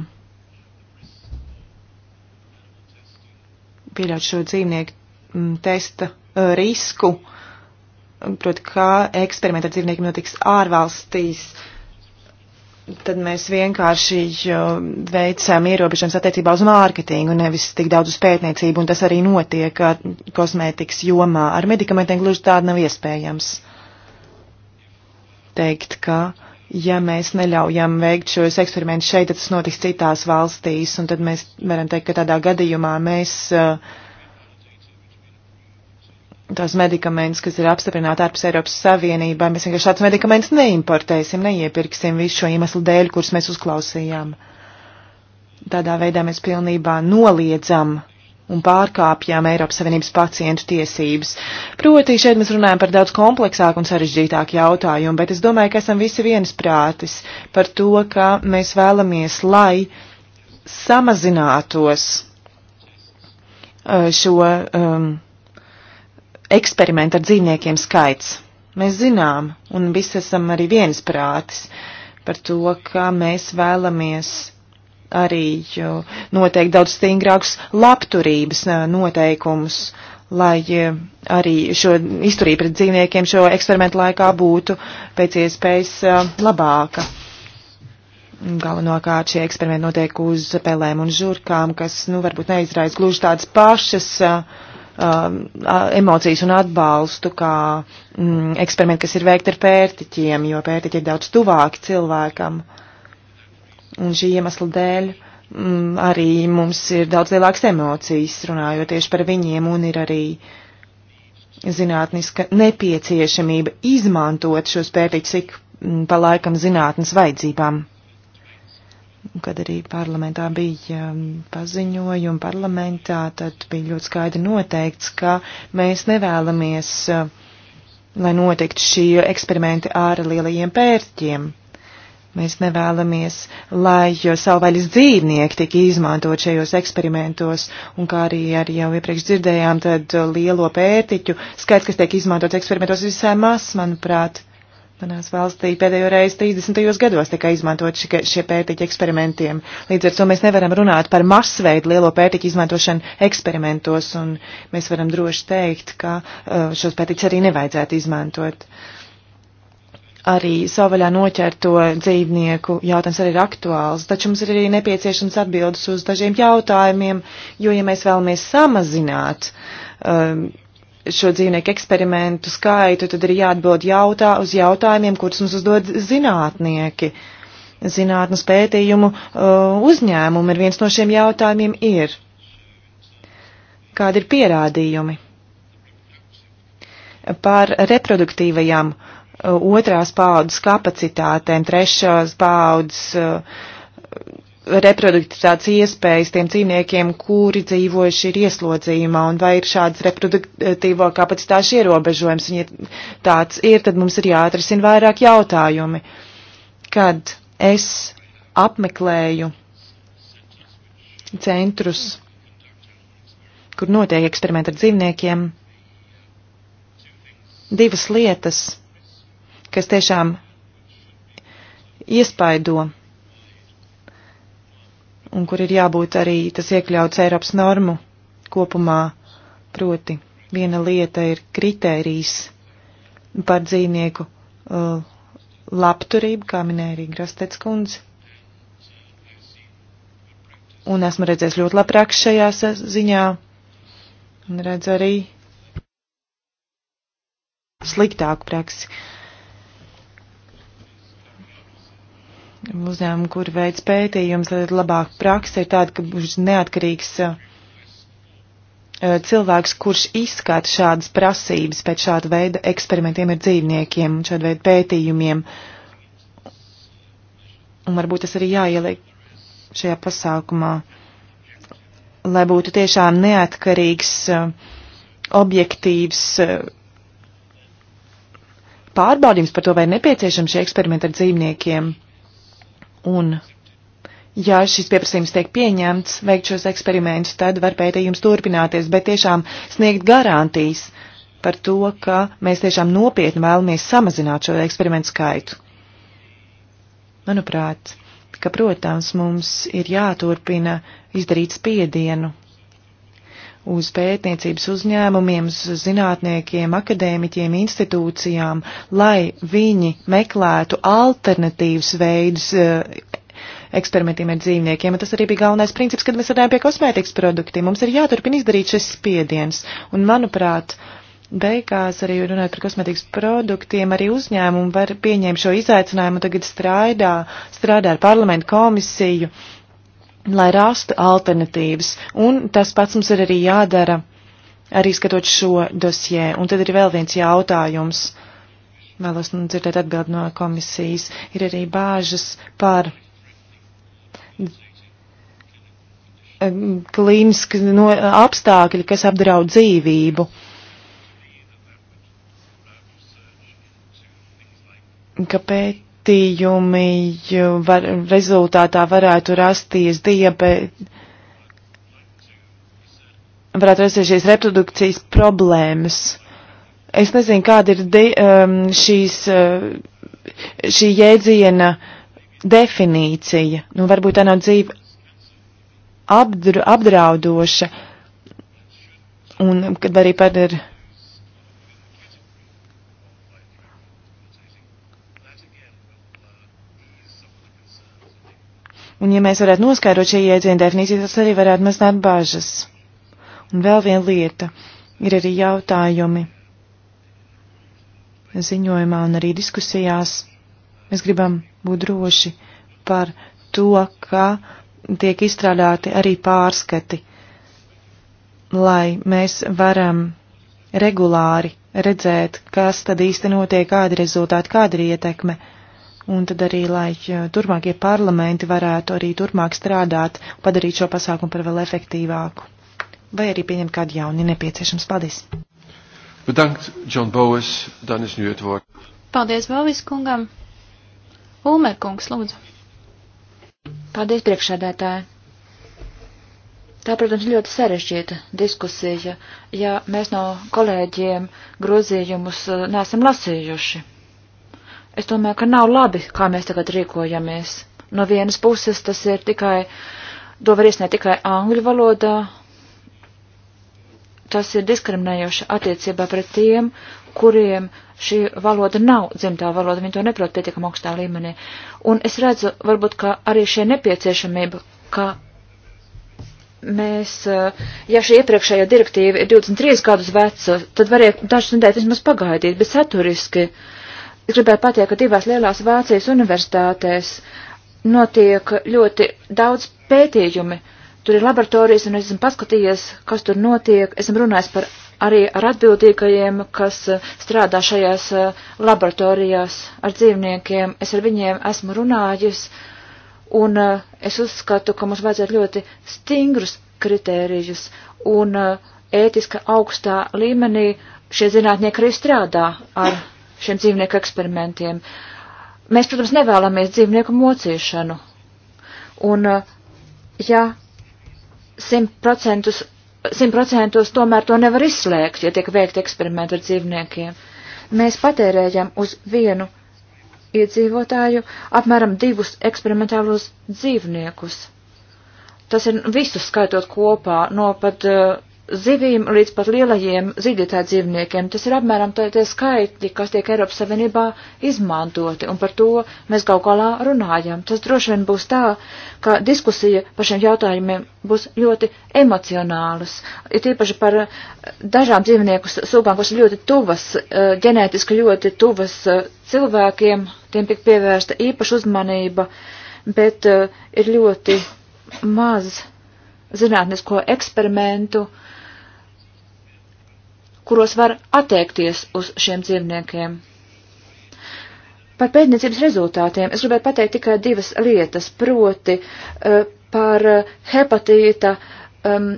pieļaut šo dzīvnieku mm, testa risku. Uh, proti, kā eksperimenti ar dzīvniekiem notiks ārvalstīs, tad mēs vienkārši veicam ierobežojums attiecībā uz mārketingu, nevis tik daudz uz pētniecību, un tas arī notiek kosmētikas jomā. Ar medikamentiem gluži tāda nav iespējams teikt, ka. Ja mēs neļaujam veikt šos eksperimentus šeit, tad tas notiks citās valstīs, un tad mēs varam teikt, ka tādā gadījumā mēs uh, tās medikamentus, kas ir apstiprināti ārpus Eiropas Savienībā. Mēs vienkārši šādus medikamentus neimportēsim, neiepirksim visu šo iemeslu dēļ, kurus mēs uzklausījām. Tādā veidā mēs pilnībā noliedzam un pārkāpjām Eiropas Savienības pacientu tiesības. Proti, šeit mēs runājam par daudz kompleksāku un sarežģītāku jautājumu, bet es domāju, ka esam visi viensprātis par to, ka mēs vēlamies, lai samazinātos uh, šo um, eksperimentu ar dzīvniekiem skaits. Mēs zinām, un visi esam arī viensprātis par to, ka mēs vēlamies arī noteikti daudz stingrākus labturības eh, noteikumus, lai eh, arī šo izturību pret dzīvniekiem šo eksperimentu laikā būtu pēc iespējas eh, labāka. Galvenokārt šie eksperimenti notiek uz pelēm un žurkām, kas, nu, varbūt neizraisa gluži tādas pašas uh, um, emocijas un atbalstu, kā mm, eksperimenti, kas ir veikti ar pērtiķiem, jo pērtiķi ir daudz tuvāki cilvēkam. Un šī iemesla dēļ mm, arī mums ir daudz lielākas emocijas runājot tieši par viņiem un ir arī zinātniska nepieciešamība izmantot šos pērtiķus ik mm, pa laikam zinātnes vajadzībām kad arī parlamentā bija um, paziņojumi parlamentā, tad bija ļoti skaidri noteikts, ka mēs nevēlamies, uh, lai notiktu šie eksperimenti ar lielajiem pērķiem. Mēs nevēlamies, lai savvaļas dzīvnieki tik izmantot šajos eksperimentos, un kā arī, arī jau iepriekš dzirdējām, tad lielo pērtiķu skaits, kas tiek izmantots eksperimentos, ir visai mazs, manuprāt. Manās valstī pēdējo reizi 30. gados tika izmantot šie, šie pētiķi eksperimentiem. Līdz ar to mēs nevaram runāt par masveidu lielo pētiķu izmantošanu eksperimentos, un mēs varam droši teikt, ka uh, šos pētiķus arī nevajadzētu izmantot. Arī savvaļā noķerto dzīvnieku jautājums arī ir aktuāls, taču mums ir arī nepieciešams atbildes uz dažiem jautājumiem, jo, ja mēs vēlamies samazināt um, šo dzīvnieku eksperimentu skaitu, tad ir jāatbild jautā, uz jautājumiem, kurus mums uzdod zinātnieki. Zinātnes pētījumu uh, uzņēmumu ir viens no šiem jautājumiem ir. Kādi ir pierādījumi par reproduktīvajām uh, otrās paudzes kapacitātēm, trešās paudzes uh, reproduktivitātes iespējas tiem dzīvniekiem, kuri dzīvojuši ir ieslodzījumā, un vai ir šāds reproduktīvo kapacitāšu ierobežojums, un ja tāds ir, tad mums ir jāatrisina vairāk jautājumi. Kad es apmeklēju centrus, kur notiek eksperimenti ar dzīvniekiem, divas lietas, kas tiešām iespaido un kur ir jābūt arī tas iekļauts Eiropas normu kopumā. Proti, viena lieta ir kritērijs par dzīvnieku uh, labturību, kā minēja arī Grastec kundze. Un esmu redzējis ļoti labu rakstu šajā ziņā, un redzu arī sliktāku praksi. Uh, uzņēmumu, kur veids pētījums, tad labāk praksa ir tāda, ka būs neatkarīgs uh, uh, cilvēks, kurš izskata šādas prasības pēc šāda veida eksperimentiem ar dzīvniekiem, šāda veida pētījumiem. Un varbūt tas arī jāieliek šajā pasākumā, lai būtu tiešām neatkarīgs, uh, objektīvs pārbaudījums par to, vai nepieciešams šie eksperimenti ar dzīvniekiem. Un, ja šis pieprasījums tiek pieņemts, veikt šos eksperimentus, tad var pētījums turpināties, bet tiešām sniegt garantijas par to, ka mēs tiešām nopietni vēlamies samazināt šo eksperimentu skaitu. Manuprāt, ka, protams, mums ir jāturpina izdarīt spiedienu uz pētniecības uzņēmumiem, uz zinātniekiem, akadēmiķiem, institūcijām, lai viņi meklētu alternatīvas veidus eh, eksperimentiem ar dzīvniekiem. Un tas arī bija galvenais princips, kad mēs runājam pie kosmētikas produktiem. Mums ir jāturpina izdarīt šis spiediens. Un, manuprāt, beigās arī runājot par kosmētikas produktiem, arī uzņēmumi var pieņemt šo izaicinājumu un tagad strādā, strādā ar parlamentu komisiju lai rastu alternatīvas, un tas pats mums ir arī jādara, arī skatot šo dosjē. Un tad ir vēl viens jautājums, vēlos nu, dzirdēt atbildi no komisijas, ir arī bāžas par klīniski no, apstākļi, kas apdraud dzīvību. Kāpēc? pētījumi var, rezultātā varētu rasties diabēta, varētu rasties šīs reprodukcijas problēmas. Es nezinu, kāda ir de, um, šīs, uh, šī jēdziena definīcija. Nu, varbūt tā nav dzīve apdru, apdraudoša. Un kad arī par ir. Ar, Un ja mēs varētu noskaidrot šī jēdziena definīciju, tas arī varētu mazināt bažas. Un vēl viena lieta ir arī jautājumi ziņojumā un arī diskusijās. Mēs gribam būt droši par to, ka tiek izstrādāti arī pārskati, lai mēs varam regulāri redzēt, kas tad īsti notiek, kādi rezultāti, kāda ir ietekme. Un tad arī, lai eh, turpmākie parlamenti varētu arī turpmāk strādāt, padarīt šo pasākumu par vēl efektīvāku. Vai arī pieņemt kādu jaunu, ja nepieciešams. Paldies! Bedankt, John Bowes, Danis Njutvort. Paldies, Bowes kungam. Ulmer kungs, lūdzu. Paldies, priekšsēdētāji. Tā, protams, ļoti sarežģīta diskusija, ja mēs no kolēģiem grozījumus eh, neesam lasījuši. Es domāju, ka nav labi, kā mēs tagad rīkojamies. No vienas puses tas ir tikai, to var iesniegt tikai angļu valodā. Tas ir diskriminējoši attiecībā pret tiem, kuriem šī valoda nav dzimtā valoda, viņi to neprot pietiekam augstā līmenī. Un es redzu, varbūt, ka arī šie nepieciešamība, ka mēs, eh, ja šī iepriekšējā direktīva ir 23 gadus veca, tad varēja dažas nedēļas vismaz pagaidīt, bet saturiski. Uh, Es gribētu pateikt, ka divās lielās Vācijas universitātēs notiek ļoti daudz pētījumi. Tur ir laboratorijas, un esmu paskatījies, kas tur notiek. Esmu runājis par arī ar atbildīgajiem, kas eh, strādā šajās eh, laboratorijās ar dzīvniekiem. Es ar viņiem esmu runājis, un eh, es uzskatu, ka mums vajadzētu ļoti stingrus kritērijus, un ētiska augstā līmenī šie zinātnieki arī strādā ar šiem dzīvnieku eksperimentiem. Mēs, protams, nevēlamies dzīvnieku mocīšanu. Un, eh, ja simtprocentus, simtprocentos tomēr to nevar izslēgt, ja tiek veikti eksperimenti ar dzīvniekiem, mēs patērējam uz vienu iedzīvotāju apmēram divus eksperimentālos dzīvniekus. Tas ir visus skaitot kopā, no pat uh, zivīm līdz pat lielajiem zīdītāju dzīvniekiem. Tas ir apmēram tā, tie skaitļi, kas tiek Eiropas Savienībā izmantoti, un par to mēs kaut kādā runājam. Tas droši vien būs tā, ka diskusija par šiem jautājumiem būs ļoti emocionālas, ir tīpaši par dažām dzīvnieku sugām, kas ir ļoti tuvas, eh, ģenētiski ļoti tuvas eh, cilvēkiem, tiem tiek pievērsta īpaša uzmanība, bet eh, ir ļoti maz zinātnisko eksperimentu, uh, kuros var attiekties uz šiem dzīvniekiem. Par pētniecības rezultātiem es gribētu pateikt tikai divas lietas, proti uh, par hepatīta, um,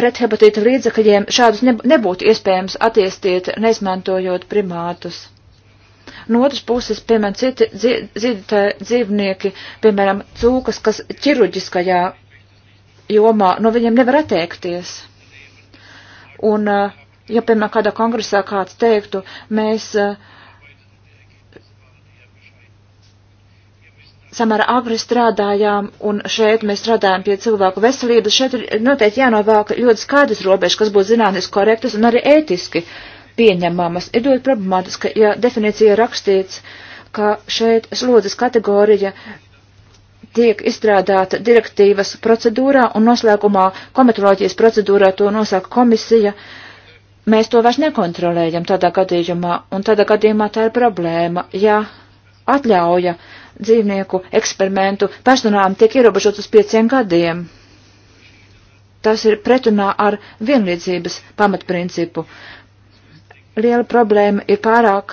pret hepatīta līdzakļiem šādus nebūtu iespējams attīstīt, neizmantojot primātus. No otras puses, piemēram, citi dzīvotē dzīvnieki, piemēram, cūkas, kas ķirurģiskajā jomā, no viņiem nevar atteikties. Un uh, ja, piemēram, kādā kongresā kāds teiktu, mēs eh, samērā agri strādājām, un šeit mēs strādājam pie cilvēku veselības. Šeit ir noteikti jānovelk ļoti skaidrs robežs, kas būtu zinātniski korektas un arī ētiski pieņemamas. Ir ļoti problemātiski, ja definīcija rakstīts, ka šeit slodzes kategorija tiek izstrādāta direktīvas procedūrā un noslēgumā komitoloģijas procedūrā to nosaka komisija. Uh, mēs to vairs nekontrolējam tādā gadījumā, un tādā gadījumā tā ir problēma, ja atļauja dzīvnieku eksperimentu personām tiek ierobežot uz pieciem gadiem. Tas ir pretrunā ar vienlīdzības pamatprincipu. Liela problēma ir pārāk,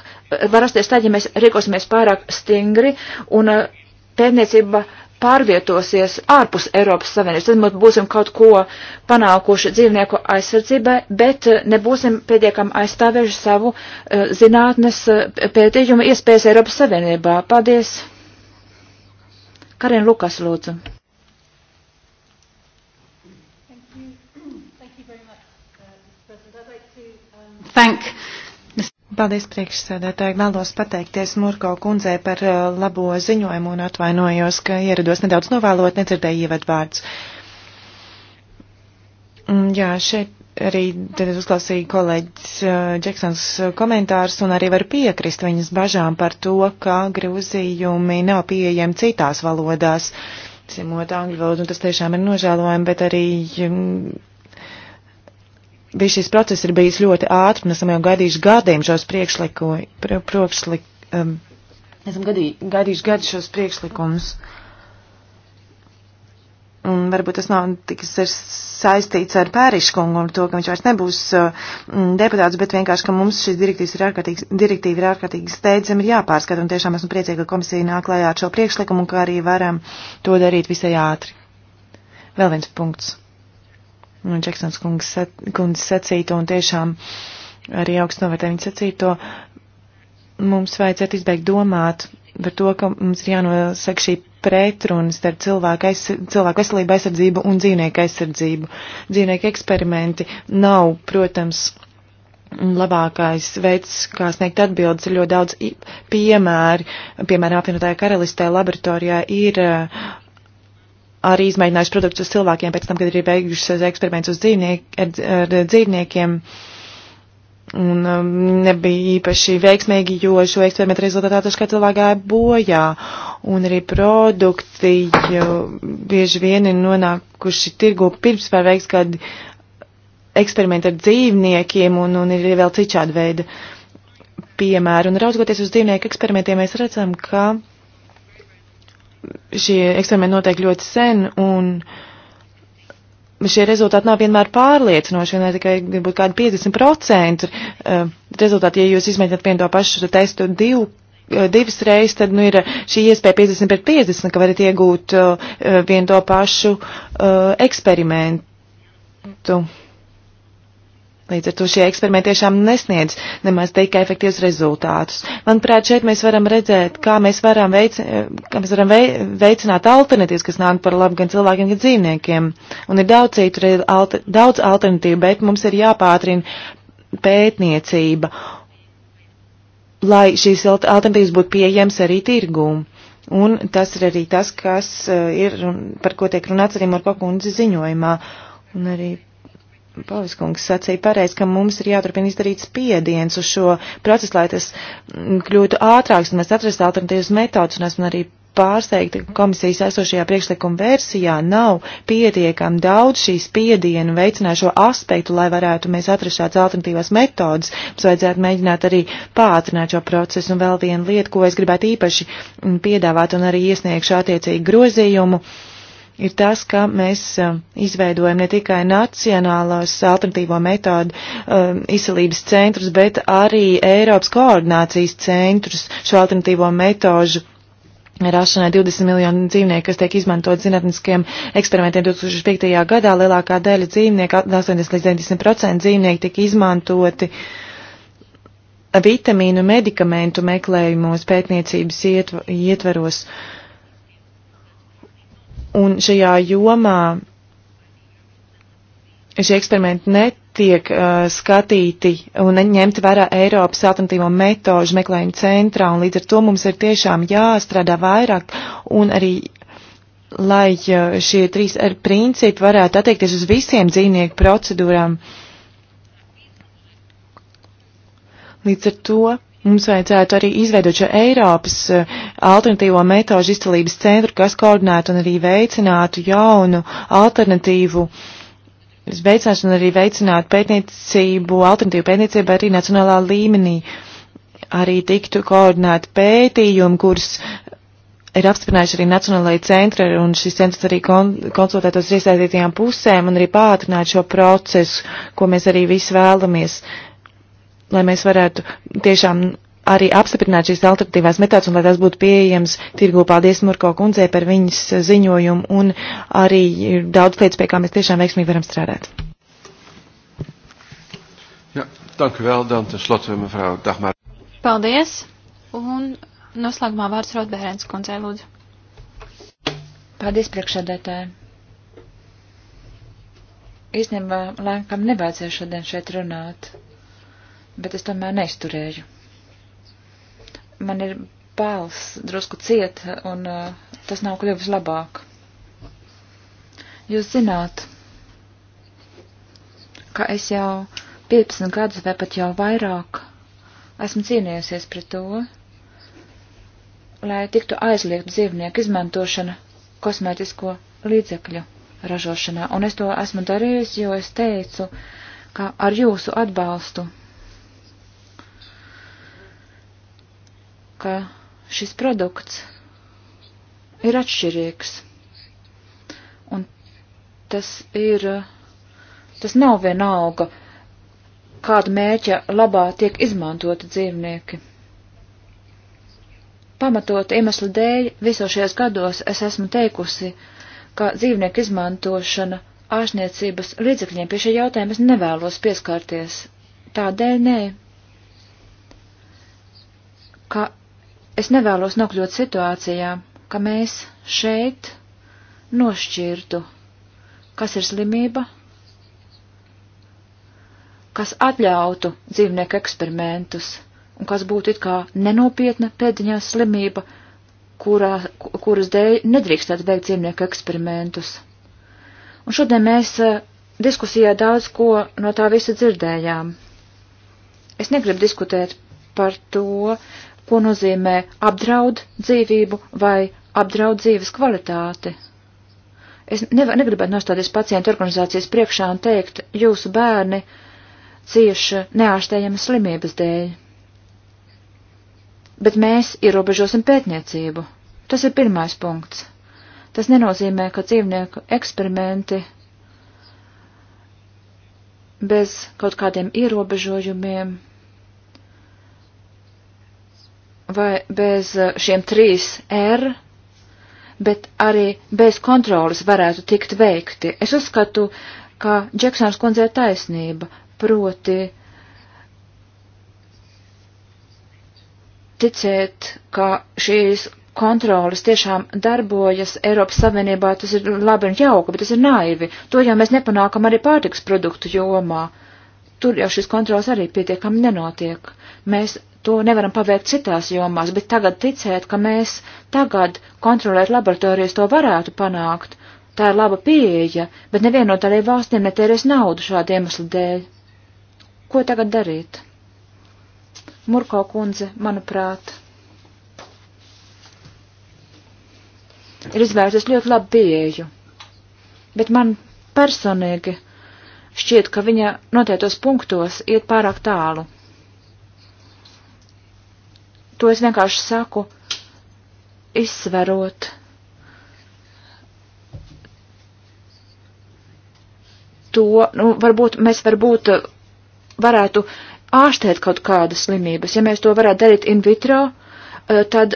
var rasties tā, ja mēs rīkosimies pārāk stingri, un eh, pētniecība pārvietosies ārpus Eiropas Savienības. Tad mēs būsim kaut ko panākuši dzīvnieku aizsardzībai, bet eh, nebūsim pietiekami aizstāvējuši savu uh, zinātnes eh, pētījumu iespējas Eiropas Savienībā. Paldies! Karin Lukas, lūdzu. Thank you. Thank you much, uh, like to, um... Thank you. Paldies, priekšsēdētāji. Vēlos pateikties Murko kundzei par uh, labo ziņojumu un atvainojos, ka ierados nedaudz novēlot, nedzirdēju ievadvārdus. Mm, jā, šeit arī uzklausīju kolēģis uh, Džeksons komentārus un arī var piekrist viņas bažām par to, ka grūzījumi nav pieejami citās valodās. Cimot angļu valodu, tas tiešām ir nožēlojami, bet arī mm, Viss šis process ir bijis ļoti ātri, un esam jau gaidījuši gadiem šos priekšlikumus. Um, esam gadī, gaidījuši gadu šos priekšlikumus. Un varbūt tas nav tik saistīts ar Pēriškungu un to, ka viņš vairs nebūs uh, mm, deputāts, bet vienkārši, ka mums šī direktīva ir ārkārtīgi, direktīva ir ārkārtīgi steidzami ir jāpārskata, un tiešām esmu priecīga, ka komisija nāk klājā ar šo priekšlikumu, un ka arī varam to darīt visai ātri. Vēl viens punkts un Čeksons kundze sacīto, un tiešām arī augstu novērtē viņa sacīto, mums vajadzētu izbeigt domāt par to, ka mums ir jānosaka šī pretruna starp cilvēku, aiz, cilvēku veselību aizsardzību un dzīvnieku aizsardzību. Dzīvnieku eksperimenti nav, protams, labākais veids, kā sniegt atbildes, ir ļoti daudz piemēri. Piemēram, apvienotāja karalistē laboratorijā ir uh, arī izmēģinājuši produktus uz cilvēkiem, pēc tam, kad ir beigušas eksperiments uz dzīvniek, ar, ar dzīvniekiem. Un um, nebija īpaši veiksmīgi, jo šo eksperimentu rezultātā taškā cilvēki gāja bojā. Un arī produkti bieži vien ir nonākuši tirgu pirms par veiks kādu eksperimentu ar dzīvniekiem, un, un ir vēl citādi veidi piemēri. Un raugoties uz dzīvnieku eksperimentiem, mēs redzam, ka šie eksperimenti notiek ļoti sen, un šie rezultāti nav vienmēr pārliecinoši, vienmēr tikai būtu kādi 50% eh, rezultāti, ja jūs izmēģināt vienu to pašu testu divu eh, divas reizes, tad nu, ir šī iespēja 50 pret 50, ka varat iegūt uh, vienu to pašu uh, eksperimentu. Līdz ar to šie eksperimenti tiešām nesniedz nemaz tikai efektīvs rezultātus. Manuprāt, šeit mēs varam redzēt, kā mēs varam, veic, kā mēs varam veicināt alternatīvas, kas nāk par labu gan cilvēkiem, gan dzīvniekiem. Un ir daudz citu, alter, daudz alternatīvu, bet mums ir jāpātrina pētniecība, lai šīs alternatīvas būtu pieejams arī tirgūm. Un tas ir arī tas, kas eh, ir, par ko tiek runāts arī Marko kundze ziņojumā. Un arī Paviskungs sacīja pareizi, ka mums ir jāturpina izdarīt spiediens uz šo procesu, lai tas mm, kļūtu ātrāks, un mēs atrastu alternatīvas metodus, un esmu arī pārsteigta, ka komisijas esošajā priekšlikuma versijā nav pietiekami daudz šī spiedienu veicināšo aspektu, lai varētu mēs atrast šādas alternatīvās metodas. Mums vajadzētu mēģināt arī pātrināt šo procesu. Un vēl viena lieta, ko es gribētu īpaši mm, piedāvāt un arī iesniegšu attiecīgi grozījumu. Uh, ir tas, ka mēs izveidojam ne tikai nacionālās alternatīvo metodu um, izcelības centrus, bet arī Eiropas koordinācijas centrus šo alternatīvo metožu rašanai 20 miljonu dzīvnieku, kas tiek izmantot zinātniskiem eksperimentiem 2005. gadā. Lielākā daļa dzīvnieku, 80 līdz 90% dzīvnieku tika izmantoti vitamīnu medikamentu meklējumos pētniecības ietvaros. Uh, Un šajā jomā šie eksperimenti netiek uh, skatīti un neņemt vērā Eiropas alternatīvo metožu meklējumu centrā, un līdz ar to mums ir tiešām jāstrādā vairāk un arī lai uh, šie trīs ar principi varētu attiekties uz visiem dzīvnieku procedūrām. Līdz ar to Mums vajadzētu arī izveidot šo Eiropas eh, alternatīvo metožu izcelības centru, kas koordinētu un arī veicinātu jaunu alternatīvu veicināšanu un arī veicinātu pētniecību, alternatīvu pētniecību arī nacionālā līmenī. Arī tiktu koordinēti pētījumi, kurus ir apstiprinājuši arī nacionālajie centri, un šis centrs arī kon konsultētos ar iesaistītajām pusēm un arī pātrināt šo procesu, ko mēs arī visi vēlamies. Uh, lai mēs varētu tiešām arī apstiprināt šīs alternatīvās metodas un lai tās būtu pieejams tirgu. Paldies Murko kundzei par viņas ziņojumu un arī ir daudz lietas, pie kā mēs tiešām veiksmīgi varam strādāt. Ja, dank u wel. Dan tenslotte mevrouw Dagmar. Paldies. Un noslēgumā vārds Rotbērens kundzei lūdzu. Paldies priekšsēdētāji. Īstenībā laikam nevajadzēja šodien šeit runāt bet es tomēr neizturēju. Man ir pēls drusku ciet, un uh, tas nav kļuvis labāk. Jūs zināt, ka es jau 15 gadus vai pat jau vairāk esmu cīnījusies pret to, lai tiktu aizliegt dzīvnieku izmantošana kosmētisko līdzekļu ražošanā, un es to esmu darījusi, jo es teicu, ka ar jūsu atbalstu ka šis produkts ir atšķirīgs. Un tas ir, tas nav vienalga, kāda mērķa labā tiek izmantoti dzīvnieki. Pamatot iemeslu dēļ visos šajos gados es esmu teikusi, ka dzīvnieku izmantošana ārstniecības līdzekļiem pie šī jautājuma es nevēlos pieskārties. Tādēļ nē, ka Es nevēlos nokļūt situācijā, ka mēs šeit nošķirtu, kas ir slimība, kas atļautu dzīvnieku eksperimentus un kas būtu it kā nenopietna pēdiņā slimība, kurā, kuras dēļ nedrīkstētu veikt dzīvnieku eksperimentus. Un šodien mēs eh, diskusijā daudz ko no tā visa dzirdējām. Es negribu diskutēt par to, ko nozīmē apdraud dzīvību vai apdraud dzīves kvalitāti. Es nevar, negribētu nostāties pacientu organizācijas priekšā un teikt, jūsu bērni cieši neārstējamas slimības dēļ. Bet mēs ierobežosim pētniecību. Tas ir pirmais punkts. Tas nenozīmē, ka dzīvnieku eksperimenti bez kaut kādiem ierobežojumiem vai bez eh, šiem trīs R, bet arī bez kontrolas varētu tikt veikti. Es uzskatu, ka Džeksons kundzē taisnība, proti ticēt, ka šīs kontrolas tiešām darbojas Eiropas Savienībā, tas ir labi un jauka, bet tas ir naivi. To jau mēs nepanākam arī pārtiks produktu jomā. Jo tur jau šis kontrols arī pietiekami nenotiek. Mēs to nevaram paveikt citās jomās, bet tagad ticēt, ka mēs tagad kontrolēt laboratorijas to varētu panākt. Tā ir laba pieeja, bet neviena no tādiem valstīm netērēs naudu šādu iemeslu dēļ. Ko tagad darīt? Murko kundze, manuprāt, ir izvērsis ļoti labu pieeju, bet man personīgi šķiet, ka viņa noteiktos punktos iet pārāk tālu. To es vienkārši saku, izsverot to, nu, varbūt mēs varbūt varētu ārstēt kaut kādas slimības. Ja mēs to varētu darīt in vitro, eh, tad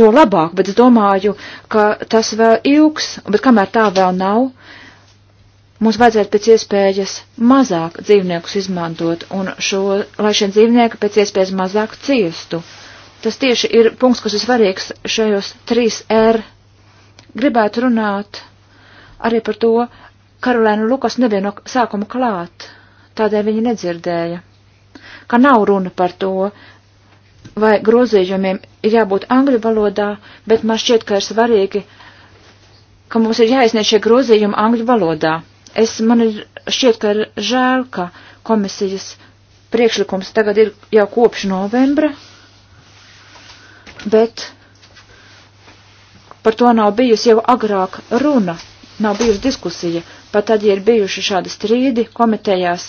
jo labāk, bet es domāju, ka tas vēl ilgs, bet kamēr tā vēl nav, mums vajadzētu pēc iespējas mazāk dzīvniekus izmantot un šo, lai šie dzīvnieki pēc iespējas mazāk ciestu. Tas tieši ir punkts, kas ir svarīgs šajos 3R. Gribētu runāt arī par to, Karolēna Lukas nebija no sākuma klāt, tādēļ viņa nedzirdēja, ka nav runa par to, vai grozījumiem ir jābūt angļu valodā, bet man šķiet, ka ir svarīgi, ka mums ir jāizniedz šie grozījumi angļu valodā. Es man ir šķiet, ka ir žēl, ka komisijas priekšlikums tagad ir jau kopš novembra, bet par to nav bijusi jau agrāk runa, nav bijusi diskusija, pat tad, ja ir bijuši šādi strīdi komitejās.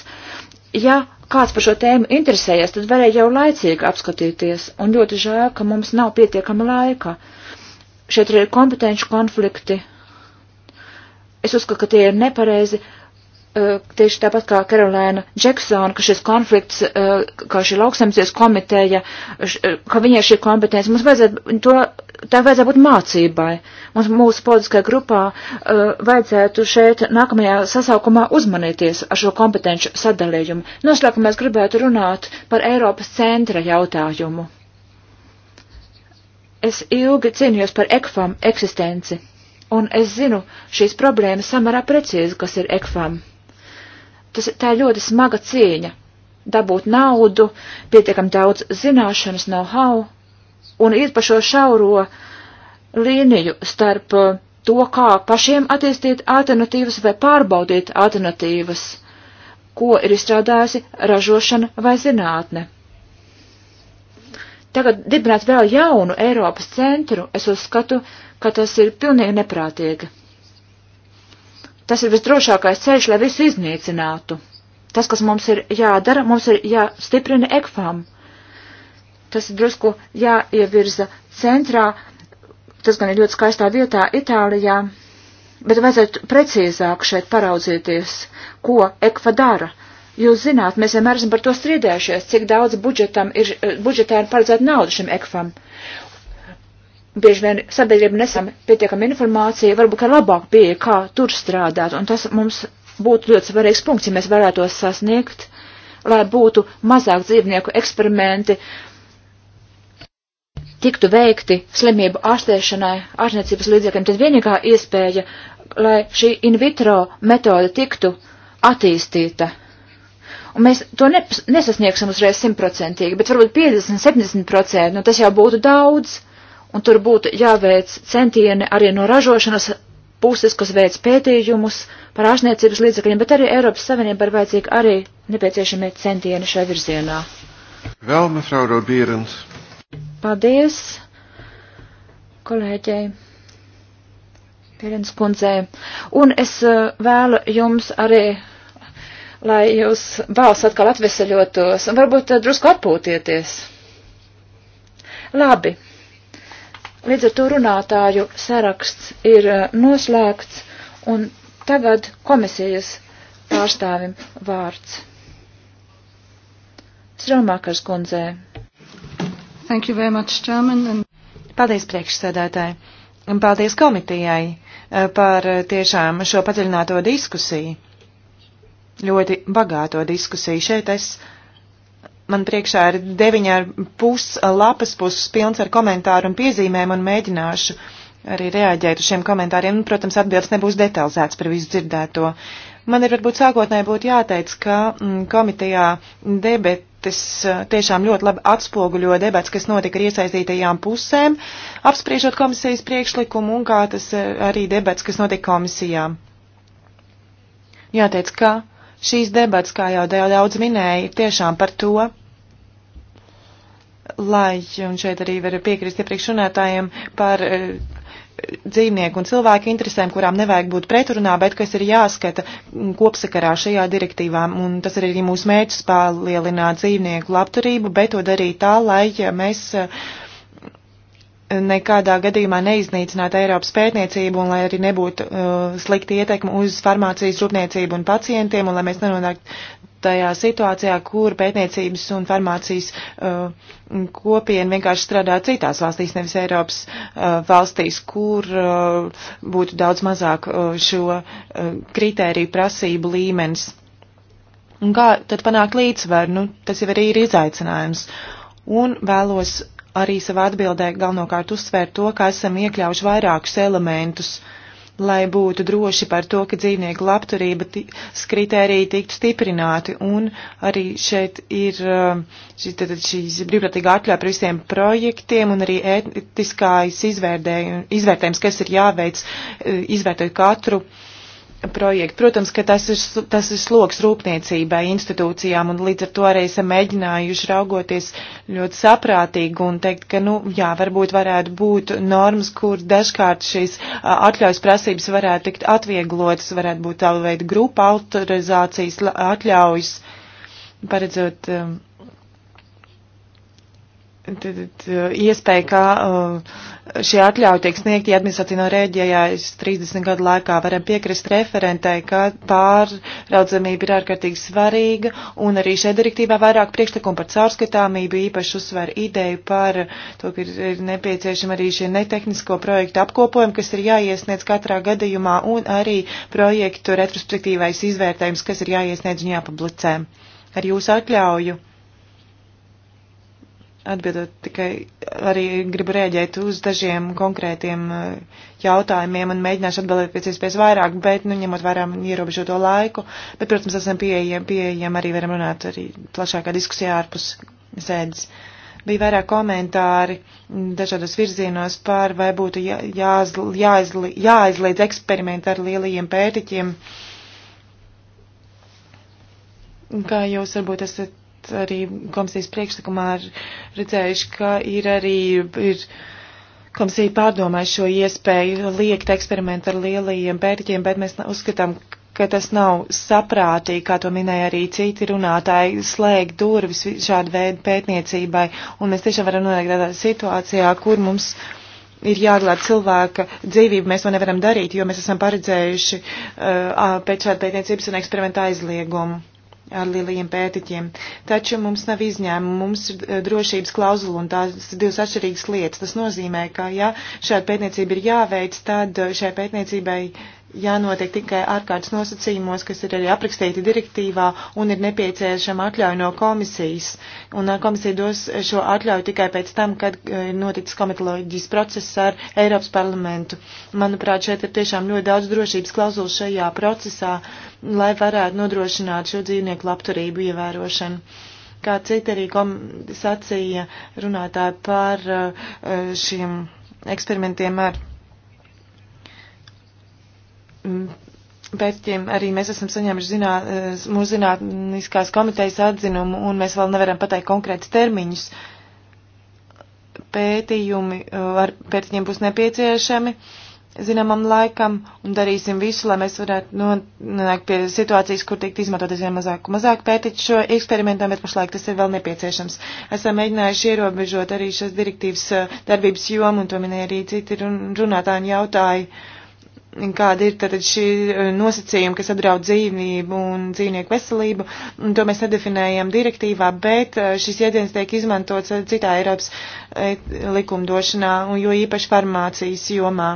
Ja kāds par šo tēmu interesējies, tad varēja jau laicīgi apskatīties, un ļoti žēl, ka mums nav pietiekama laika. Šeit ir kompetenci konflikti, Es uzskatu, ka tie ir nepareizi. Uh, tieši tāpat kā Karolēna Džeksona, ka šis konflikts, uh, eh, kā šī lauksemsies komiteja, š, uh, ka viņai šī kompetence, mums vajadzētu to, tā vajadzētu būt mācībai. Mums mūsu politiskajā grupā vajadzētu šeit nākamajā sasaukumā uzmanīties ar šo kompetenci sadalījumu. Noslēgumā mēs gribētu runāt par Eiropas centra jautājumu. Es ilgi cīnījos par ekfam eksistenci un es zinu šīs problēmas samērā precīzi, kas ir ekvam. Tas, tā ir ļoti smaga cīņa. Dabūt naudu, pietiekam daudz zināšanas, know-how, un iet pa šo šauro līniju starp uh, to, kā pašiem attīstīt alternatīvas vai pārbaudīt alternatīvas, ko ir izstrādājusi ražošana vai zinātne. Tagad dibināt vēl jaunu Eiropas centru, es uzskatu, ka tas ir pilnīgi neprātīgi. Tas ir visdrošākais ceļš, lai visu iznīcinātu. Tas, kas mums ir jādara, mums ir jāstiprina ekfām. Tas ir drusku jāievirza centrā, tas gan ir ļoti skaistā vietā Itālijā, bet vajadzētu precīzāk šeit paraudzīties, ko ekfa dara. Jūs zināt, mēs vienmēr esam par to strīdējušies, cik daudz budžetam ir, eh, budžetā ir paredzēta nauda šim ekfam bieži vien sabiedrība nesam pietiekam informāciju, varbūt ar labāku pieeju, kā tur strādāt, un tas mums būtu ļoti svarīgs punkts, ja mēs varētu to sasniegt, lai būtu mazāk dzīvnieku eksperimenti, tiktu veikti slimību ārstēšanai, ārstniecības līdzekļiem, tad vienīgā iespēja, lai šī in vitro metode tiktu attīstīta. Un mēs to ne, nesasniegsim uzreiz simtprocentīgi, bet varbūt 50-70%, nu tas jau būtu daudz un tur būtu jāveic centieni arī no ražošanas puses, kas veic pētījumus par ārstniecības līdzekļiem, bet arī Eiropas Savienībai ir vajadzīgi arī nepieciešami centieni šai virzienā. Vēl, mefrau Robierens. Paldies, kolēģei. Pierens kundzei. Un es eh, vēlu jums arī, lai jūs balsts atkal atveseļotos un varbūt eh, drusku atpūtieties. Labi. Līdz ar to runātāju saraksts ir eh, noslēgts, un tagad komisijas pārstāvim vārds. Sraumakars kundzē. Thank you very much, Chairman. And... Paldies priekšsēdētāji. Un paldies komitijai eh, par eh, tiešām šo padziļināto diskusiju. Ļoti bagāto diskusiju. Šeit es man priekšā ir deviņa ar pus lapas puses pilns ar komentāru un piezīmēm un mēģināšu arī reaģēt uz šiem komentāriem. Un, protams, atbildes nebūs detalizēts par visu dzirdēto. Man ir varbūt sākotnēji būtu jāteic, ka mm, komitejā debet debates eh, tiešām ļoti labi atspoguļo debats, kas notika ar iesaistītajām pusēm, apspriežot komisijas priekšlikumu un kā tas eh, arī debats, kas notika komisijā. Jāteic, ka šīs debats, kā jau daudz minēja, ir tiešām par to, lai, un šeit arī var piekrist iepriekš runātājiem par e, dzīvnieku un cilvēku interesēm, kurām nevajag būt pretrunā, bet kas ir jāskata kopsakarā šajā direktīvā. Un tas ir arī mūsu mērķis palielināt dzīvnieku labturību, bet to darīt tā, lai mēs e, nekādā gadījumā neiznīcinātu Eiropas pētniecību un lai arī nebūtu uh, e, slikti ietekmi uz farmācijas rūpniecību un pacientiem un lai mēs nenonāktu tajā situācijā, kur pētniecības un farmācijas uh, kopiena vienkārši strādā citās valstīs, nevis Eiropas uh, valstīs, kur uh, būtu daudz mazāk uh, šo uh, kritēriju prasību līmenis. Un kā tad panākt līdzsvaru? Nu, tas jau arī ir izaicinājums. Un vēlos arī savā atbildē galvenokārt uzsvērt to, ka esam iekļaujuši vairākus elementus uh, lai būtu droši par to, ka dzīvnieku labturība kritērija tiktu stiprināti. Un arī šeit ir eh, šī, tad, šī brīvprātīga atļauja par visiem projektiem un arī ētiskais izvērtējums, kas ir jāveic, eh, izvērtējot katru uh, projektu. Protams, ka tas ir, tas ir sloks rūpniecībai, institūcijām, un līdz ar to arī esam mēģinājuši raugoties ļoti saprātīgi un teikt, ka, nu, jā, varbūt varētu būt normas, kur dažkārt šīs atļaujas prasības varētu tikt atvieglotas, varētu būt tāda veida grupa autorizācijas atļaujas, paredzot. Um, Tad iespēja, ka uh, šī atļauja tiek sniegta, ja administratīno rēģējājas 30 gadu laikā, varam piekrist referentai, ka pārraudzamība ir ārkārtīgi svarīga, un arī šeit direktīvā vairāk priekšlikumu par caurskatāmību īpaši uzsver ideju par to, ka ir nepieciešama arī šie netehnisko projektu apkopojumi, kas ir jāiesniedz katrā gadījumā, un arī projektu retrospektīvais izvērtējums, kas ir jāiesniedz un jāpublicē. Ar jūsu atļauju atbildot tikai arī gribu rēģēt uz dažiem konkrētiem eh, jautājumiem un mēģināšu atbildēt pēc iespējas vairāk, bet, nu, ņemot vērā ierobežoto laiku, bet, protams, esam pieejami, pieejami arī varam runāt arī plašākā diskusijā ārpus sēdes. Bija vairāk komentāri dažādos virzienos par, vai būtu jā, jāizl, jāizl, jāizliedz eksperimenti ar lielajiem pētiķiem. Kā jūs varbūt esat arī komisijas priekšlikumā redzējuši, ka ir arī ir komisija pārdomāja šo iespēju liekt eksperimentu ar lielajiem bērķiem, bet mēs uzskatām, ka tas nav saprātīgi, kā to minēja arī citi runātāji, slēgt durvis šādu veidu pētniecībai, un mēs tiešām varam nonākt tādā situācijā, kur mums ir jāglāb cilvēka dzīvību, mēs to nevaram darīt, jo mēs esam paredzējuši uh, pēc šāda pētniecības un eksperimenta aizliegumu ar lielajiem pētiķiem. Taču mums nav izņēmumu, mums ir eh, drošības klauzula un tās divas atšķirīgas lietas. Tas nozīmē, ka ja šāda pētniecība ir jāveic, tad eh, šai pētniecībai jānotiek tikai ārkārtas nosacījumos, kas ir arī aprakstīti direktīvā un ir nepieciešama atļauja no komisijas. Un uh, komisija dos šo atļauju tikai pēc tam, kad uh, ir noticis komitoloģijas process ar Eiropas parlamentu. Manuprāt, šeit ir tiešām ļoti daudz drošības klauzulu šajā procesā, lai varētu nodrošināt šo dzīvnieku labturību ievērošanu. Kā citi arī sacīja runātāji par uh, šiem eksperimentiem ar pētījiem mm, arī mēs esam saņēmuši zinā, eh, mūsu zinātniskās komitejas atzinumu, un mēs vēl nevaram pateikt konkrētus termiņus. Pētījumi eh, ar pētījiem būs nepieciešami zināmam laikam, un darīsim visu, lai mēs varētu nonākt pie situācijas, kur tikt izmantot aizvien mazāk un mazāk pētīt šo eksperimentam, bet pašlaik tas ir vēl nepieciešams. Esam mēģinājuši ierobežot arī šas direktīvas eh, darbības jomu, un to minēja arī citi runātāji un jautāja. Uh, kāda ir tātad šī eh, nosacījuma, kas apdraud dzīvību un dzīvnieku veselību, un to mēs nedefinējam direktīvā, bet eh, šis jēdziens tiek izmantots eh, citā Eiropas likumdošanā, un jo īpaši farmācijas jomā.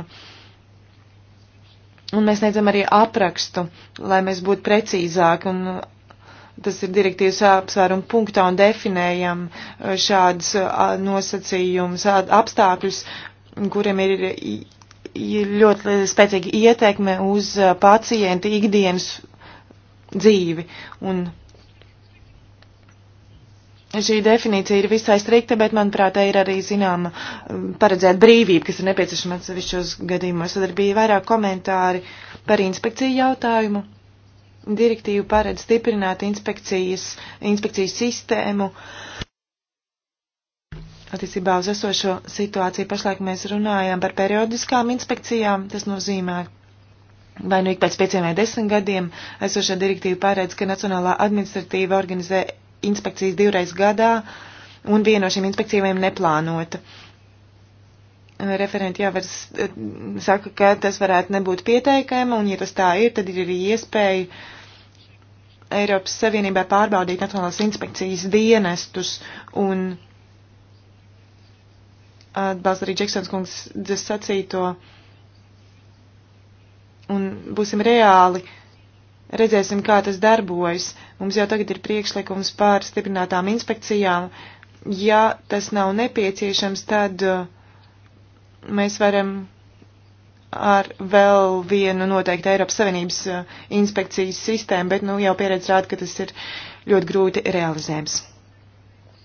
Un mēs needzam arī aprakstu, lai mēs būtu precīzāki, un tas ir direktīvas apsvērumu punktā, un definējam šādus nosacījumus, apstākļus, kuriem ir ir ļoti spēcīga ietekme uz uh, pacienta ikdienas dzīvi. Un šī definīcija ir visai strikta, bet, manuprāt, ir arī zināma um, paredzēta brīvība, kas ir nepieciešama atsevišķos gadījumos. Tad bija vairāk komentāri par inspekciju jautājumu. Direktīva paredz stiprināt inspekcijas, inspekcijas sistēmu. Uh, Attiecībā uz esošo situāciju pašlaik mēs runājam par periodiskām inspekcijām. Tas nozīmē, vai nu ik pēc pieciem vai desmit gadiem esošā direktīva paredz, ka Nacionālā administratīva organizē inspekcijas divreiz gadā un viena no šīm inspekcijām neplānota. Referenti jau var eh, saka, ka tas varētu nebūt pieteikama, un ja tas tā ir, tad ir arī iespēja uh, Eiropas Savienībā pārbaudīt Nacionālās inspekcijas dienestus un atbalsta arī Džeksons kungs sacīto. Un būsim reāli, redzēsim, kā tas darbojas. Mums jau tagad ir priekšlikums pār stiprinātām inspekcijām. Ja tas nav nepieciešams, tad uh, mēs varam ar vēl vienu noteikti Eiropas Savienības uh, inspekcijas sistēmu, bet nu, jau pieredze rāda, ka tas ir ļoti grūti realizējams.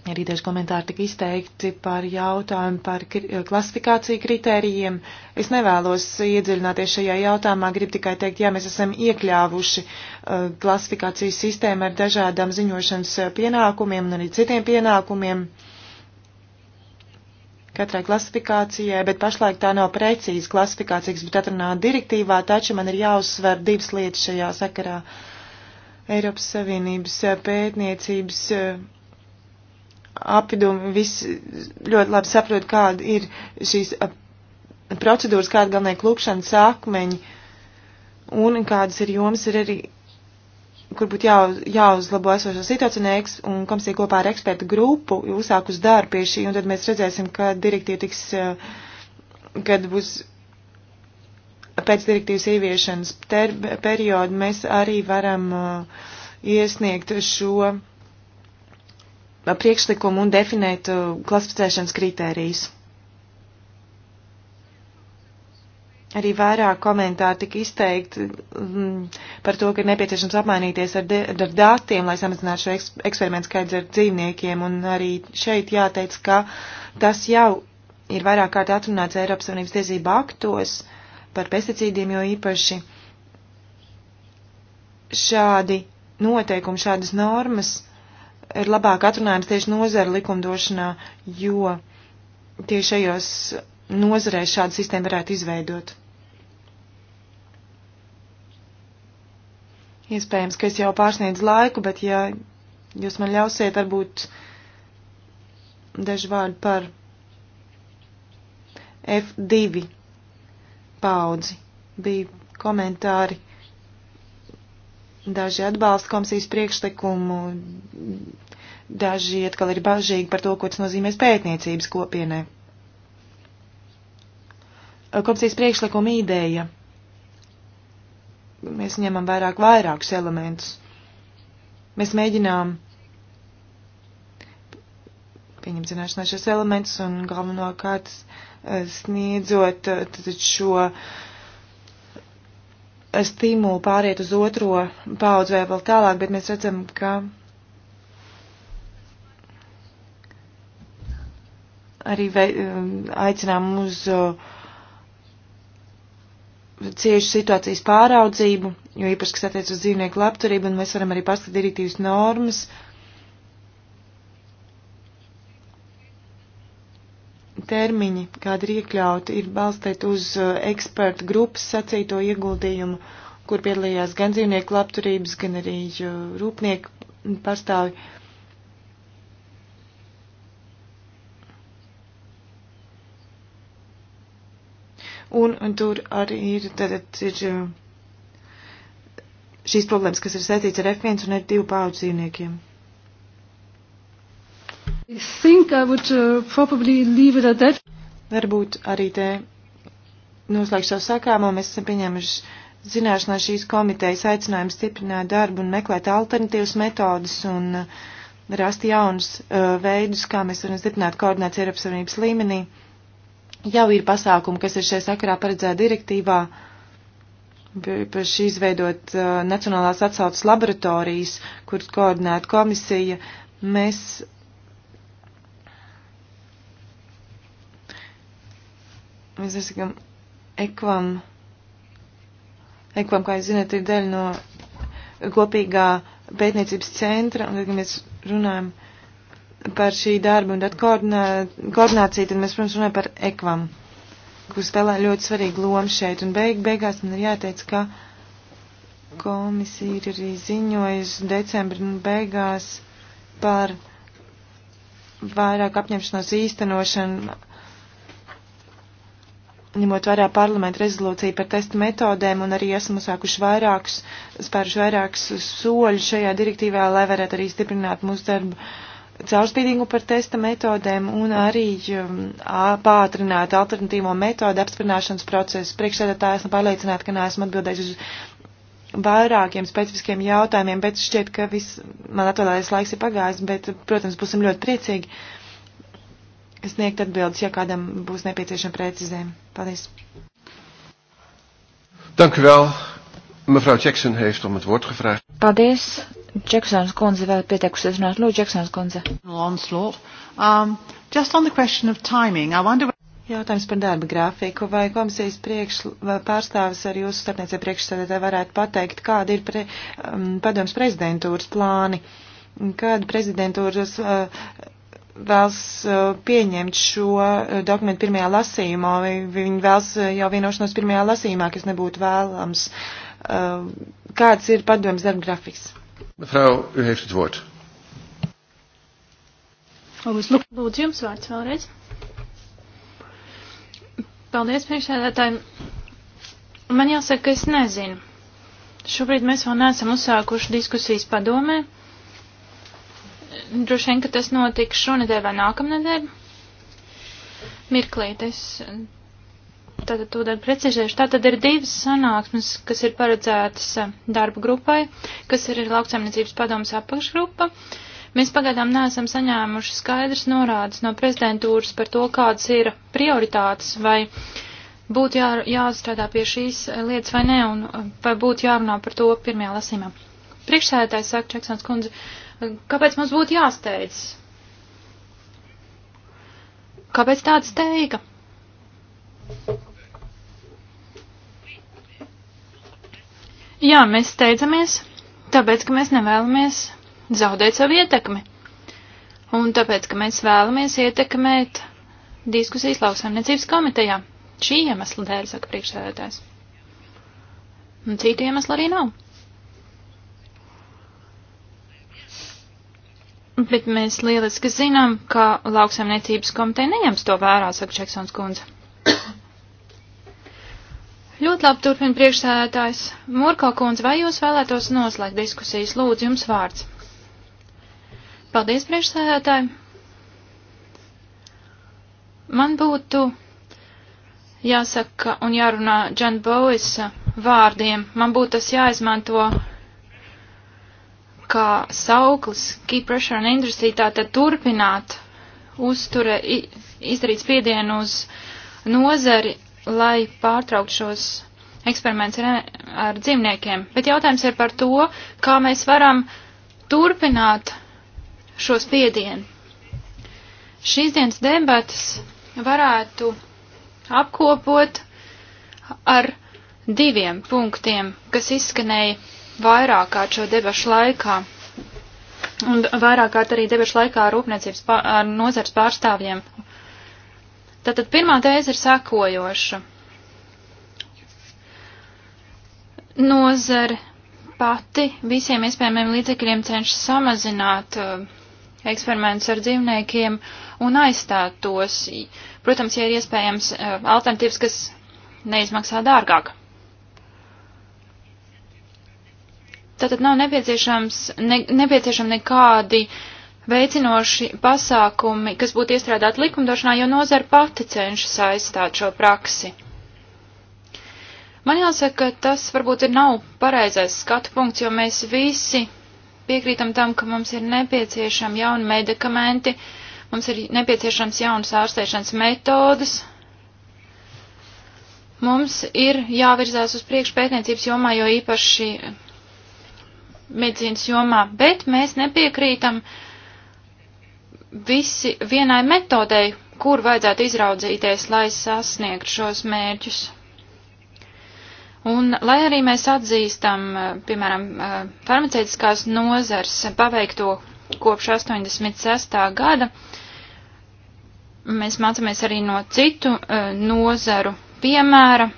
Arī daži komentāri tika izteikti par jautājumu par klasifikāciju kritērijiem. Es nevēlos iedziļināties šajā jautājumā, gribu tikai teikt, jā, mēs esam iekļāvuši uh, klasifikācijas sistēmu ar dažādām ziņošanas uh, pienākumiem un arī citiem pienākumiem katrai klasifikācijai, bet pašlaik tā nav precīzi klasifikācijas, bet atrunā direktīvā, taču man ir jāuzsver divas lietas šajā sakarā. Eiropas Savienības uh, pētniecības. Uh, apvidumi visi ļoti labi saprot, kāda ir šīs procedūras, kāda galvenai klūkšanas sākmeņi un kādas ir jomas ir arī, kur būtu jā, jāuzlabo esošo situāciju, un komisija kopā ar ekspertu grupu uzsāk uz darbu pie šī, un tad mēs redzēsim, ka direktīva tiks, kad būs pēc direktīvas ieviešanas ter, periodu, mēs arī varam uh, iesniegt šo Uh, priekšlikumu un definēt uh, klasificēšanas kritērijus. Arī vairāk komentāri tika izteikti mm, par to, ka ir nepieciešams apmainīties ar, de, ar datiem, lai samazinātu šo eks, eksperimentu skaidrs ar dzīvniekiem. Un arī šeit jāteic, ka tas jau ir vairāk kārt atrunāts Eiropas Savienības tiesību aktos par pesticīdiem, jo īpaši šādi noteikumi, šādas normas ir labāk atrunājums tieši nozara likumdošanā, jo tieši šajos nozarēs šādu sistēmu varētu izveidot. Iespējams, ka es jau pārsniedzu laiku, bet ja jūs man ļausiet, varbūt daži vārdi par F2 paudzi. Bija komentāri Daži atbalsta komisijas priekšlikumu, daži atkal ir bažīgi par to, ko tas nozīmēs pētniecības kopienai. Komisijas priekšlikuma ideja. Mēs ņemam vairāk vairākus elementus. Mēs mēģinām pieņemt zināšanā šos elementus un galvenokārt eh, sniedzot eh, šo. Uh, stimulu pāriet uz otro paudzi vai vēl tālāk, bet mēs redzam, ka arī vei, um, aicinām uz uh, ciešu situācijas pāraudzību, jo īpaši, kas attiec uz dzīvnieku labturību, un mēs varam arī paskatīt direktīvas normas, uh, termiņi, kādi ir iekļauti, ir balstīt uz uh, ekspertu grupas sacīto ieguldījumu, kur piedalījās gan dzīvnieku labturības, gan arī uh, rūpnieku pārstāvi. Un, un tur arī ir, tad, ir uh, šīs problēmas, kas ir saistīts ar F1 un ar divu paudzīvniekiem. I I uh, Varbūt arī te noslēgšu savu sakāmo, mēs esam pieņēmuši zināšanā šīs komitejas aicinājumu stiprināt darbu un meklēt alternatīvas metodas un uh, rast jaunus uh, veidus, kā mēs varam stiprināt koordināciju Eiropas Savienības līmenī. Jau ir pasākumi, kas ir šajā sakarā paredzēta direktīvā. Uh, Paši izveidot uh, Nacionālās atsaucas laboratorijas, kuras koordinēta komisija, mēs Mēs esam ekvam. Ekvam, kā jūs zināt, ir daļa no kopīgā pētniecības centra, un tad, kad mēs runājam par šī darba un tad koordinā, koordināciju, tad mēs, protams, runājam par ekvam, kur spēlē ļoti svarīgu lomu šeit, un beig, beigās man ir jāteic, ka komisija ir arī ziņojusi decembra beigās par vairāk apņemšanos īstenošanu ņemot vērā parlamentu rezolūciju par testu metodēm un arī esam uzsākuši vairākus, spēruši vairākus soļus šajā direktīvā, lai varētu arī stiprināt mūsu darbu caurspīdīgu par testa metodēm un arī um, pātrināt alternatīvo metodu apsprināšanas procesu. Priekšsēdētāji esmu pārliecināta, ka neesmu atbildējis uz vairākiem specifiskiem jautājumiem, bet šķiet, ka viss man atvēlētais laiks ir pagājis, bet, protams, būsim ļoti priecīgi sniegt atbildes, ja kādam būs nepieciešama precizējuma. Paldies. Dank u wel. Mevrouw Jackson heeft om het woord gevraagd. Paldies. Jacksons kundze vēl pieteikusies runāt. Lūdzu, Jacksons kundze. Onslaught. Um, just on the question of timing, I wonder... Jautājums par darba grafiku. Vai komisijas priekš, pārstāvis ar jūsu starpniecē priekšsēdētāji varētu pateikt, kāda ir pre, um, padoms prezidentūras plāni? Kad prezidentūras uh, vēlas uh, pieņemt šo uh, dokumentu pirmajā lasījumā, vai viņi vēlas uh, jau vienošanos pirmajā lasījumā, kas nebūtu vēlams. Kāds ir padoms darba grafiks? Frau, u heeft het woord. Lūdzu, jums vārds vēlreiz. Paldies priekšsēdētājiem. Man jāsaka, ka es nezinu. Šobrīd mēs vēl neesam uzsākuši diskusijas padomē. Droši vien, ka tas notiks šonadēļ vai nākamnedēļ. Mirklīt, es tātad to daļu precizēšu. Tātad ir divas sanāksmes, kas ir paredzētas eh, darba grupai, kas ir lauksaimniecības padomas apakšgrupa. Mēs pagaidām neesam saņēmuši skaidrs norādes no prezidentūras par to, kādas ir prioritātes vai būtu jā, jāstrādā pie šīs eh, lietas vai nē, un eh, vai būtu jārunā par to pirmajā lasīmā. Priekšsēdētājs saka, Čeksons kundze, Kāpēc mums būtu jāsteidz? Kāpēc tāda steiga? Jā, mēs steidzamies, tāpēc, ka mēs nevēlamies zaudēt savu ietekmi. Un tāpēc, ka mēs vēlamies ietekmēt diskusijas lauksaimniecības komitejā. Šī iemesla dēļ, saka priekšsēdētājs. Un citu iemeslu arī nav. Bet mēs lieliski zinām, ka lauksaimniecības komiteja neņems to vērā, saka Čeksons kundze. Ļoti labi turpina priekšsēdētājs. Murko kundze, vai jūs vēlētos noslēgt diskusijas? Lūdzu, jums vārds. Paldies, priekšsēdētāji. Man būtu jāsaka un jārunā Džan Boisa vārdiem. Man būtu tas jāizmanto kā sauklis Keep Pressure on Industry, tātad turpināt uzture, izdarīt spiedienu uz nozari, lai pārtraukt šos eksperiments ar, ar dzīvniekiem. Bet jautājums ir par to, kā mēs varam turpināt šo spiedienu. Šīs dienas debatas varētu apkopot ar diviem punktiem, kas izskanēja vairāk kā šo debašu laikā. Un vairāk kā arī debašu laikā ar rūpniecības pār, ar nozars pārstāvjiem. Tātad pirmā tēze ir sakojoša. Nozare pati visiem iespējamiem līdzekļiem cenšas samazināt uh, eksperimentus ar dzīvniekiem un aizstāt tos. Protams, ja ir iespējams uh, alternatīvas, kas neizmaksā dārgāk. Tātad nav nepieciešams, ne, nepieciešami nekādi veicinoši pasākumi, kas būtu iestrādāti likumdošanā, jo nozara pati cenšas aizstāt šo praksi. Man jāsaka, ka tas varbūt ir nav pareizais skatu punkts, jo mēs visi piekrītam tam, ka mums ir nepieciešami jauni medikamenti, mums ir nepieciešams jaunas ārstēšanas metodas. Mums ir jāvirzās uz priekšu pētniecības jomā, jo īpaši medicīnas jomā, bet mēs nepiekrītam visi vienai metodei, kur vajadzētu izraudzīties, lai sasniegtu šos mērķus. Un, lai arī mēs atzīstam, eh, piemēram, eh, farmaceitiskās nozars paveikto kopš 86. gada, mēs mācāmies arī no citu eh, nozaru piemēra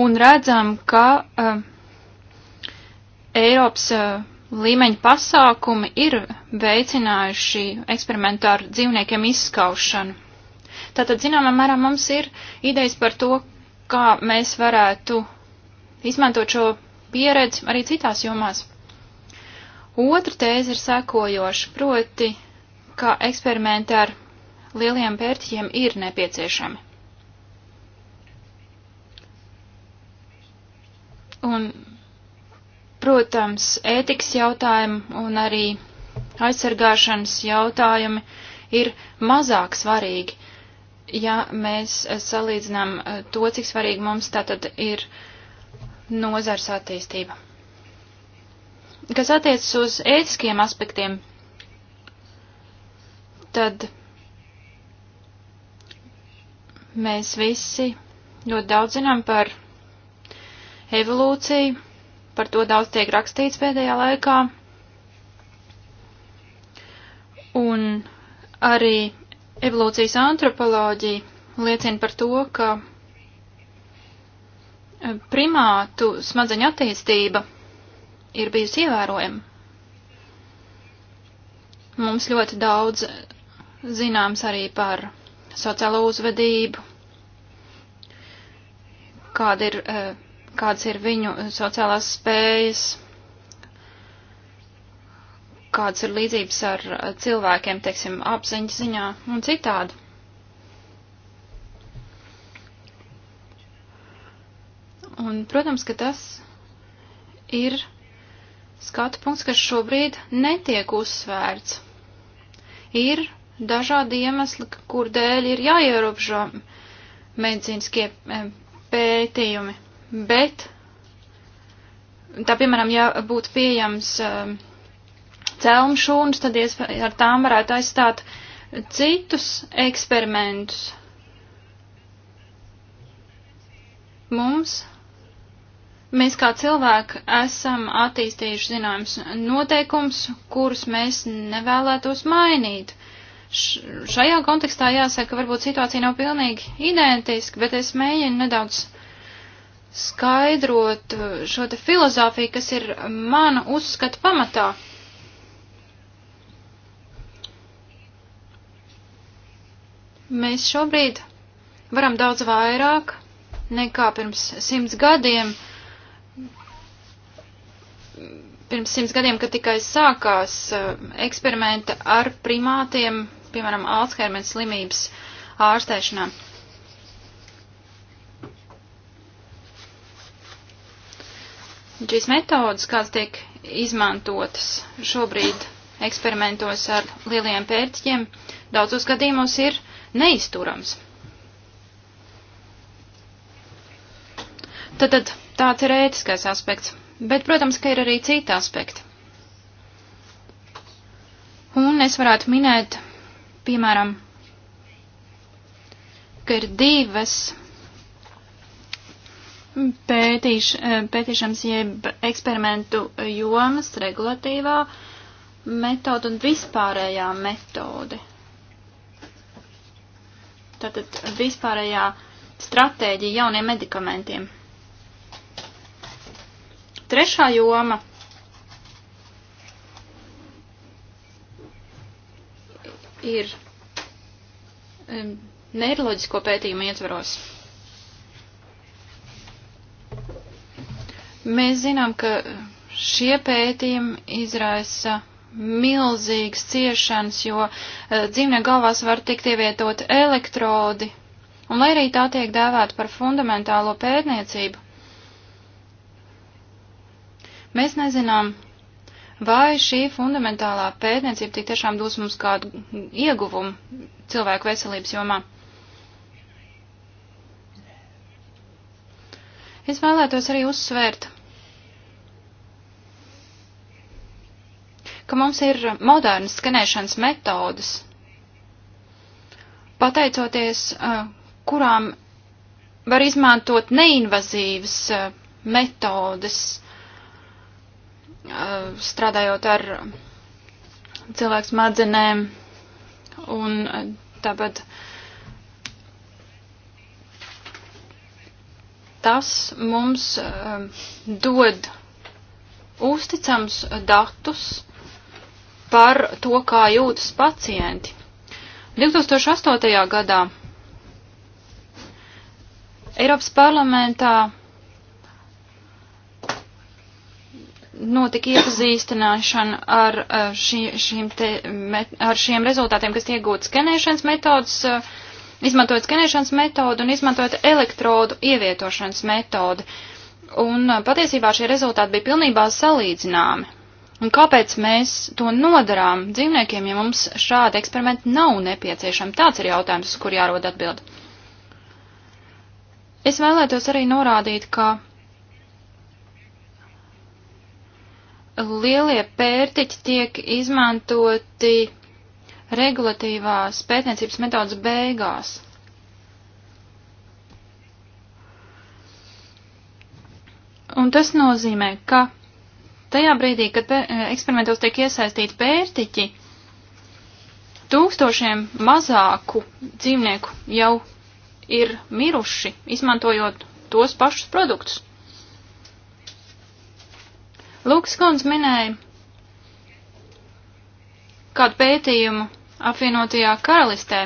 un redzam, ka Eiropas uh, līmeņa pasākumi ir veicinājuši eksperimentu ar dzīvniekiem izskaušanu. Tātad, zināmā mērā, mums ir idejas par to, kā mēs varētu izmantot šo pieredzi arī citās jomās. Otra tēze ir sekojoša, proti, ka eksperimenti ar lieliem pērtiķiem ir nepieciešami. Un Protams, ētikas jautājumi un arī aizsargāšanas jautājumi ir mazāk svarīgi, ja mēs eh, salīdzinām eh, to, cik svarīgi mums tātad ir nozars attīstība. Kas attiecas uz ētiskiem aspektiem, tad mēs visi ļoti daudz zinām par evolūciju par to daudz tiek rakstīts pēdējā laikā. Un arī evolūcijas antropoloģija liecina par to, ka e, primātu smadzeņu attīstība ir bijusi ievērojama. Mums ļoti daudz zināms arī par sociālo uzvedību, kāda ir uh, kādas ir viņu sociālās spējas, kādas ir līdzības ar cilvēkiem, teiksim, apziņas ziņā un citādi. Un, protams, ka tas ir skatu punkts, kas šobrīd netiek uzsvērts. Ir dažādi iemesli, kur dēļ ir jāierobežo medicīniskie eh, pētījumi bet tā piemēram, ja būtu pieejams um, celmšūnas, tad ar tām varētu aizstāt citus eksperimentus. Mums, mēs kā cilvēki esam attīstījuši zināms noteikums, kurus mēs nevēlētos mainīt. Š šajā kontekstā jāsaka, varbūt situācija nav pilnīgi identiska, bet es mēģinu nedaudz uh, skaidrot uh, šo te filozofiju, kas ir mana uzskata pamatā. Mēs šobrīd varam daudz vairāk nekā pirms simts gadiem, pirms simts gadiem, kad tikai sākās uh, eksperimenta ar primātiem, piemēram, Alzheimer slimības ārstēšanā. Šīs metodas, kādas tiek izmantotas šobrīd eksperimentos ar lieliem pērtiķiem, daudzos gadījumos ir neizturams. Tad, tad tāds ir ētiskais aspekts, bet, protams, ka ir arī citi aspekti. Un es varētu minēt, piemēram, ka ir divas pētīš, eh, pētīšanas jeb eksperimentu jomas, regulatīvā metoda un vispārējā metode. Tātad vispārējā stratēģija jauniem medikamentiem. Trešā joma ir neiroloģisko pētījumu ietvaros. Mēs zinām, ka šie pētījumi izraisa milzīgas ciešanas, jo e, dzīvnieku galvās var tikt ievietot elektrodi, un lai arī tā tiek dēvēta par fundamentālo pētniecību, mēs nezinām, vai šī fundamentālā pētniecība tik tiešām dos mums kādu ieguvumu cilvēku veselības jomā. Es vēlētos arī uzsvērt, ka mums ir modernas skanēšanas metodas, pateicoties uh, kurām var izmantot neinvazīvas uh, metodes, uh, strādājot ar cilvēku smadzenēm un tāpat tas mums dod uzticams datus par to, kā jūtas pacienti. 2008. gadā Eiropas parlamentā notika iepazīstināšana ar, šī, šīm te, met, ar šiem rezultātiem, kas iegūti skenēšanas metodas, izmantojot skenēšanas metodu un izmantojot elektrodu ievietošanas metodu. Un patiesībā šie rezultāti bija pilnībā salīdzināmi. Un kāpēc mēs to nodarām dzīvniekiem, ja mums šādi eksperimenti nav nepieciešami? Tāds ir jautājums, uz kur jārod atbild. Es vēlētos arī norādīt, ka lielie pērtiķi tiek izmantoti regulatīvās pētniecības metodas beigās. Un tas nozīmē, ka Tajā brīdī, kad eh, eksperimentos tiek iesaistīti pērtiķi, tūkstošiem mazāku dzīvnieku jau ir miruši, izmantojot tos pašus produktus. Lūks Kons minēja kādu pētījumu apvienotajā karalistē.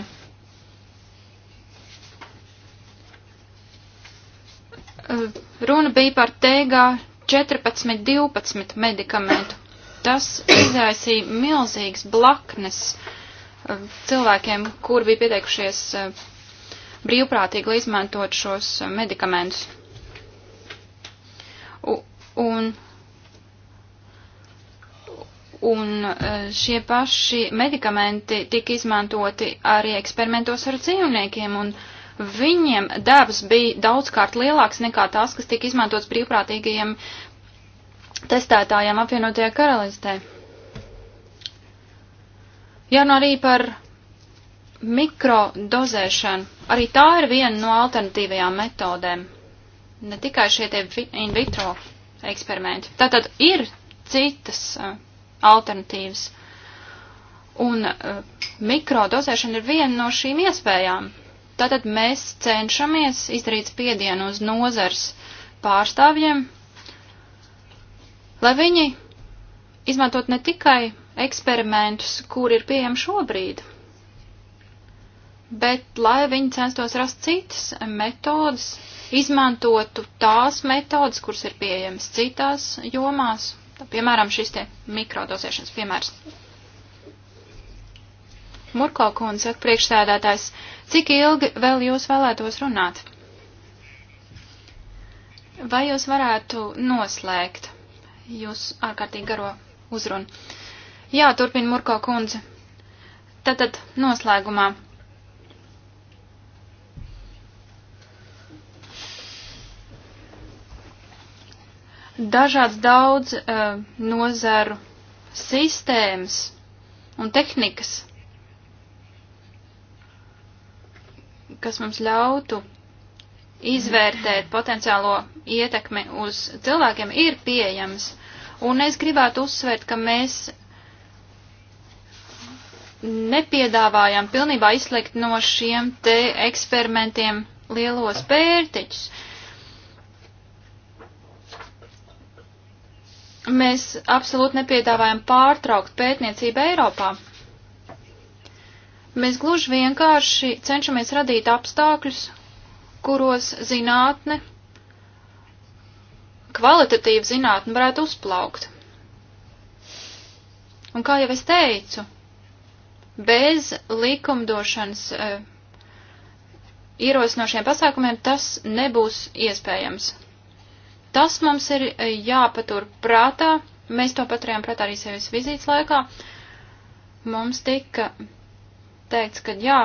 Eh, runa bija par TG 14, 12 medikamentu. Tas izraisīja milzīgas blaknes eh, cilvēkiem, kur bija pieteikušies eh, brīvprātīgi izmantot šos eh, medikamentus. U, un, un šie paši medikamenti tika izmantoti arī eksperimentos ar dzīvniekiem, un uh, viņiem devas bija daudzkārt lielāks nekā tās, kas tika izmantots brīvprātīgajiem testētājiem apvienotajā karalistē. Jārunā arī par mikrodozēšanu. Arī tā ir viena no alternatīvajām metodēm. Ne tikai šie tie in vitro eksperimenti. Tātad ir citas uh, alternatīvas. Un uh, mikrodozēšana ir viena no šīm iespējām. Tātad mēs cenšamies izdarīt spiedienu uz nozars pārstāvjiem, lai viņi izmantot ne tikai eksperimentus, kur ir pieejami šobrīd, bet lai viņi censtos rast citas metodas, izmantotu tās metodas, kuras ir pieejamas citās jomās, tā, piemēram, šis te mikrodozēšanas piemērs. Murko kundze, saka priekšsēdētājs, cik ilgi vēl jūs vēlētos runāt? Vai jūs varētu noslēgt jūs ārkārtīgi garo uzrunu? Jā, turpina Murko kundze. Tātad noslēgumā. Dažāds daudz uh, nozaru sistēmas un tehnikas kas mums ļautu izvērtēt potenciālo ietekmi uz cilvēkiem, ir pieejams. Un es gribētu uzsvērt, ka mēs nepiedāvājam pilnībā izslēgt no šiem te eksperimentiem lielos pērtiķus. Mēs absolūti nepiedāvājam pārtraukt pētniecību Eiropā. Mēs gluži vienkārši cenšamies radīt apstākļus, kuros zinātne, kvalitatīva zinātne varētu uzplaukt. Un kā jau es teicu, bez likumdošanas e, ierosinošiem pasākumiem tas nebūs iespējams. Tas mums ir e, jāpatur prātā. Mēs to paturējām prātā arī sevis vizītes laikā. Mums tika teica, ka jā,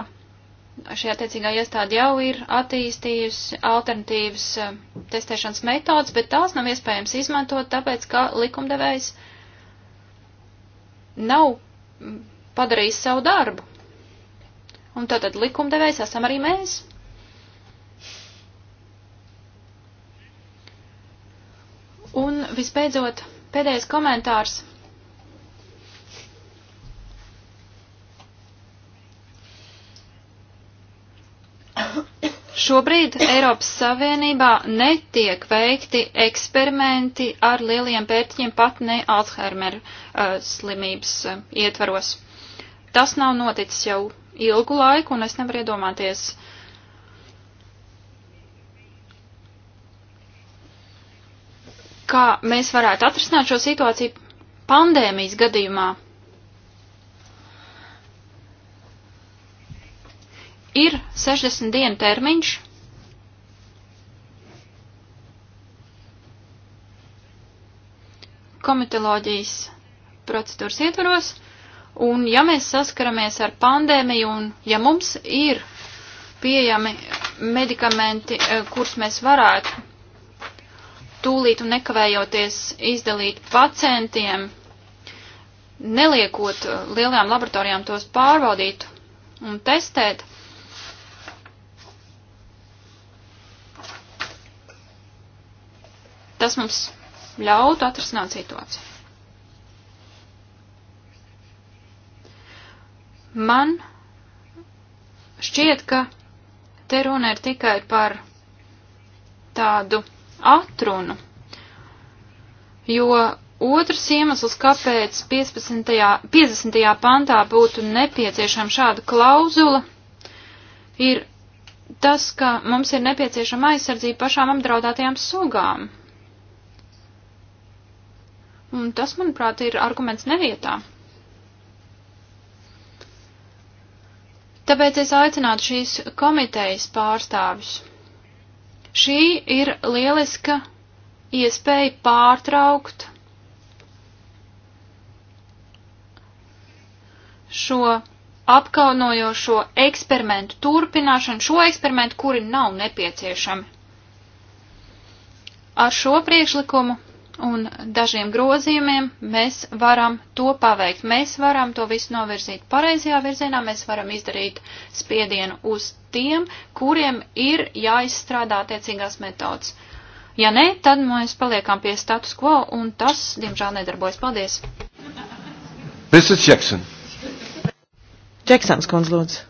šī attiecīgā iestāde jau ir attīstījusi alternatīvas eh, testēšanas metodas, bet tās nav iespējams izmantot, tāpēc, ka likumdevējs nav mm, padarījis savu darbu. Un tātad likumdevējs esam arī mēs. Un visbeidzot, pēdējais komentārs. Šobrīd Eiropas Savienībā netiek veikti eksperimenti ar lieliem pērtiķiem pat ne Alzheimer uh, slimības uh, ietvaros. Tas nav noticis jau ilgu laiku, un es nevaru iedomāties. Kā mēs varētu atrisināt šo situāciju pandēmijas gadījumā? ir 60 dienu termiņš. komiteloģijas procedūras ietvaros, un ja mēs saskaramies ar pandēmiju, un ja mums ir pieejami medikamenti, eh, kurus mēs varētu tūlīt un nekavējoties izdalīt pacientiem, neliekot eh, lielajām laboratorijām tos pārbaudīt un testēt, Tas mums ļautu atrasināt situāciju. Man šķiet, ka te runa ir tikai par tādu atrunu, jo otrs iemesls, kāpēc 15. 50. pantā būtu nepieciešama šāda klauzula, ir tas, ka mums ir nepieciešama aizsardzība pašām apdraudētajām sugām. Un tas, manuprāt, ir arguments nevietā. Tāpēc es aicinātu šīs komitejas pārstāvis. Šī ir lieliska iespēja pārtraukt šo apkaunojošo eksperimentu turpināšanu, šo eksperimentu, kuri nav nepieciešami. Ar šo priekšlikumu un dažiem grozījumiem mēs varam to paveikt. Mēs varam to visu novirzīt pareizajā virzienā, mēs varam izdarīt spiedienu uz tiem, kuriem ir jāizstrādā attiecīgās metodas. Ja nē, tad mēs paliekam pie status quo, un tas, diemžēl, nedarbojas. Paldies! Mrs. Jackson. Džeksons, kundz, lūdzu.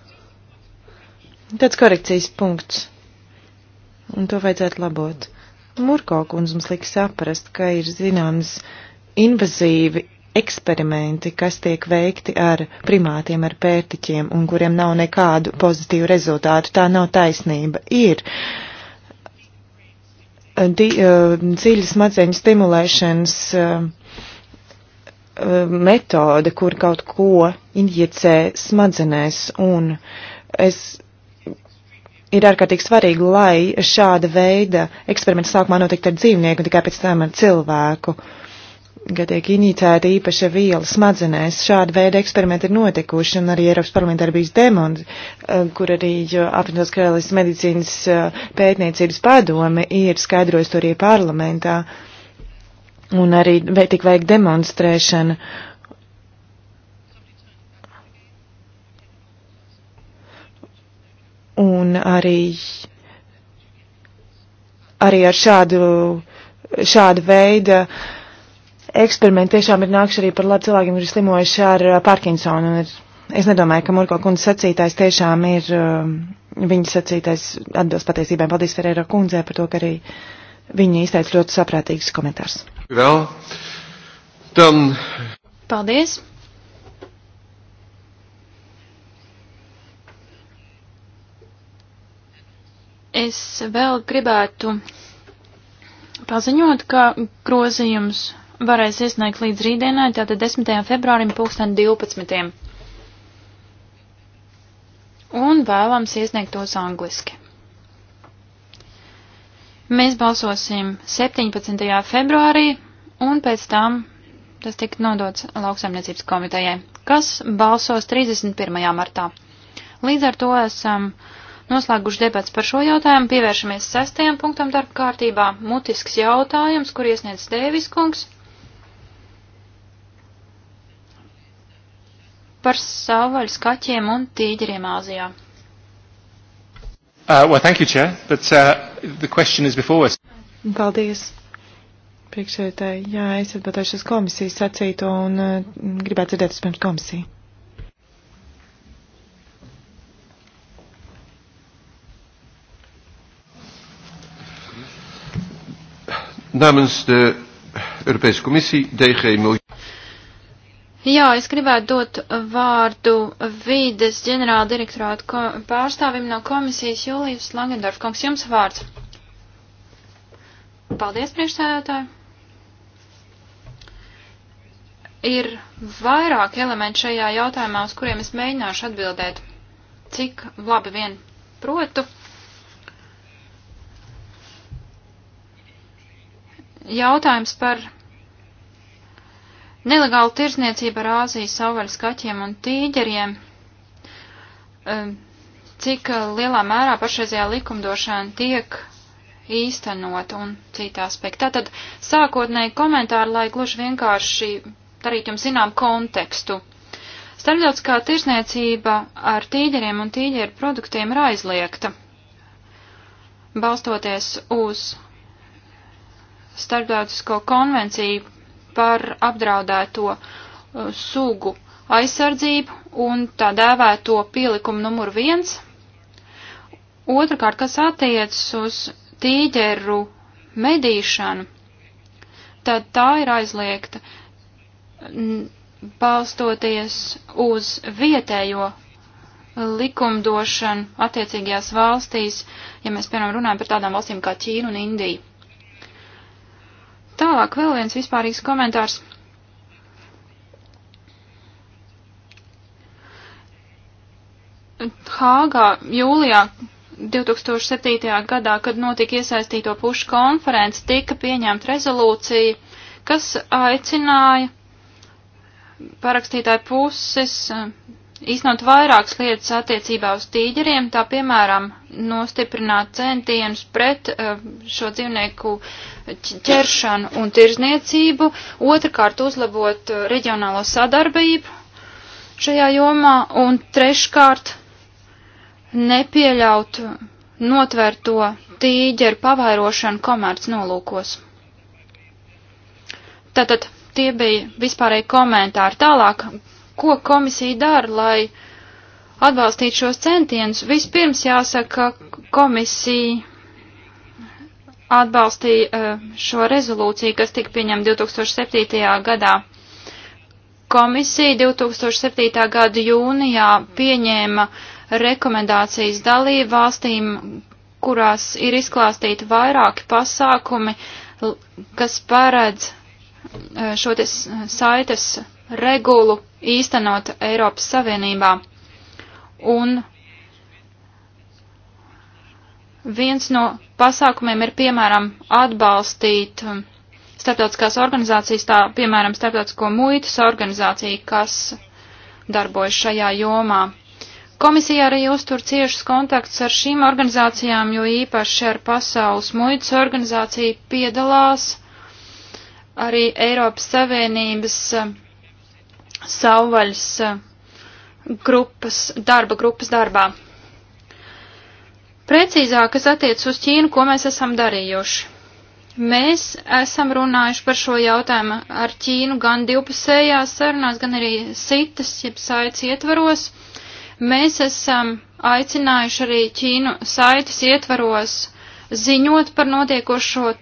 Tāds korekcijas punkts. Un to vajadzētu labot. Murko kundze mums liek saprast, ka ir zināms invazīvi eksperimenti, kas tiek veikti ar primātiem, ar pērtiķiem, un kuriem nav nekādu pozitīvu rezultātu. Tā nav taisnība. Ir eh, di, uh, eh, dziļa smadzeņu stimulēšanas uh, metode, kur kaut ko injicē smadzenēs, un es ir ārkārtīgi svarīgi, lai šāda veida eksperiments sākumā notiktu ar dzīvnieku un tikai pēc tam ar cilvēku. Kad tiek inicēta īpaša viela smadzenēs, šāda veida eksperimenti ir notikuši, un arī Eiropas parlamentā ir bijis demons, eh, kur arī eh, apvienotās karalīs medicīnas eh, pētniecības padome ir skaidrojis to arī parlamentā, un arī tika veikta demonstrēšana. Uh, Un arī, arī ar šādu, šādu veidu eksperimenti tiešām ir nākuši arī par labu cilvēkiem, kuri slimojuši ar uh, Parkinsonu. Un es nedomāju, ka Murko kundze sacītais tiešām ir um, viņa sacītais atbilst patiesībai. Paldies Ferēra kundzē par to, ka arī viņa izteica ļoti saprātīgs komentārs. Vēl. Tam. Paldies. Es vēl gribētu paziņot, ka grozījums varēs iesniegt līdz rītdienai, tātad 10. februārim 2012. Un vēlams iesniegt tos angliski. Mēs balsosim 17. februārī un pēc tam tas tika nodots lauksaimniecības komitejai, kas balsos 31. martā. Līdz ar to esam. Um, Noslēguši debats par šo jautājumu, pievēršamies sestajam punktam darba kārtībā - mutisks jautājums, kur iesniedz Dēvis kungs par savvaļas kaķiem un tīģeriem Āzijā. Uh, well, thank you, Chair, but uh, the question is before us. Paldies. Priekšsēdētāji, jā, es atbildēšu uz komisijas sacīto un uh, gribētu dzirdēt uz pirms komisiju. Namens de Europese Commissie, DG Milieu. Jā, es gribētu dot vārdu vīdes ģenerāla direktorāta pārstāvim no komisijas Jūlijas Langendorf. Kungs, jums vārds. Paldies, priekšsēdētāji. Ir vairāk elementi šajā jautājumā, uz kuriem es mēģināšu atbildēt, cik labi vien protu. jautājums par nelegālu tirzniecību ar Āzijas savvaļas kaķiem un tīģeriem. Cik lielā mērā pašreizajā likumdošana tiek īstenot un citā aspektā. Tad sākotnēji komentāri, lai gluži vienkārši darītu jums zinām kontekstu. Starptautiskā tirsniecība ar tīģeriem un tīģeru produktiem ir aizliegta, balstoties uz starptautisko konvenciju par apdraudēto uh, sugu aizsardzību un tā dēvēto pielikumu numur viens. Otrakārt, kas attiecas uz tīģeru medīšanu, tad tā ir aizliegta balstoties uz vietējo likumdošanu attiecīgajās valstīs, ja mēs, piemēram, runājam par tādām valstīm kā Ķīnu un Indiju. Tālāk vēl viens vispārīgs komentārs. Hāgā jūlijā 2007. gadā, kad notika iesaistīto pušu konference, tika pieņemta rezolūcija, kas aicināja parakstītāju puses īstenot vairākas lietas attiecībā uz tīģeriem, tā piemēram nostiprināt centienus pret eh, šo dzīvnieku ķeršanu un tirzniecību, otrkārt uzlabot eh, reģionālo sadarbību šajā jomā un treškārt nepieļaut notvērto tīģeru pavairošanu komerc nolūkos. Tātad tie bija vispārēji komentāri. Tālāk ko komisija dara, lai atbalstītu šos centienus. Vispirms jāsaka, ka komisija atbalstīja eh, šo rezolūciju, kas tika pieņemta 2007. gadā. Komisija 2007. gada jūnijā pieņēma rekomendācijas dalību valstīm, kurās ir izklāstīti vairāki pasākumi, kas paredz eh, šo saites regulu īstenot Eiropas Savienībā. Un viens no pasākumiem ir, piemēram, atbalstīt um, starptautiskās organizācijas, tā piemēram, starptautisko muitas organizāciju, kas darbojas šajā jomā. Komisija arī uztur ciešus kontaktus ar šīm organizācijām, jo īpaši ar Pasaules muitas organizāciju piedalās arī Eiropas Savienības um, savvaļas eh, grupas, darba grupas darbā. Precīzāk, kas attiec uz Ķīnu, ko mēs esam darījuši. Mēs esam runājuši par šo jautājumu ar Ķīnu gan divpusējās sarunās, gan arī sitas, jeb saites ietvaros. Mēs esam aicinājuši arī Ķīnu saites ietvaros ziņot par notiekošo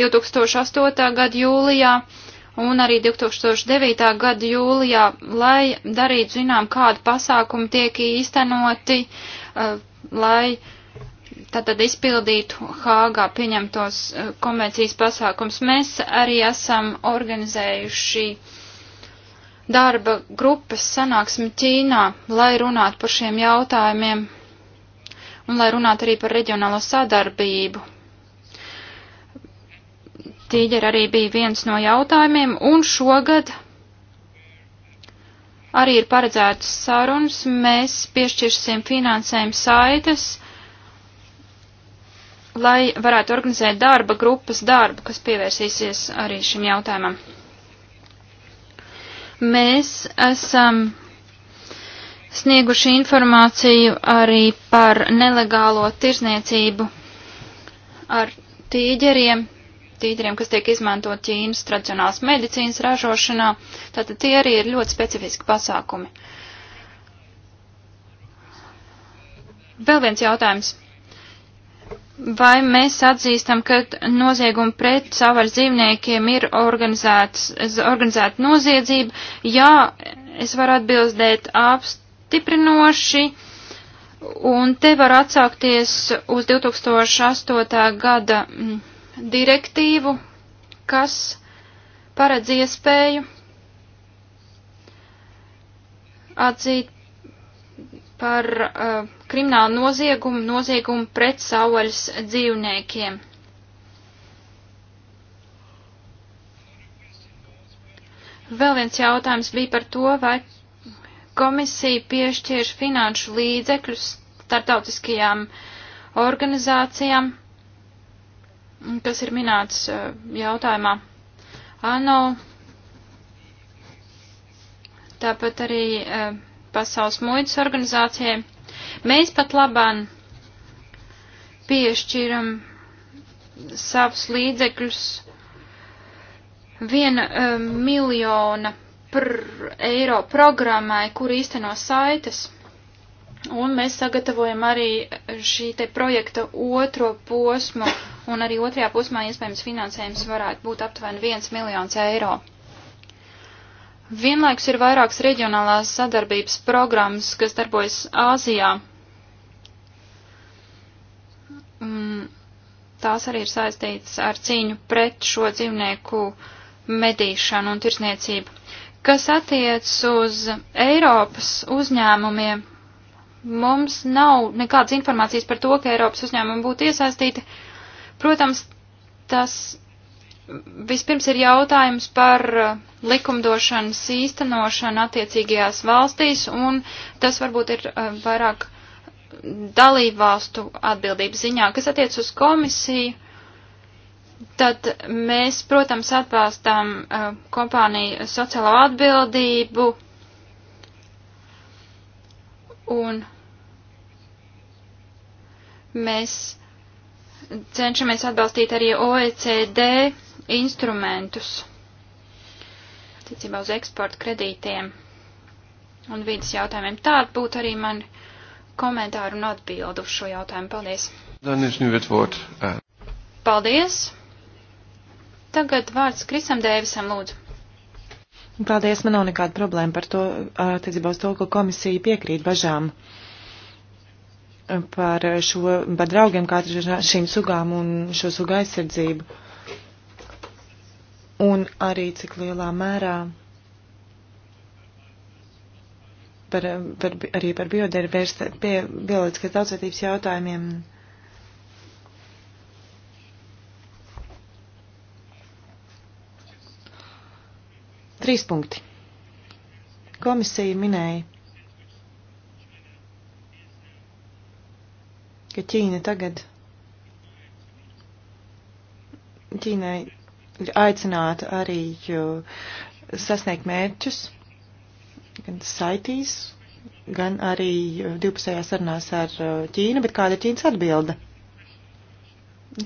2008. gada jūlijā un arī 2009. gada jūlijā, lai darītu zinām, kādi pasākumi tiek īstenoti, eh, lai tātad izpildītu Hāgā pieņemtos eh, konvencijas pasākums. Mēs arī esam organizējuši darba grupas sanāksmi Ķīnā, lai runātu par šiem jautājumiem un lai runātu arī par reģionālo sadarbību tīģeri arī bija viens no jautājumiem, un šogad arī ir paredzētas sarunas, mēs piešķirsim finansējumu saites, lai varētu organizēt darba grupas darbu, kas pievērsīsies arī šim jautājumam. Mēs esam snieguši informāciju arī par nelegālo tirzniecību ar tīģeriem, pesticīdiem, kas tiek izmantot Ķīnas tradicionālās medicīnas ražošanā. Tātad tie arī ir ļoti specifiski pasākumi. Vēl viens jautājums. Vai mēs atzīstam, ka noziegumi pret savvaļas dzīvniekiem ir organizēta noziedzība? Jā, es varu atbildēt apstiprinoši. Un te var atsaukties uz 2008. gada mm, direktīvu, kas paredz iespēju atzīt par uh, kriminālu noziegumu, noziegumu pret savvaļas dzīvniekiem. Vēl viens jautājums bija par to, vai komisija piešķirš finanšu līdzekļus startautiskajām organizācijām, kas ir minēts eh, jautājumā. ANO, tāpat arī eh, Pasaules muitas organizācijai. Mēs pat labāk piešķiram savus līdzekļus viena um, miljona pr eiro programmai, kur īsteno saites. Un mēs sagatavojam arī šī te projekta otro posmu, un arī otrajā posmā iespējams finansējums varētu būt aptuveni 1 miljons eiro. Vienlaikus ir vairākas reģionālās sadarbības programmas, kas darbojas Āzijā. Tās arī ir saistītas ar cīņu pret šo dzīvnieku medīšanu un tirsniecību. Kas attiec uz Eiropas uzņēmumiem, Mums nav nekādas informācijas par to, ka Eiropas uzņēmumi būtu iesaistīti. Protams, tas vispirms ir jautājums par uh, likumdošanas īstenošanu attiecīgajās valstīs, un tas varbūt ir uh, vairāk dalībvalstu atbildības ziņā, kas attiec uz komisiju. Tad mēs, protams, atbalstām uh, kompāniju sociālo atbildību, un mēs cenšamies atbalstīt arī OECD instrumentus attiecībā uz eksporta kredītiem un vidas jautājumiem. Tāda būtu arī man komentāru un atbildu uz šo jautājumu. Paldies! Nu eh. Paldies! Tagad vārds Krisam Dēvisam lūdzu. Paldies, man nav nekāda problēma par to, attiecībā uz to, ka komisija piekrīt bažām par šo, par draugiem, kā ar šīm sugām un šo sugu aizsardzību. Un arī cik lielā mērā par, par, arī par bioloģiskās daudzveidības jautājumiem Trīs punkti. Komisija minēja, ka Ķīna tagad. Ķīnai ir aicināta arī sasniegt mērķus, gan saitīs, gan arī divpusējā sarunās ar uh, Ķīnu, bet kāda ir Ķīnas atbilde?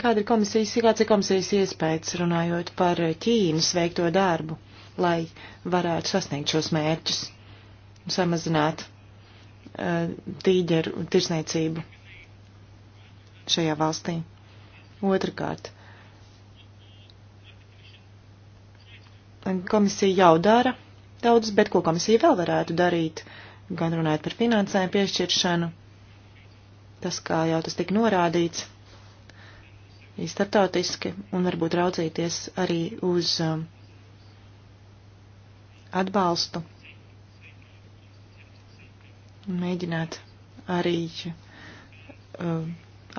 Kāda ir komisijas, kāds ir komisijas iespējas runājot par Ķīnas veikto darbu? lai varētu sasniegt šos mērķus eh, un samazināt uh, tīģeru tirsniecību šajā valstī. Otrakārt, komisija jau dara daudz, bet ko komisija vēl varētu darīt, gan runājot par finansēm piešķiršanu, tas, kā jau tas tika norādīts, ir startautiski, un varbūt raudzīties arī uz um, atbalstu. Mēģināt arī uh,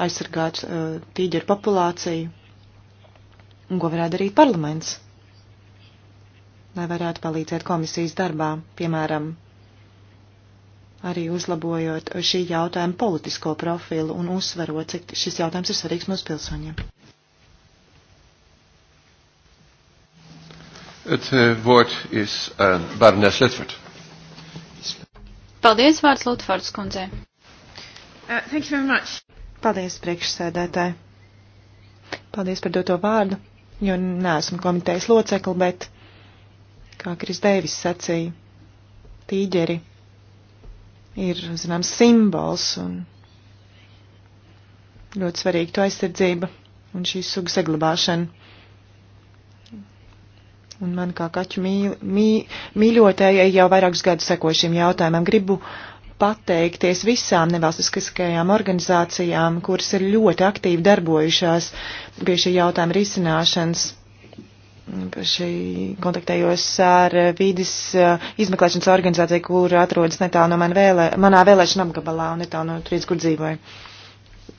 aizsargāt uh, tīģeru populāciju, un ko varētu darīt parlaments, lai varētu palīdzēt komisijas darbā, piemēram, arī uzlabojot šī jautājuma politisko profilu un uzsverot, cik šis jautājums ir svarīgs mūsu pilsoņiem. Het uh, woord is aan uh, barones Ledford. Paldies, vārds Lutfords kundzei. Uh, thank you very much. Paldies, priekšsēdētāji. Paldies par doto vārdu, jo neesmu komitejas locekli, bet, kā Kris Deivis sacīja, tīģeri ir, zināms, simbols un ļoti svarīga to aizsardzība un šīs sugas saglabāšana. Un man kā kaķu mī, mī, mīļotājai jau vairākus gadus sekoju šim jautājumam. Gribu pateikties visām nevalstiskajām organizācijām, kuras ir ļoti aktīvi darbojušās pie šī jautājuma risināšanas. Šī kontaktējos ar vīdes eh, izmeklēšanas organizāciju, kur atrodas netālu no man vēlē, manā vēlēšana apgabalā un netālu no trīs, kur dzīvoju.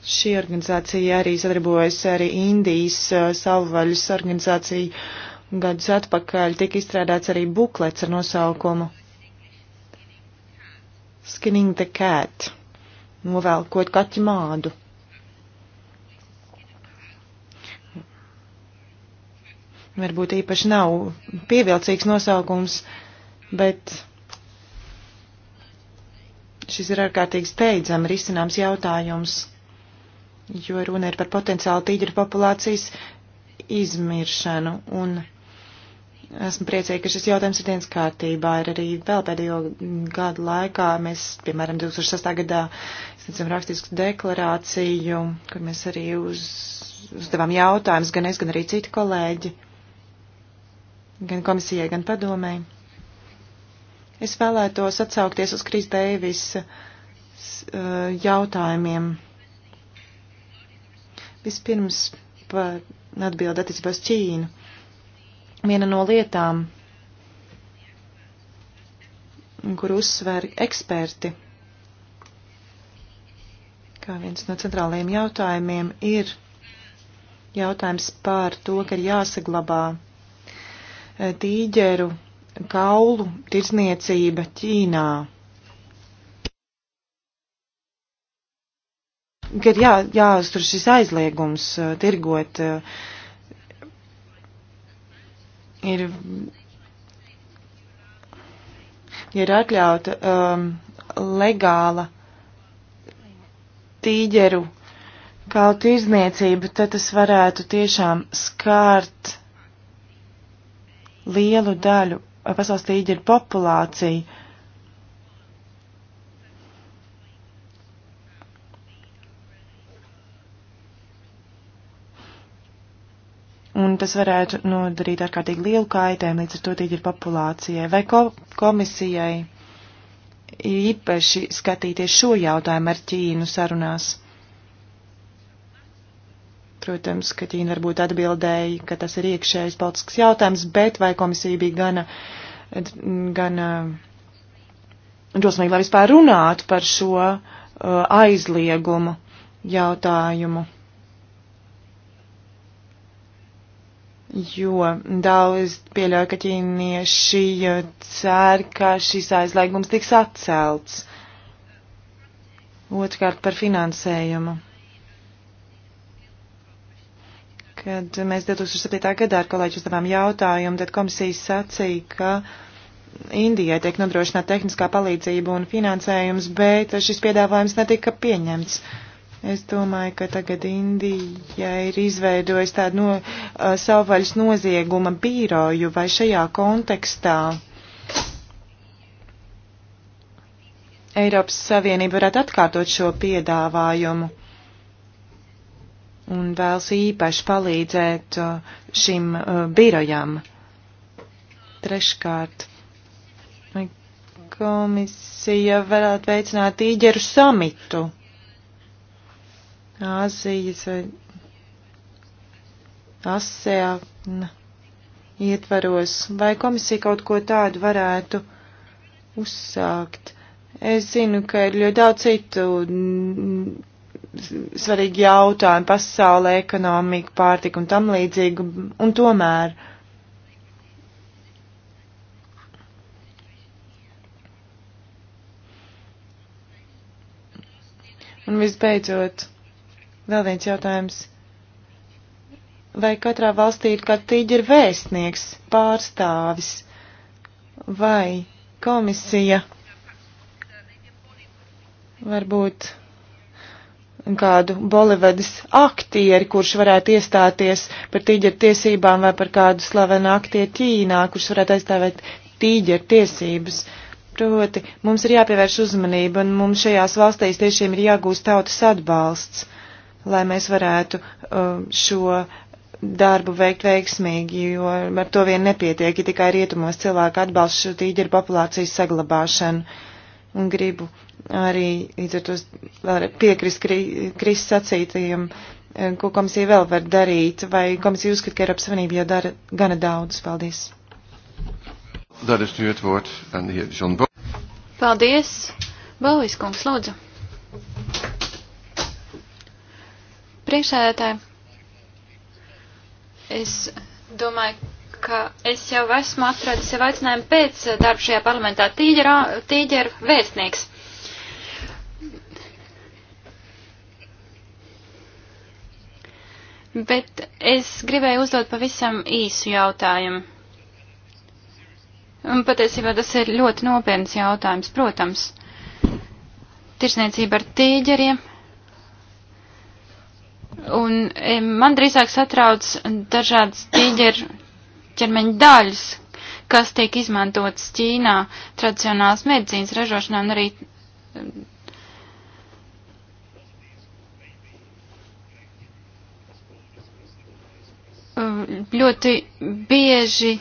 Šī organizācija arī sadarbojas arī Indijas eh, savvaļas organizāciju gadus atpakaļ tika izstrādāts arī buklets ar nosaukumu Skinning the Cat, novēlkot kaķu mādu. Varbūt īpaši nav pievilcīgs nosaukums, bet šis ir ārkārtīgi steidzami risināms jautājums, jo runa ir par potenciālu tīģeru populācijas izmiršanu un Esmu priecīga, ka šis jautājums ir dienas kārtībā. Ir arī vēl pēdējo gadu laikā mēs, piemēram, 2006. gadā izsniedzam rakstisku deklarāciju, kur mēs arī uz, uzdevām jautājumus gan es, gan arī citi kolēģi, gan komisijai, gan padomē. Es vēlētos atsaukties uz Krīs Deivis uh, jautājumiem. Vispirms par atbildi attiecībā uz Ķīnu Viena no lietām, kur uzsver eksperti, kā viens no centrālajiem jautājumiem, ir jautājums par to, ka ir jāsaglabā e, tīģeru kaulu tirdzniecība Ķīnā. Ka ir jā, jāuztur šis aizliegums e, tirgot uh, ir, ir atļauta um, legāla tīģeru kaut izniecība, tad tas varētu tiešām skārt lielu daļu pasaules tīģeru populāciju. un tas varētu nodarīt ārkārtīgi lielu kaitēm līdz ar to tīģeru populācijai. Vai ko komisijai īpaši skatīties šo jautājumu ar Ķīnu sarunās? Protams, ka Ķīna varbūt atbildēja, ka tas ir iekšējais politisks jautājums, bet vai komisija bija gana, gana uh, drosmīgi, lai vispār runātu par šo uh, aizliegumu jautājumu? jo daudz pieļauj, ka ķīnieši eh, cer, ka šis aizliegums tiks atcelts. Otrkārt par finansējumu. Kad mēs 2007. gadā ar kolēģi uzdevām jautājumu, tad komisija sacīja, ka Indijai tiek nodrošināta tehniskā palīdzība un finansējums, bet šis piedāvājums netika pieņemts. Uh, Es domāju, ka tagad Indija ir izveidojusi tādu no, uh, savvaļas nozieguma bīroju vai šajā kontekstā. Eiropas Savienība varētu atkārtot šo piedāvājumu un vēlas īpaši palīdzēt uh, šim uh, birojam. Treškārt, komisija varētu veicināt īģeru samitu Āzijas vai ASEAN ietvaros, vai komisija kaut ko tādu varētu uzsākt. Es zinu, ka ir ļoti daudz citu svarīgi jautājumi pasaulē, ekonomika, pārtika un tam līdzīgi, un tomēr. Un visbeidzot. Vēl viens jautājums. Vai katrā valstī ir kārtīgi ir vēstnieks, pārstāvis vai komisija? Varbūt kādu Bolivedas aktieri, kurš varētu iestāties par tīģeru tiesībām vai par kādu slavenu aktieru Ķīnā, kurš varētu aizstāvēt tīģeru tiesības. Proti, mums ir jāpievērš uzmanība un mums šajās valstīs tiešām ir jāgūst tautas atbalsts lai mēs varētu um, šo darbu veikt veiksmīgi, jo ar to vien nepietiek, ja tikai rietumos cilvēki atbalsta šo tīģeru populācijas saglabāšanu. Un gribu arī līdz ar to piekrist Kris sacītajiem, um, ko komisija vēl var darīt, vai komisija uzskata, ka Eiropas Savienība jau dara gana daudz. Paldies! Paldies! Bauvis kungs, lūdzu! Priekšsēdētāji, es domāju, ka es jau esmu atradis jau aicinājumu pēc darba šajā parlamentā tīģera, tīģera vēstnieks. Bet es gribēju uzdot pavisam īsu jautājumu. Un patiesībā tas ir ļoti nopietns jautājums, protams. Tirsniecība ar tīģeriem Un eh, man drīzāk satrauc dažādas tīģeru ķermeņa daļas, kas tiek izmantotas Ķīnā tradicionālas medicīnas ražošanā un arī. Eh, ļoti bieži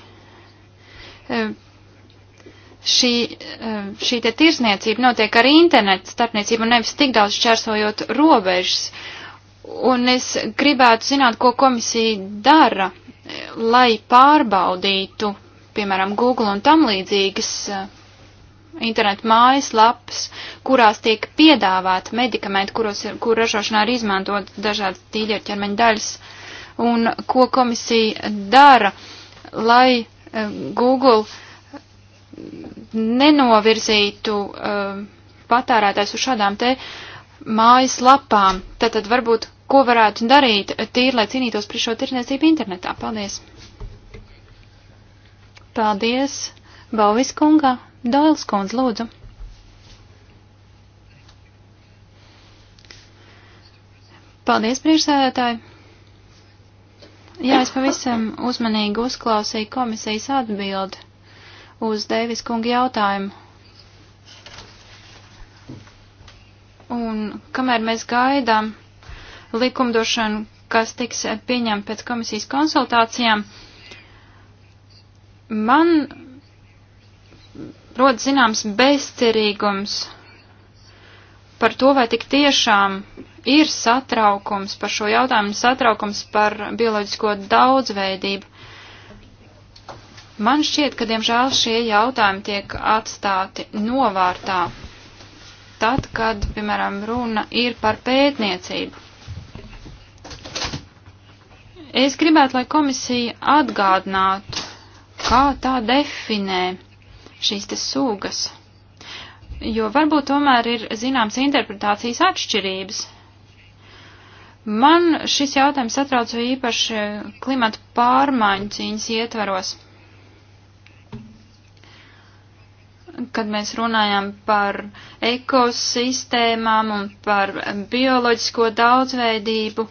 eh, šī, šī te tirsniecība notiek ar internetu starpniecību, nevis tik daudz čersojot robežas. Uh, Un es gribētu zināt, ko komisija dara, lai pārbaudītu, piemēram, Google un tam līdzīgas eh, internetu mājaslapas, kurās tiek piedāvāti medikamenti, kuros, ir, kur ražošanā ir izmantot dažādas tīģerķermeņa daļas, un ko komisija dara, lai eh, Google eh, nenovirzītu uh, patērētājs uz šādām te mājaslapām. Tad, tad varbūt ko varētu darīt tīri, lai cīnītos pret šo tirniecību internetā. Paldies! Paldies, Balvis kunga, Dāls kundz, lūdzu! Paldies, priekšsēdētāji! Jā, es pavisam uzmanīgi uzklausīju komisijas atbildi uz Deivis kunga jautājumu. Un kamēr mēs gaidām, likumdošanu, kas tiks pieņemta pēc komisijas konsultācijām, man rod zināms bezcerīgums par to, vai tik tiešām ir satraukums par šo jautājumu, satraukums par bioloģisko daudzveidību. Man šķiet, ka diemžēl šie jautājumi tiek atstāti novārtā, tad, kad, piemēram, runa ir par pētniecību. Es gribētu, lai komisija atgādinātu, kā tā definē šīs te sūgas, jo varbūt tomēr ir zināms interpretācijas atšķirības. Man šis jautājums satrauc īpaši klimata pārmaiņu cīņas ietvaros. kad mēs runājam par ekosistēmām un par bioloģisko daudzveidību.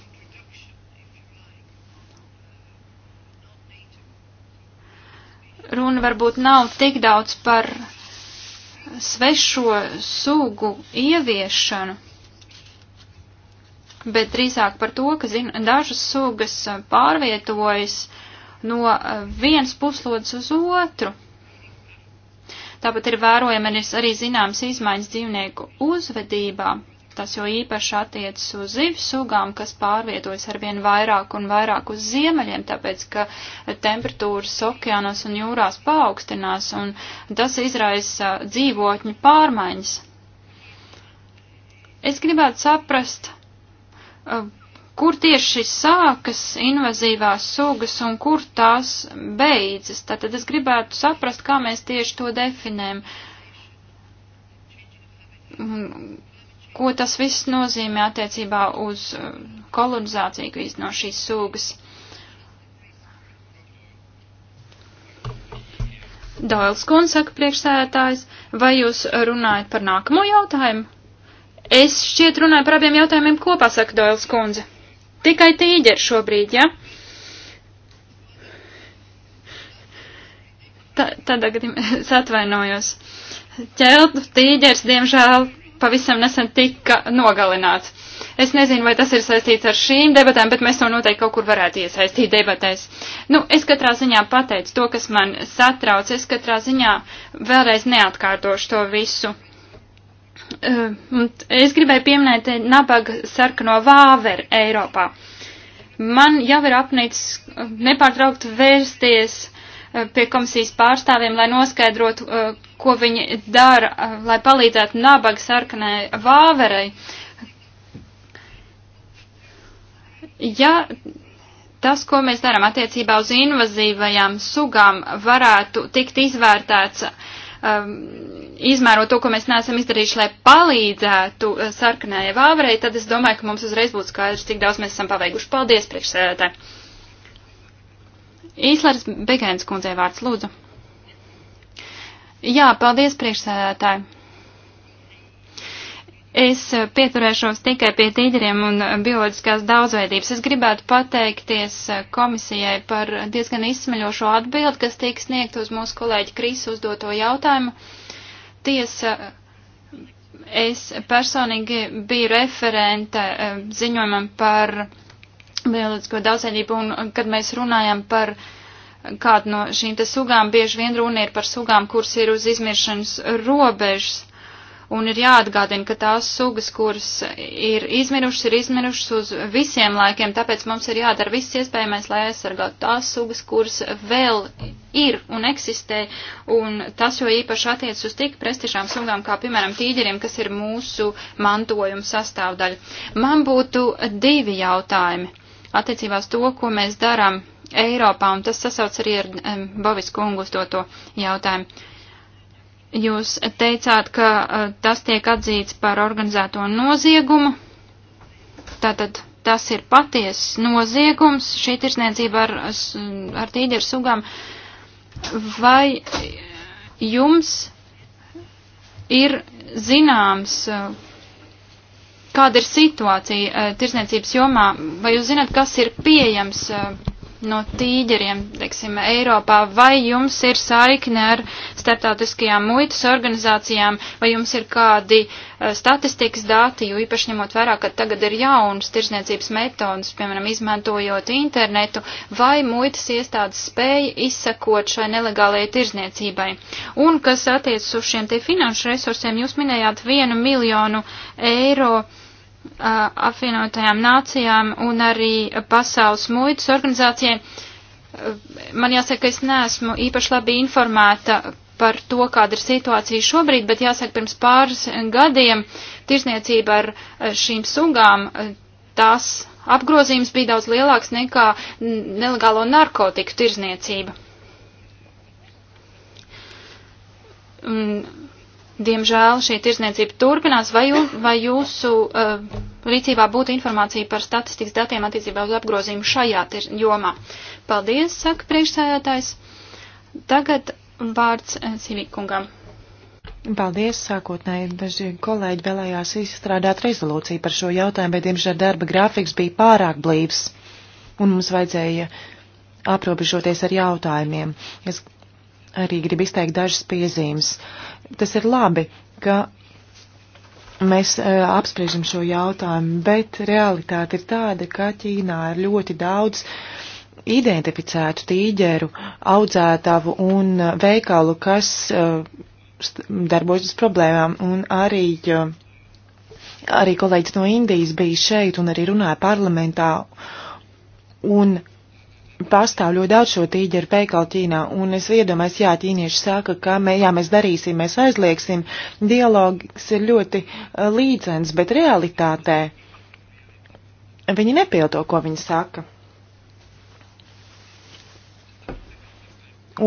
runa varbūt nav tik daudz par svešo sugu ieviešanu, bet drīzāk par to, ka zin, dažas sugas pārvietojas no vienas puslodes uz otru. Tāpat ir vērojami arī zināmas izmaiņas dzīvnieku uzvedībā. Tas jau īpaši attiecas uz zivs sugām, kas pārvietojas arvien vairāk un vairāk uz ziemeļiem, tāpēc ka temperatūras okeānos un jūrās paaugstinās, un tas izraisa dzīvotņu pārmaiņas. Es gribētu saprast, uh, kur tieši sākas invazīvās sugas un kur tās beidzas. Tātad es gribētu saprast, kā mēs tieši to definējam mm, ko tas viss nozīmē attiecībā uz um, kolonizāciju no šīs sūgas. Dāls Kun saka priekšsēdētājs, vai jūs runājat par nākamo jautājumu? Es šķiet runāju par abiem jautājumiem kopā, saka Dāls Kunze. Tikai tīģeri šobrīd, ja? Ta, tādā gadījumā es atvainojos. Ķeltu tīģers, diemžēl, pavisam nesen tika nogalināts. Es nezinu, vai tas ir saistīts ar šīm debatēm, bet mēs to noteikti kaut kur varētu iesaistīt debatēs. Nu, es katrā ziņā pateicu to, kas man satrauc. Es katrā ziņā vēlreiz neatkārtošu to visu. Eh, es gribēju pieminēt nabaga sarkano vāveru Eiropā. Man jau ir apnicis eh, nepārtraukt vērsties eh, pie komisijas pārstāvjiem, lai noskaidrotu, ko viņi dara, eh, lai palīdzētu nabaga sarkanai vāverei. Ja tas, ko mēs darām attiecībā uz invazīvajām sugām, varētu tikt izvērtēts, um, izmērot to, ko mēs neesam izdarījuši, lai palīdzētu eh, sarkanajai vāverei, tad es domāju, ka mums uzreiz būtu skaidrs, cik daudz mēs esam paveikuši. Paldies, priekšsēdētāji! Īslers Begēns kundzei vārds lūdzu. Jā, paldies priekšsēdētāji. Es pieturēšos tikai pie tīģeriem un bioloģiskās daudzveidības. Es gribētu pateikties komisijai par diezgan izsmeļošo atbildi, kas tiek sniegt uz mūsu kolēģi Krīsu uzdoto jautājumu. Tiesa, es personīgi biju referente eh, ziņojumam par bioloģisko daudzveidību un kad mēs runājam par uh, kādu no šīm te sugām, bieži vien runa ir par sugām, kuras ir uz izmiršanas robežas. Un ir jāatgādina, ka tās sugas, kuras ir izmirušas, ir izmirušas uz visiem laikiem, tāpēc mums ir jādara viss iespējamais, lai aizsargātu tās sugas, kuras vēl ir un eksistē, un tas jo īpaši attiec uz tik prestižām sugām, kā piemēram tīģerim, kas ir mūsu mantojuma sastāvdaļa. Man būtu divi jautājumi attiecībās to, ko mēs darām Eiropā, un tas sasauc arī ar um, Bovis kungu uz to, to jautājumu. Jūs teicāt, ka uh, tas tiek atzīts par organizēto noziegumu, tātad tas ir paties noziegums, šī tirsniecība ar, ar tīģeru sugām. Vai jums ir zināms, eh, kāda ir situācija eh, tirsniecības jomā, vai jūs zināt, kas ir pieejams? Uh, no tīģeriem, teiksim, Eiropā, vai jums ir saikne ar starptautiskajām muitas organizācijām, vai jums ir kādi uh, statistikas dati, jo īpaši ņemot vērā, ka tagad ir jaunas tirsniecības metodas, piemēram, izmantojot internetu, vai muitas iestādes spēja izsakot šai nelegālajai tirsniecībai. Un kas attiecas uz šiem te finanšu resursiem, jūs minējāt vienu miljonu eiro. Uh, apvienotajām nācijām un arī pasaules muitas organizācijai. Man jāsaka, ka es neesmu īpaši labi informēta par to, kāda ir situācija šobrīd, bet jāsaka, pirms pāris gadiem tirsniecība ar šīm sugām, tās apgrozījums bija daudz lielāks nekā nelegālo narkotiku tirsniecība. Un Diemžēl šī tirzniecība turpinās, vai, jū, vai jūsu uh, rīcībā būtu informācija par statistikas datiem attiecībā uz apgrozījumu šajā jomā? Paldies, saka priekšsēdētājs. Tagad vārds Civikungam. Eh, Paldies! Sākotnēji daži kolēģi vēlējās izstrādāt rezolūciju par šo jautājumu, bet, diemžēl, darba grafiks bija pārāk blīvs, un mums vajadzēja aprobežoties ar jautājumiem. Es arī gribu izteikt dažas piezīmes. Tas ir labi, ka mēs uh, apspriežam šo jautājumu, bet realitāte ir tāda, ka Ķīnā ir ļoti daudz identificētu tīģeru, audzētavu un veikalu, kas uh, darbojas uz problēmām un arī. Uh, Arī kolēģis no Indijas bija šeit un arī runāja parlamentā. Un pastāv ļoti daudz šo tīģeru peikalu Ķīnā, un es iedomājos, jā, ķīnieši saka, ka mē, jā, mēs darīsim, mēs aizliegsim, dialogs ir ļoti uh, līdzens, bet realitātē viņi nepildo, ko viņi saka.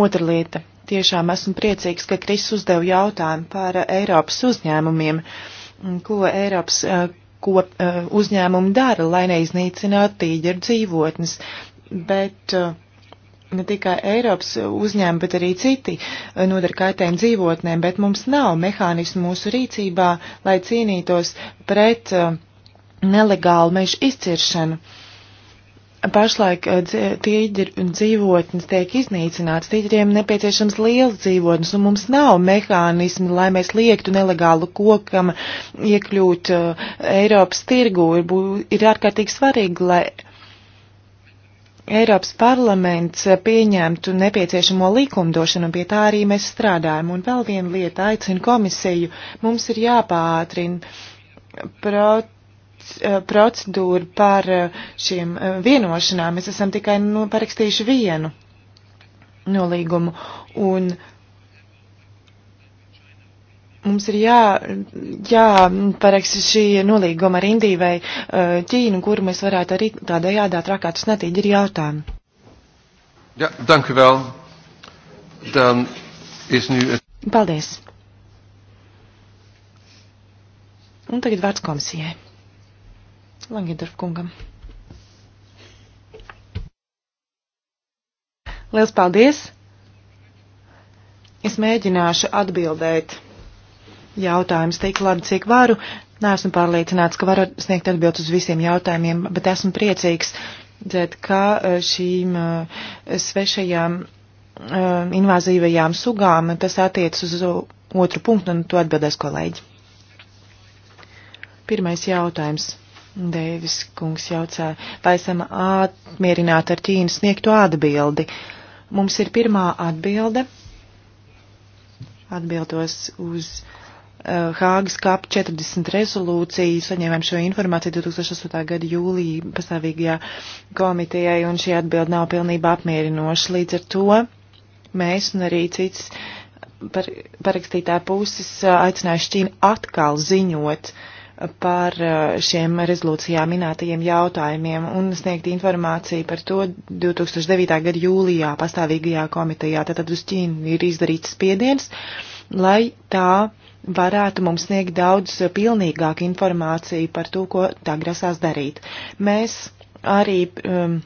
Otra lieta. Tiešām esmu priecīgs, ka Kris uzdeva jautājumu par uh, Eiropas uzņēmumiem, ko Eiropas uh, ko uh, uzņēmumi dara, lai neiznīcinātu tīģeru dzīvotnes bet uh, ne tikai Eiropas uzņēmumi, bet arī citi uh, nodara kaitējumu dzīvotnēm, bet mums nav mehānismu mūsu rīcībā, lai cīnītos pret uh, nelegālu mežu izciršanu. Pašlaik tīģi dzīvotnes tiek iznīcināts, tīģiem nepieciešams liels dzīvotnes, un mums nav mehānismi, lai mēs liektu nelegālu kokam iekļūt Eiropas tirgu. Ir, ir ārkārtīgi svarīgi, lai Eiropas parlaments pieņemtu nepieciešamo likumdošanu, un pie tā arī mēs strādājam. Un vēl viena lieta aicina komisiju, mums ir jāpātrina procesu eh, procedūru par eh, šiem eh, vienošanām. Mēs esam tikai nu, parakstījuši vienu nolīgumu. Un uh, mums ir jā, jāparaksta šī nolīguma ar Indiju vai Ķīnu, kuru mēs varētu arī tādējādi atrākāt uz netīģi jautājumu. Ja, dank u wel. Dan is nu het... Paldies. Un tagad vārds komisijai. Langidorf kungam. Liels paldies! Es mēģināšu atbildēt jautājumus tik labi, cik varu. Neesmu pārliecināts, ka varu sniegt atbildes uz visiem jautājumiem, bet esmu priecīgs, dzēt, ka eh, šīm eh, svešajām eh, invāzīvajām sugām tas attiec uz otru punktu, un to atbildēs kolēģi. Pirmais jautājums. Deivis kungs jautā, vai esam atmierināti ar Ķīnas sniegto atbildi. Mums ir pirmā atbilde atbildos uz Eh, Hāgas KAP 40 rezolūciju, saņēmām šo informāciju 2008. gada jūlijā pastāvīgajā komitejai, un šī atbilda nav pilnībā apmierinoša. Līdz ar to mēs un arī cits par, parakstītā puses eh, aicinājuši Ķīnu atkal ziņot eh, par šiem rezolūcijā minētajiem jautājumiem un sniegt informāciju par to 2009. gada jūlijā pastāvīgajā komitejā. Tātad uz Ķīnu ir izdarīts spiediens, lai tā varētu mums sniegt daudz pilnīgāku informāciju par to, ko tā grasās darīt. Mēs arī um,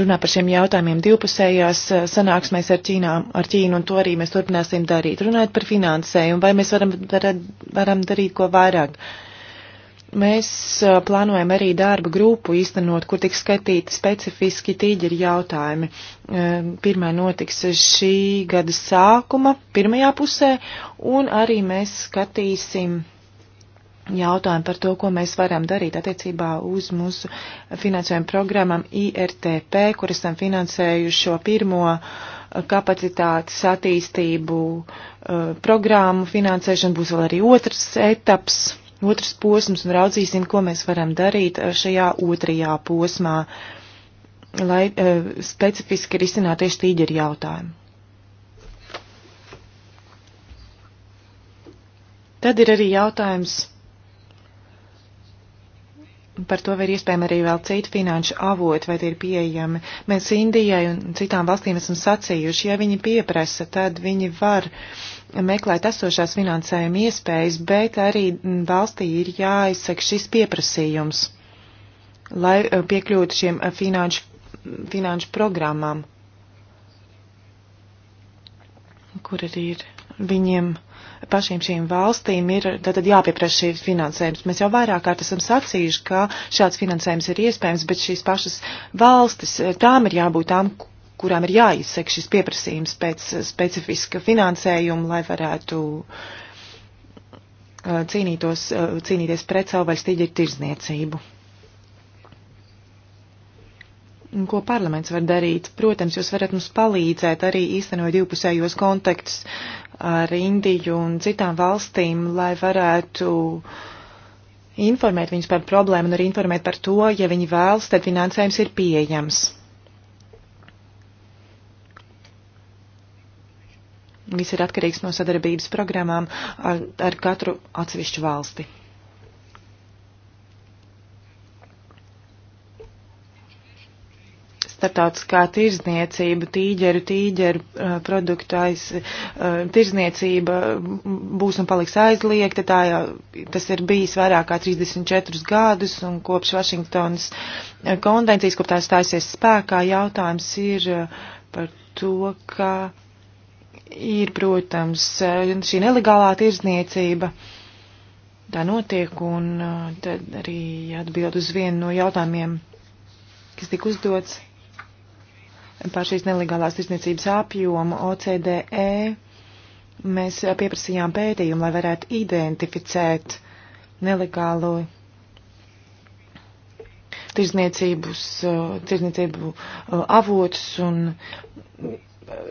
runā par šiem jautājumiem divpusējās uh, sanāksmēs ar, Ķīnā, ar Ķīnu, un to arī mēs turpināsim darīt. Runājot par finansējumu, vai mēs varam, dar, varam darīt ko vairāk? Uh, Mēs plānojam arī darba grupu īstenot, kur tiks skatīti specifiski tīģeri jautājumi. Pirmā notiks šī gada sākuma, pirmajā pusē, un arī mēs skatīsim jautājumu par to, ko mēs varam darīt attiecībā uz mūsu finansējuma programmam IRTP, kur esam finansējuši šo pirmo kapacitātes attīstību programmu finansēšanu. Būs vēl arī otrs etaps otrs posms un raudzīsim, ko mēs varam darīt eh, šajā otrajā posmā, lai uh, specifiski risinātu tieši tīģeri jautājumu. Tad ir arī jautājums par to ir iespējami arī vēl citi finanšu avoti, vai tie ir pieejami. Mēs Indijai un citām valstīm esam sacījuši, ja viņi pieprasa, tad viņi var meklēt esošās finansējuma iespējas, bet arī valstī ir jāizsaka šis pieprasījums, lai eh, piekļūtu šiem eh, finanšu, finanšu programmām, kur arī ir viņiem pašiem šīm valstīm ir tātad jāpieprasa šīs finansējums. Mēs jau vairāk kārt esam sacījuši, ka šāds finansējums ir iespējams, bet šīs pašas valstis, eh, tām ir jābūt tām, kurām ir jāizsek šis pieprasījums pēc eh, specifiska finansējuma, lai varētu eh, cīnītos, eh, cīnīties pret savvaļas tīģeru tirzniecību. Ko parlaments var darīt? Protams, jūs varat mums palīdzēt arī īstenot divpusējos kontaktus ar Indiju un citām valstīm, lai varētu uh, informēt viņus par problēmu un arī informēt par to, ja viņi vēlas, tad finansējums ir pieejams. Viss ir atkarīgs no sadarbības programmām ar, ar katru atsevišķu valsti. Startautiskā tirzniecība, tīģeru, tīģeru eh, produktu aiz, eh, tirzniecība būs un paliks aizliegta. Tā jau tas ir bijis vairāk kā 34 gadus un kopš Vašingtonas eh, konvencijas, kur tā stāsies spēkā, jautājums ir par to, ka ir, protams, eh, šī nelegālā tirzniecība. Tā notiek, un eh, tad arī atbild uz vienu no jautājumiem, kas tika uzdots par šīs nelegālās tirzniecības apjomu OCDE. Mēs pieprasījām pētījumu, lai varētu identificēt nelegālo tirzniecības, eh, tirzniecību avotus un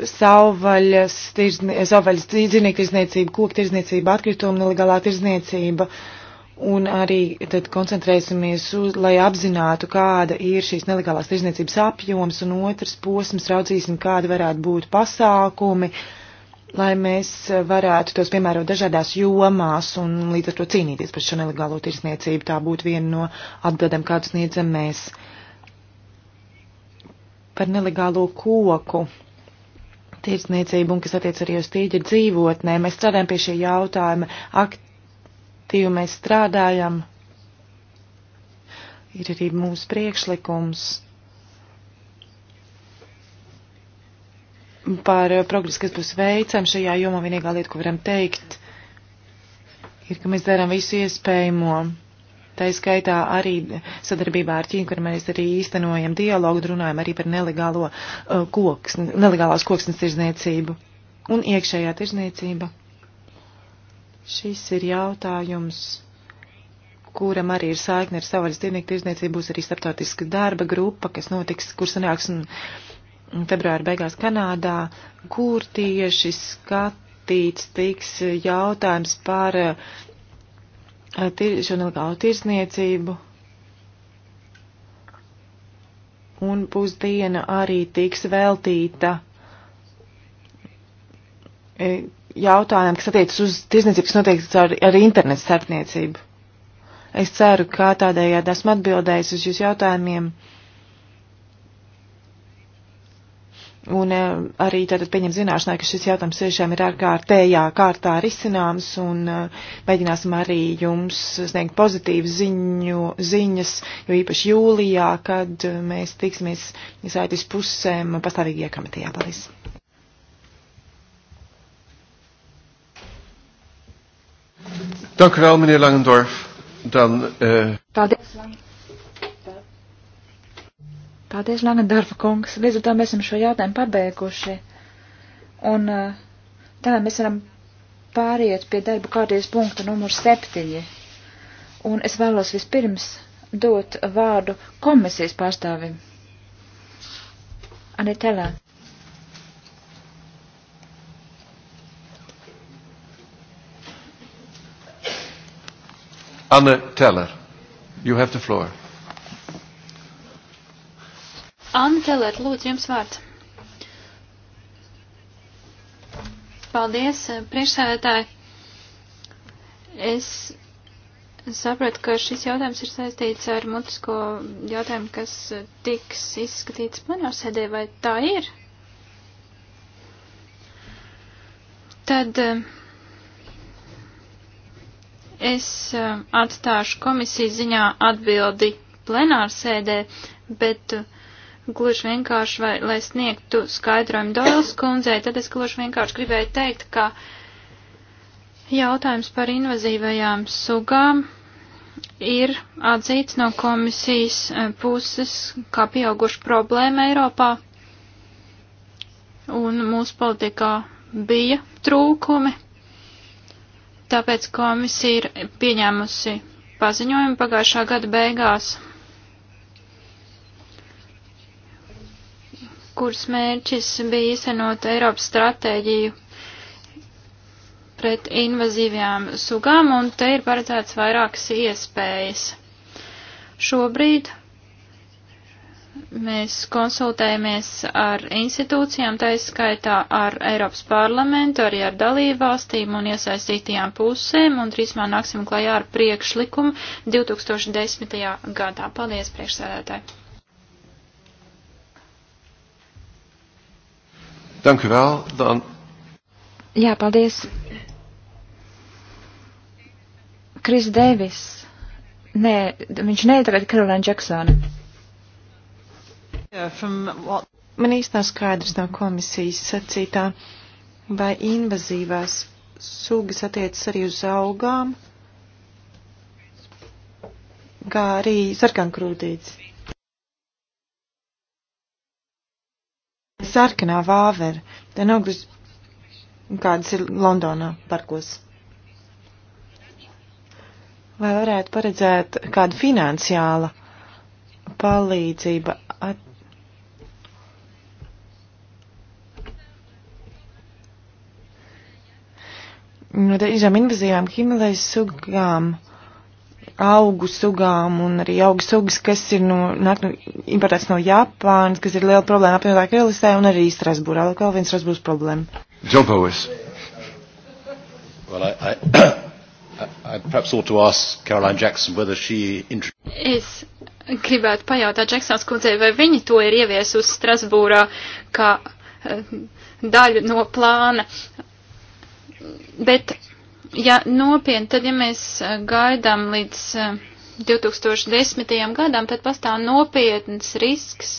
savvaļas, tirznie, savvaļas dzīvnieku tirzniecība, koku tirzniecība, atkrituma nelegālā tirzniecība. Un arī tad koncentrēsimies uz, lai apzinātu, kāda ir šīs nelegālās tirzniecības apjoms, un otrs posms raudzīsim, kādi varētu būt pasākumi, lai mēs varētu tos piemērot dažādās jomās un līdz ar to cīnīties par šo nelegālo tirzniecību. Tā būtu viena no atbildēm, kādu sniedzam mēs par nelegālo koku tirsniecību un kas attiec arī uz tīģa dzīvotnē. Mēs strādājam pie šī jautājuma, aktīvi mēs strādājam. Ir arī mūsu priekšlikums par progresu, kas būs veicam šajā jomā. Vienīgā lieta, ko varam teikt, ir, ka mēs darām visu iespējamo Tā skaitā arī sadarbībā ar Ķīnu, kur mēs arī īstenojam dialogu, runājam arī par nelegālo uh, koks, nelegālās koksnes tirzniecību un iekšējā tirzniecība. Šis ir jautājums kuram arī ir saikne ar savvaļas dzīvnieku tirzniecību, būs arī starptautiska darba grupa, kas notiks, kur sanāks februāra beigās Kanādā, kur tieši skatīts tiks jautājums par uh, tir, šo nelegālo tirsniecību. Un pusdiena arī tiks veltīta e, jautājumiem, kas attiecas uz tirsniecību, kas notiek ar, ar internetu starpniecību. Es ceru, ka tādējādi esmu atbildējis uz jūsu jautājumiem. Un eh, arī tātad pieņem zināšanā, ka šis jautājums tiešām ir ārkārtējā kārtā risināms un eh, mēģināsim arī jums sniegt pozitīvas ziņu, ziņas, jo īpaši jūlijā, kad eh, mēs tiksimies visaitis pusēm pastāvīgajā komitejā. Paldies! Dank u wel, meneer Langendorf. Dan, uh... Paldies. Paldies, Langendorfa kungs. Līdz ar to mēs esam šo jautājumu pabeiguši. Un eh, tagad mēs varam pāriet pie darba kārtības punkta numur septiņi. Un es vēlos vispirms dot vārdu komisijas pārstāvim. Anitelā. Anne Teller, you have the floor. Anna Telēt, lūdzu, jums vārds. Paldies, eh, priekšsēdētāji. Es saprotu, ka šis jautājums ir saistīts ar mutisko jautājumu, kas tiks izskatīts plenārsēdē, vai tā ir? Tad eh, es eh, atstāšu komisijas ziņā atbildi plenārsēdē, bet uh, gluži vienkārši, vai, lai sniegtu skaidrojumu Doils kundzei, tad es gluži vienkārši gribēju teikt, ka jautājums par invazīvajām sugām ir atzīts no komisijas e, puses kā pieauguša problēma Eiropā, un mūsu politikā bija trūkumi, tāpēc komisija ir pieņēmusi paziņojumu pagājušā gada beigās kuras mērķis bija izsenot Eiropas stratēģiju pret invazīvajām sugām, un te ir paredzēts vairākas iespējas. Šobrīd mēs konsultējamies ar institūcijām, tā izskaitā ar Eiropas parlamentu, arī ar dalību valstīm un iesaistītajām pusēm, un drīzumā nāksim klajā ar priekšlikumu 2010. gadā. Paldies, priekšsēdētāji! Dank u wel. Dan... Jā, paldies. Kris Deivis. Nē, viņš nē, tagad Karolēna Džeksona. Man īstā skaidrs no komisijas sacītā, vai invazīvās sugas attiecas arī uz augām, kā arī sarkankrūtītes. sarkanā vāvera. Te nav gluži kādas ir Londonā parkos. Vai varētu paredzēt kādu finansiāla palīdzība? At... No dažām invazīvām Himalajas sugām. Uh, augu sugām un arī augu sugas, kas ir no, nāk, no, importēts no Japānas, kas ir liela problēma apvienotā karalistē un arī Strasbūrā. Vēl viens Strasbūras problēma. John Powers. Well, I, I, I perhaps ought to ask Caroline Jackson whether she Es gribētu pajautāt Džeksons kundzei, vai viņa to ir ieviesusi Strasbūrā kā eh, daļu no plāna. Bet ja nopietni, tad ja mēs eh, gaidām līdz 2010. Eh, gadam, tad pastāv nopietns risks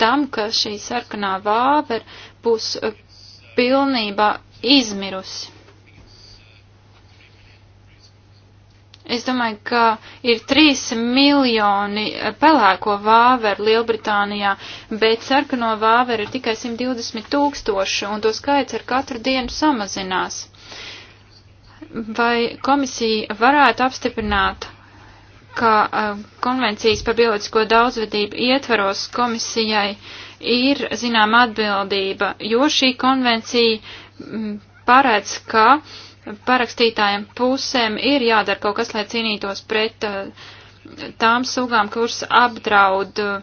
tam, ka šī sarkanā vāver būs eh, pilnībā izmirusi. Es domāju, ka ir 3 miljoni pelēko vāveru Lielbritānijā, bet sarkano vāveru ir tikai 120 tūkstoši, un to skaits ar katru dienu samazinās vai komisija varētu apstiprināt, ka uh, konvencijas par bioloģisko daudzvedību ietvaros komisijai ir zinām atbildība, jo šī konvencija m, paredz, ka parakstītājiem pusēm ir jādara kaut kas, lai cīnītos pret uh, tām sugām, kuras apdraud uh,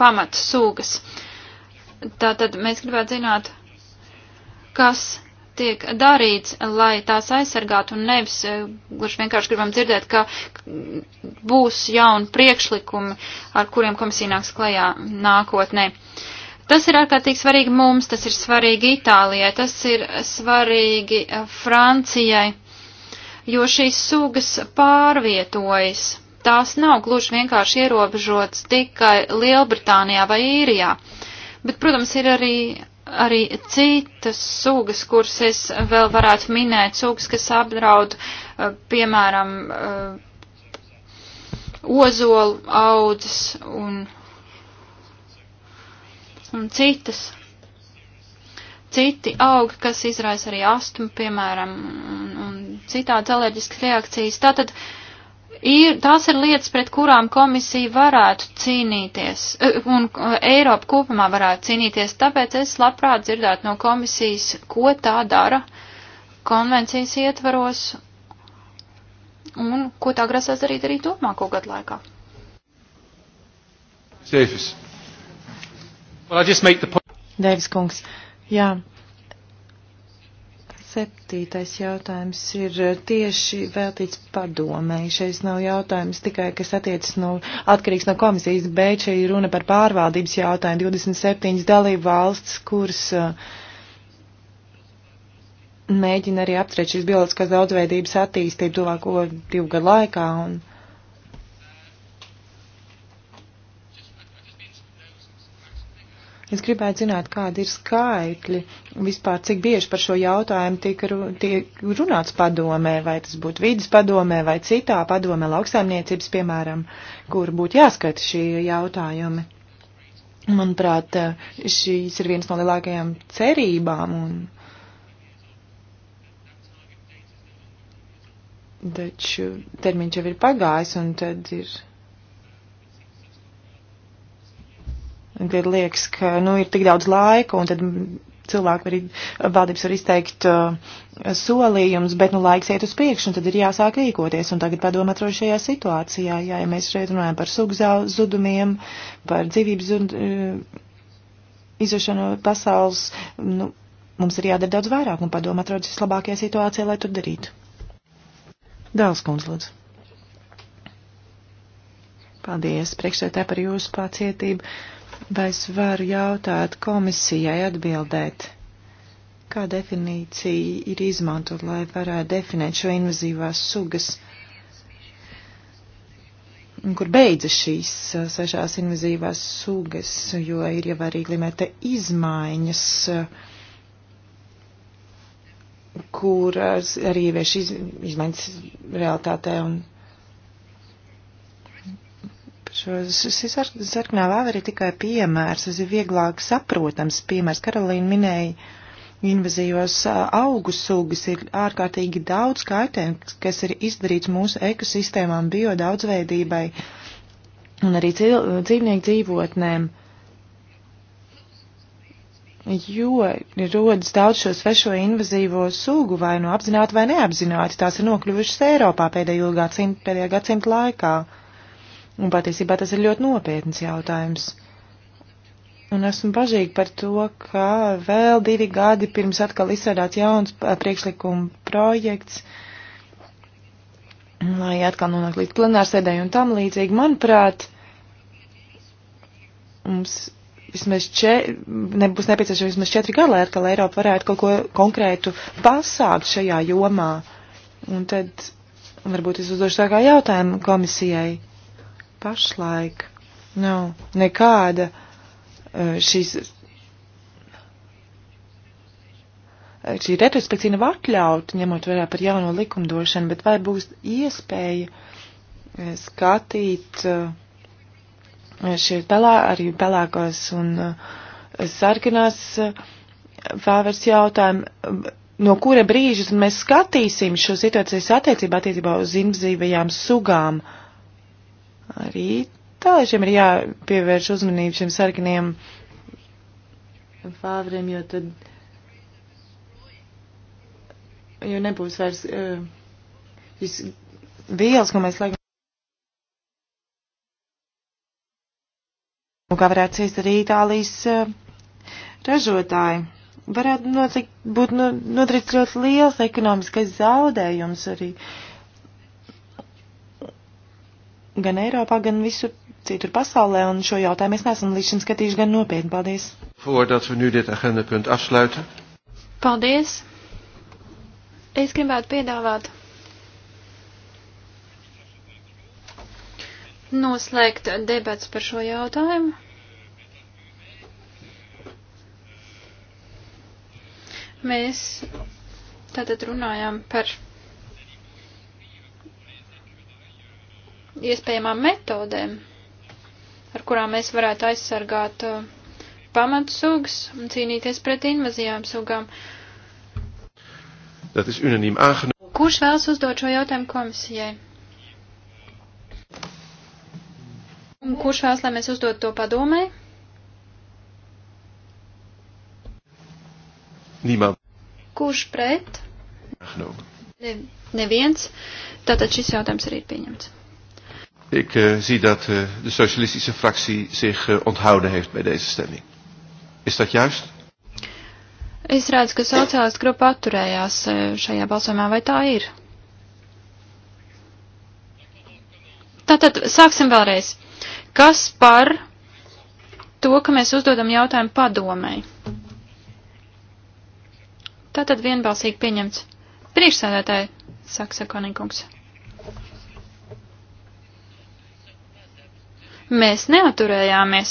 pamat sugas. Tātad mēs gribētu zināt, kas tiek darīts, lai tās aizsargātu un nevis, eh, gluži vienkārši gribam dzirdēt, ka būs jauni priekšlikumi, ar kuriem komisija nāks klajā nākotnē. Tas ir ārkārtīgi svarīgi mums, tas ir svarīgi Itālijai, tas ir svarīgi eh, Francijai, jo šīs sugas pārvietojas. Tās nav gluži vienkārši ierobežotas tikai Lielbritānijā vai Īrijā. Bet, protams, ir arī arī citas sugas, kuras es vēl varētu minēt, sugas, kas apdraud, eh, piemēram, eh, ozolu audzes un, un citas. Citi augi, kas izraisa arī astmu, piemēram, un, un citādas alerģiskas reakcijas. Tātad, uh, Ir, tās ir lietas, pret kurām komisija varētu cīnīties, e, un e, Eiropa kopumā varētu cīnīties, tāpēc es labprāt dzirdētu no komisijas, ko tā dara konvencijas ietvaros, un ko tā grasās darīt arī turpmāko gadu laikā. Davis. Well, Davis kungs, jā, Septītais jautājums ir tieši veltīts padomēji. Šeit nav jautājums tikai, kas attiecas no, atkarīgs no komisijas, bet šeit ir runa par pārvaldības jautājumu. 27 dalību valsts, kuras uh, mēģina arī apturēt šīs bioloģiskās daudzveidības attīstību tuvāko divu gadu laikā. Un, Es gribētu zināt, kādi ir skaitļi vispār, cik bieži par šo jautājumu tiek, ru, tiek runāts padomē, vai tas būtu vidas padomē vai citā padomē lauksaimniecības, piemēram, kur būtu jāskata šie jautājumi. Manuprāt, šīs ir viens no lielākajām cerībām un. Taču termiņš jau ir pagājis un tad ir Kad liekas, ka nu, ir tik daudz laika, un tad cilvēki arī valdības var izteikt uh, solījumus, bet nu, laiks iet uz priekšu, un tad ir jāsāk rīkoties. Un tagad padomā atrodas šajā situācijā, jā, ja mēs šeit runājam par sugzudumiem, par dzīvības zud, uh, izušanu pasaules, nu, mums ir jādara daudz vairāk, un padomā atrodas vislabākajā situācijā, lai to darītu. Dāls kundz, lūdzu. Paldies, priekšsētē par jūsu pacietību. Uh, Vai es varu jautāt komisijai atbildēt, kā definīcija ir izmantot, lai varētu definēt šo invazīvās sugas, kur beidzas šīs uh, sešās invazīvās sugas, jo ir jau arī klimata izmaiņas, uh, kuras uh, arī ievieš iz, izmaiņas realitātē un Šis sarkanā vāvera ir tikai piemērs, tas ir vieglāk saprotams piemērs. Karolīna minēja invazīvos augu sugas, ir ārkārtīgi daudz kaitējums, kas ir izdarīts mūsu ekosistēmām, biodaudzveidībai un arī cil, dzīvnieku dzīvotnēm. Jo rodas daudz šo svešo invazīvo sugu, vai nu apzināti vai neapzināti, tās ir nokļuvušas Eiropā pēdējo gadsimt, pēdējā gadsimta laikā. Un patiesībā tas ir ļoti nopietns jautājums. Un esmu bažīgi par to, ka vēl divi gadi pirms atkal izstrādāts jauns priekšlikuma projekts, lai atkal nonāk līdz plenārsēdē un tam līdzīgi, manuprāt, mums vismaz če, nebūs nepieciešams vismaz četri gadi, lai atkal Eiropa varētu kaut ko konkrētu pasākt šajā jomā. Un tad varbūt es uzdošu tā kā jautājumu komisijai Pašlaik nav nekāda e, šīs. E, šī retrospekcija nav atļauta, ņemot vērā par jauno likumdošanu, bet vai būs iespēja e, skatīt šie pelā, arī pelēkos un sarkanās fāvers jautājumi, no kura brīža mēs skatīsim šo situācijas attiecībā attiecībā uz invazīvajām sugām? Uh, Arī tālēšiem ir jāpievērš uzmanību šiem sarkaniem fāvriem, jo tad, jo nebūs vairs uh, vielas, ko mēs laikam. Un kā varētu ciest arī Itālijas uh, ražotāji. Varētu notikt, būt nu, nodarīts ļoti liels ekonomiskais zaudējums arī. Uh, gan Eiropā, gan visur citur pasaulē, un šo jautājumu mēs neesam līdz šim skatījuši gan nopietni. Paldies! Voordat we nu dit agendapunt afsluiten. Paldies! Es gribētu piedāvāt noslēgt debats par šo jautājumu. Mēs tātad runājām par iespējamām metodēm, ar kurām mēs varētu aizsargāt uh, pamatsugas un cīnīties pret invazijām sugām. Kurš vēlas uzdot šo jautājumu komisijai? Un kurš vēlas, lai mēs uzdot to padomē? Nīmā. Kurš pret? Ne, neviens. Tātad šis jautājums arī ir pieņemts. Ik uh, zie dat uh, de socialistische fractie zich uh, onthouden heeft bij deze stemming. Is dat juist? Es redzu, ka sociālistu grupa atturējās šajā balsojumā, vai tā ir? Tātad sāksim vēlreiz. Kas par to, ka mēs uzdodam jautājumu padomēji? Tātad vienbalsīgi pieņemts. Priekšsēdētāji, saka Sakonīkungs. Mēs neaturējāmies.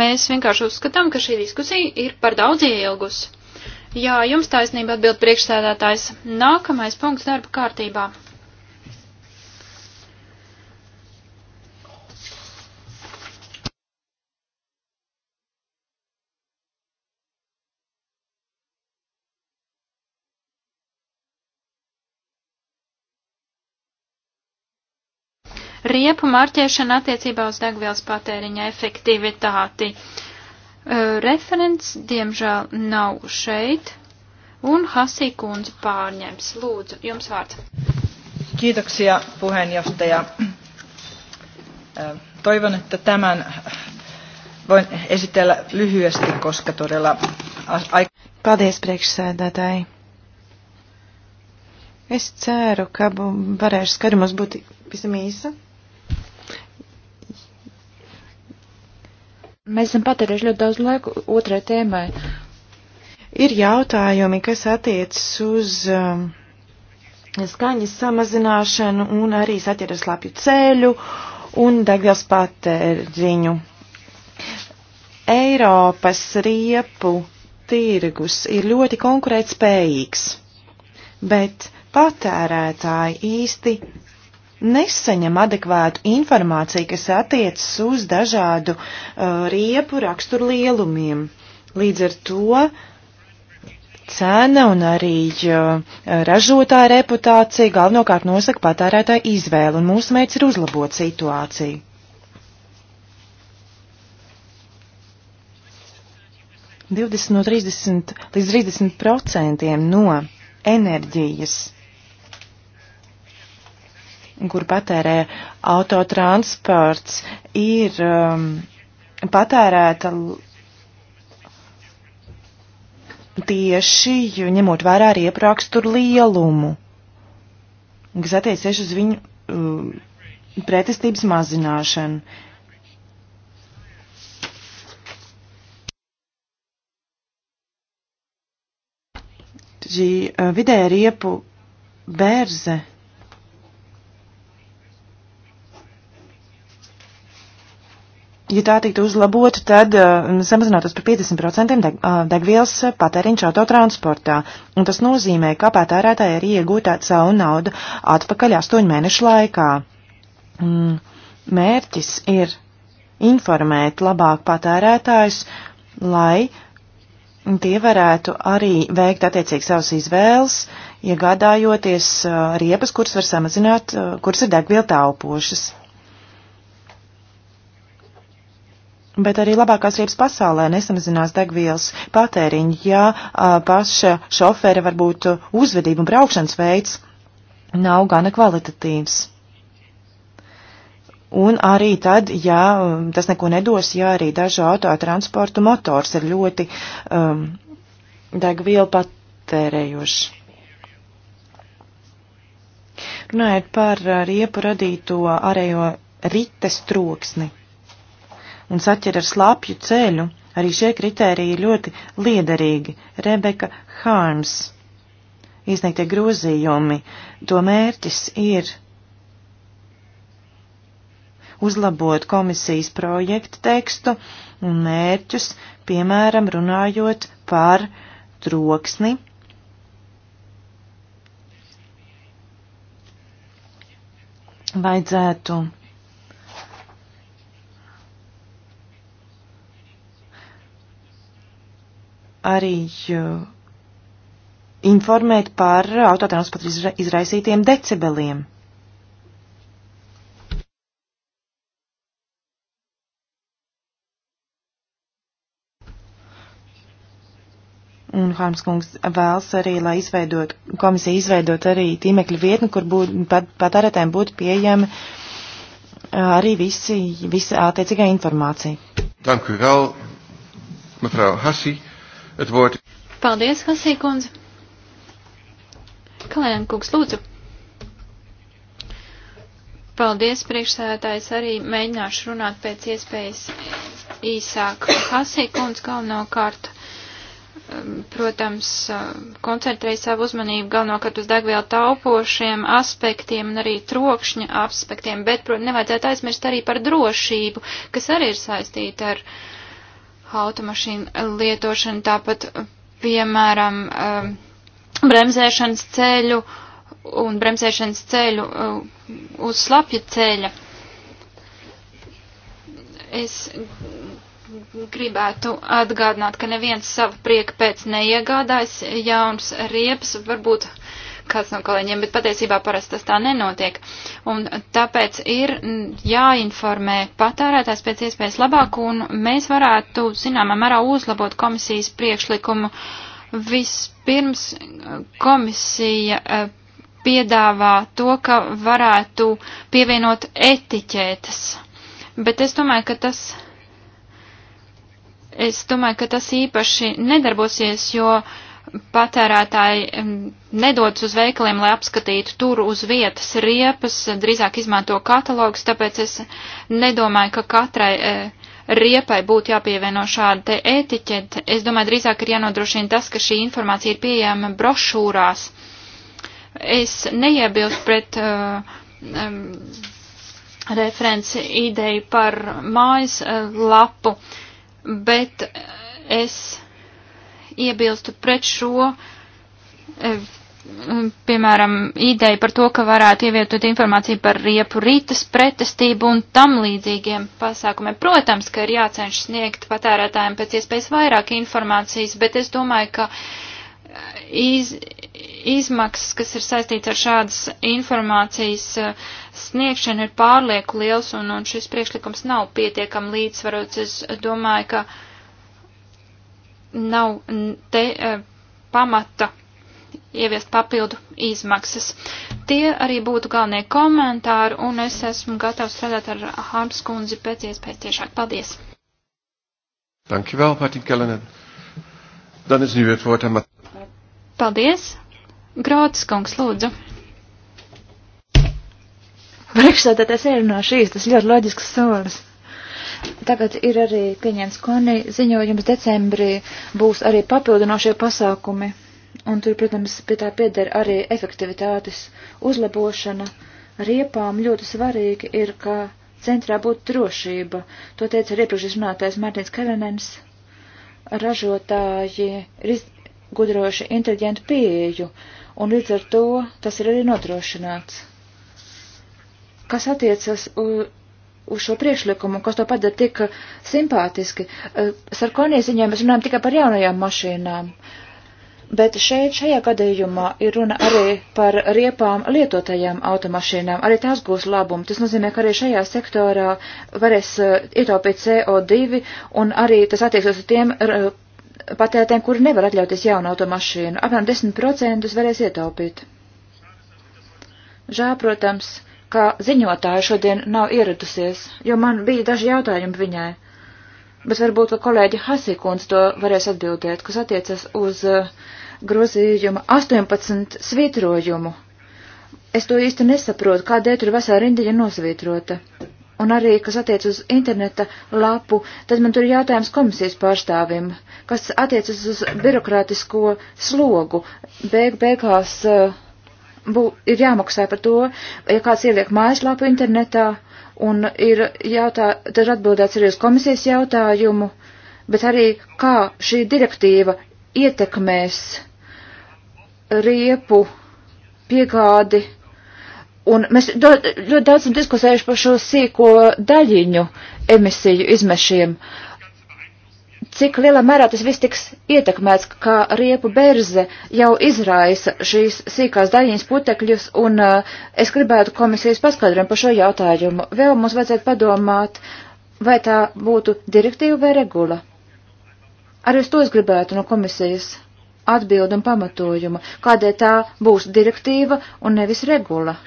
Mēs vienkārši uzskatām, ka šī diskusija ir par daudz ieilgus. Jā, jums taisnība atbild priekšsēdētājs. Nākamais punkts darba kārtībā. riepu marķēšana attiecībā uz degvielas patēriņa efektivitāti. Referents, diemžēl, nav šeit, un Hasī kundze pārņems. Lūdzu, jums vārds. Kiitoksia, puheenjohtaja. Toivon, että tämän voin esitellä lyhyesti, koska todella aika... Paldies, priekšsēdētāji. Es ceru, ka varēšu skaidrumos būt visam īsa. Mēs esam patērējuši ļoti daudz laiku otrai tēmai. Ir jautājumi, kas attiecas uz um, skaņas samazināšanu un arī saķera slapju ceļu un degvielas patēriņu. Eiropas riepu tirgus ir ļoti konkurētspējīgs, bet patērētāji īsti nesaņem adekvātu informāciju, kas attiecas uz dažādu uh, riepu raksturu lielumiem. Līdz ar to cena un arī uh, ražotāja reputācija galvenokārt nosaka patērētāja izvēlu, un mūsu mērķis ir uzlabot situāciju. Divdesmit no trīsdesmit līdz trīsdesmit procentiem no enerģijas kur patērē autotransports, ir um, patērēta tieši ņemot vērā arī ieprāksturu lielumu, kas attiecies uz viņu um, pretestības mazināšanu. Šī uh, vidēja riepu bērze ja tā tiktu uzlabota, tad uh, samazinātos par 50% deg, uh, degvielas uh, patēriņš autotransportā. Un tas nozīmē, ka patērētāji arī iegūtā savu naudu atpakaļ 8 mēnešu laikā. Mm, mērķis ir informēt labāk patērētājus, lai tie varētu arī veikt attiecīgi savas izvēles, iegādājoties uh, riepas, kuras var samazināt, uh, kuras ir degvielu taupošas. Bet arī labākās rības pasaulē nesamazinās degvielas patēriņu, ja a, paša šofēra varbūt uzvedība un braukšanas veids nav gana kvalitatīvs. Un arī tad, ja tas neko nedos, ja arī dažu autotransportu motors ir ļoti um, degvielu patērējošs. Runājot par riepu radīto arējo rites troksni un saķer ar slapju ceļu. Arī šie kritēriji ir ļoti liederīgi. Rebeka Hārms izniegtie grozījumi, to mērķis ir uzlabot komisijas projektu tekstu un mērķus, piemēram, runājot par troksni. Vajadzētu arī informēt par autotransporta izraisītiem decibeliem. Un Hārms kungs vēlas arī, lai izveidot, komisija izveidot arī tīmekļa vietni, kur būt, pat, patērētēm būtu pieejama arī visi, visa attiecīgā informācija. Danku vēl, Matrāva Hasi. Het woord. Paldies, Hasī kundze. Kalēna kungs, lūdzu. Paldies, priekšsēdētājs, arī mēģināšu runāt pēc iespējas īsāk. Hasī kundze galvenokārt, um, protams, koncentrēja savu uzmanību galvenokārt uz degvielu taupošiem aspektiem un arī trokšņa aspektiem, bet, protams, nevajadzētu aizmirst arī par drošību, kas arī ir saistīta ar. Uh, automašīnu lietošanu, tāpat, uh, piemēram, um, bremzēšanas ceļu un bremzēšanas ceļu uh, uz slapja ceļa. Es gribētu atgādināt, ka neviens savu prieku pēc neiegādājas jauns riepas, varbūt kāds no kolēģiem, bet patiesībā parasti tas tā nenotiek. Un tāpēc ir jāinformē patērētājs pēc iespējas labāk, un mēs varētu, zināmā mērā, uzlabot komisijas priekšlikumu. Vispirms eh, komisija eh, piedāvā to, ka varētu pievienot etiķētas, bet es domāju, ka tas es domāju, ka tas īpaši nedarbosies, jo patērētāji nedodas uz veikaliem, lai apskatītu tur uz vietas riepas, drīzāk izmanto katalogus, tāpēc es nedomāju, ka katrai e, riepai būtu jāpievieno šāda te etiķeta. Es domāju, drīzāk ir jānodrošina tas, ka šī informācija ir pieejama brošūrās. Es neiebilstu pret uh, e, um, referents ideju par mājas uh, lapu, bet es iebilstu pret šo, e, piemēram, ideju par to, ka varētu ievietot informāciju par riepu rītas pretestību un tam līdzīgiem pasākumiem. Protams, ka ir jācenšas sniegt patērētājiem pēc iespējas vairāk informācijas, bet es domāju, ka e, iz, izmaksas, kas ir saistīts ar šādas informācijas e, sniegšanu, ir pārlieku liels un, un šis priekšlikums nav pietiekam līdzsvarots. Es domāju, ka nav te e, pamata ieviest papildu izmaksas. Tie arī būtu galvenie komentāri, un es esmu gatavs strādāt ar Harms kundzi pēc iespējas tiešāk. Paldies! Dankjewel, Martin Kellenen. Dan is nu het woord aan Paldies! Grotas kungs, lūdzu! Priekšsēdētājs ierunā šīs, tas ļoti loģisks solis. Tagad ir arī Kliņēns Koni ziņojums decembrī būs arī papildinošie pasākumi. Un tur, protams, pie tā pieder arī efektivitātes uzlabošana. Riepām ļoti svarīgi ir, ka centrā būtu drošība. To teica arī iepriekš runātais Mārtiņš Kavenens. Ražotāji ir izgudrojuši inteliģentu pieeju, un līdz ar to tas ir arī nodrošināts. Kas attiecas uz uz šo priekšlikumu, kas to padara tik eh, simpātiski. Eh, Sarkonijas ziņā mēs runājam tikai par jaunajām mašīnām, bet šeit šajā gadījumā ir runa arī par riepām lietotajām automašīnām. Arī tās gūs labumu. Tas nozīmē, ka arī šajā sektorā varēs eh, ietaupīt CO2 un arī tas attieksies uz tiem patērētiem, kuri nevar atļauties jaunu automašīnu. Apmēram 10% varēs ietaupīt. Žā, protams, ka ziņotāja šodien nav ieradusies, jo man bija daži jautājumi viņai. Bet varbūt, ka kolēģi Hasikuns to varēs atbildēt, kas attiecas uz eh, grozījuma 18 svītrojumu. Es to īsti nesaprotu, kādēļ tur vesela rindiņa nosvītrota. Un arī, kas attiec uz interneta lapu, tad man tur ir jautājums komisijas pārstāvim, kas attiecas uz birokrātisko slogu. Beig beigās uh, bū, ir jāmaksā par to, ja kāds ieliek mājaslapu internetā, un ir jautā, tad ir atbildēts arī uz komisijas jautājumu, bet arī kā šī direktīva ietekmēs riepu piegādi. Un mēs do, ļoti daudz esam diskusējuši par šo sīko daļiņu emisiju izmešiem. Uh, cik lielā mērā tas viss tiks ietekmēts, kā riepu berze jau izraisa šīs sīkās daļiņas putekļus, un uh, es gribētu komisijas paskaidrojumu par šo jautājumu. Vēl mums vajadzētu padomāt, vai tā būtu direktīva vai regula. Arī uz to es gribētu no komisijas atbildu un pamatojumu, kādēļ tā būs direktīva un nevis regula.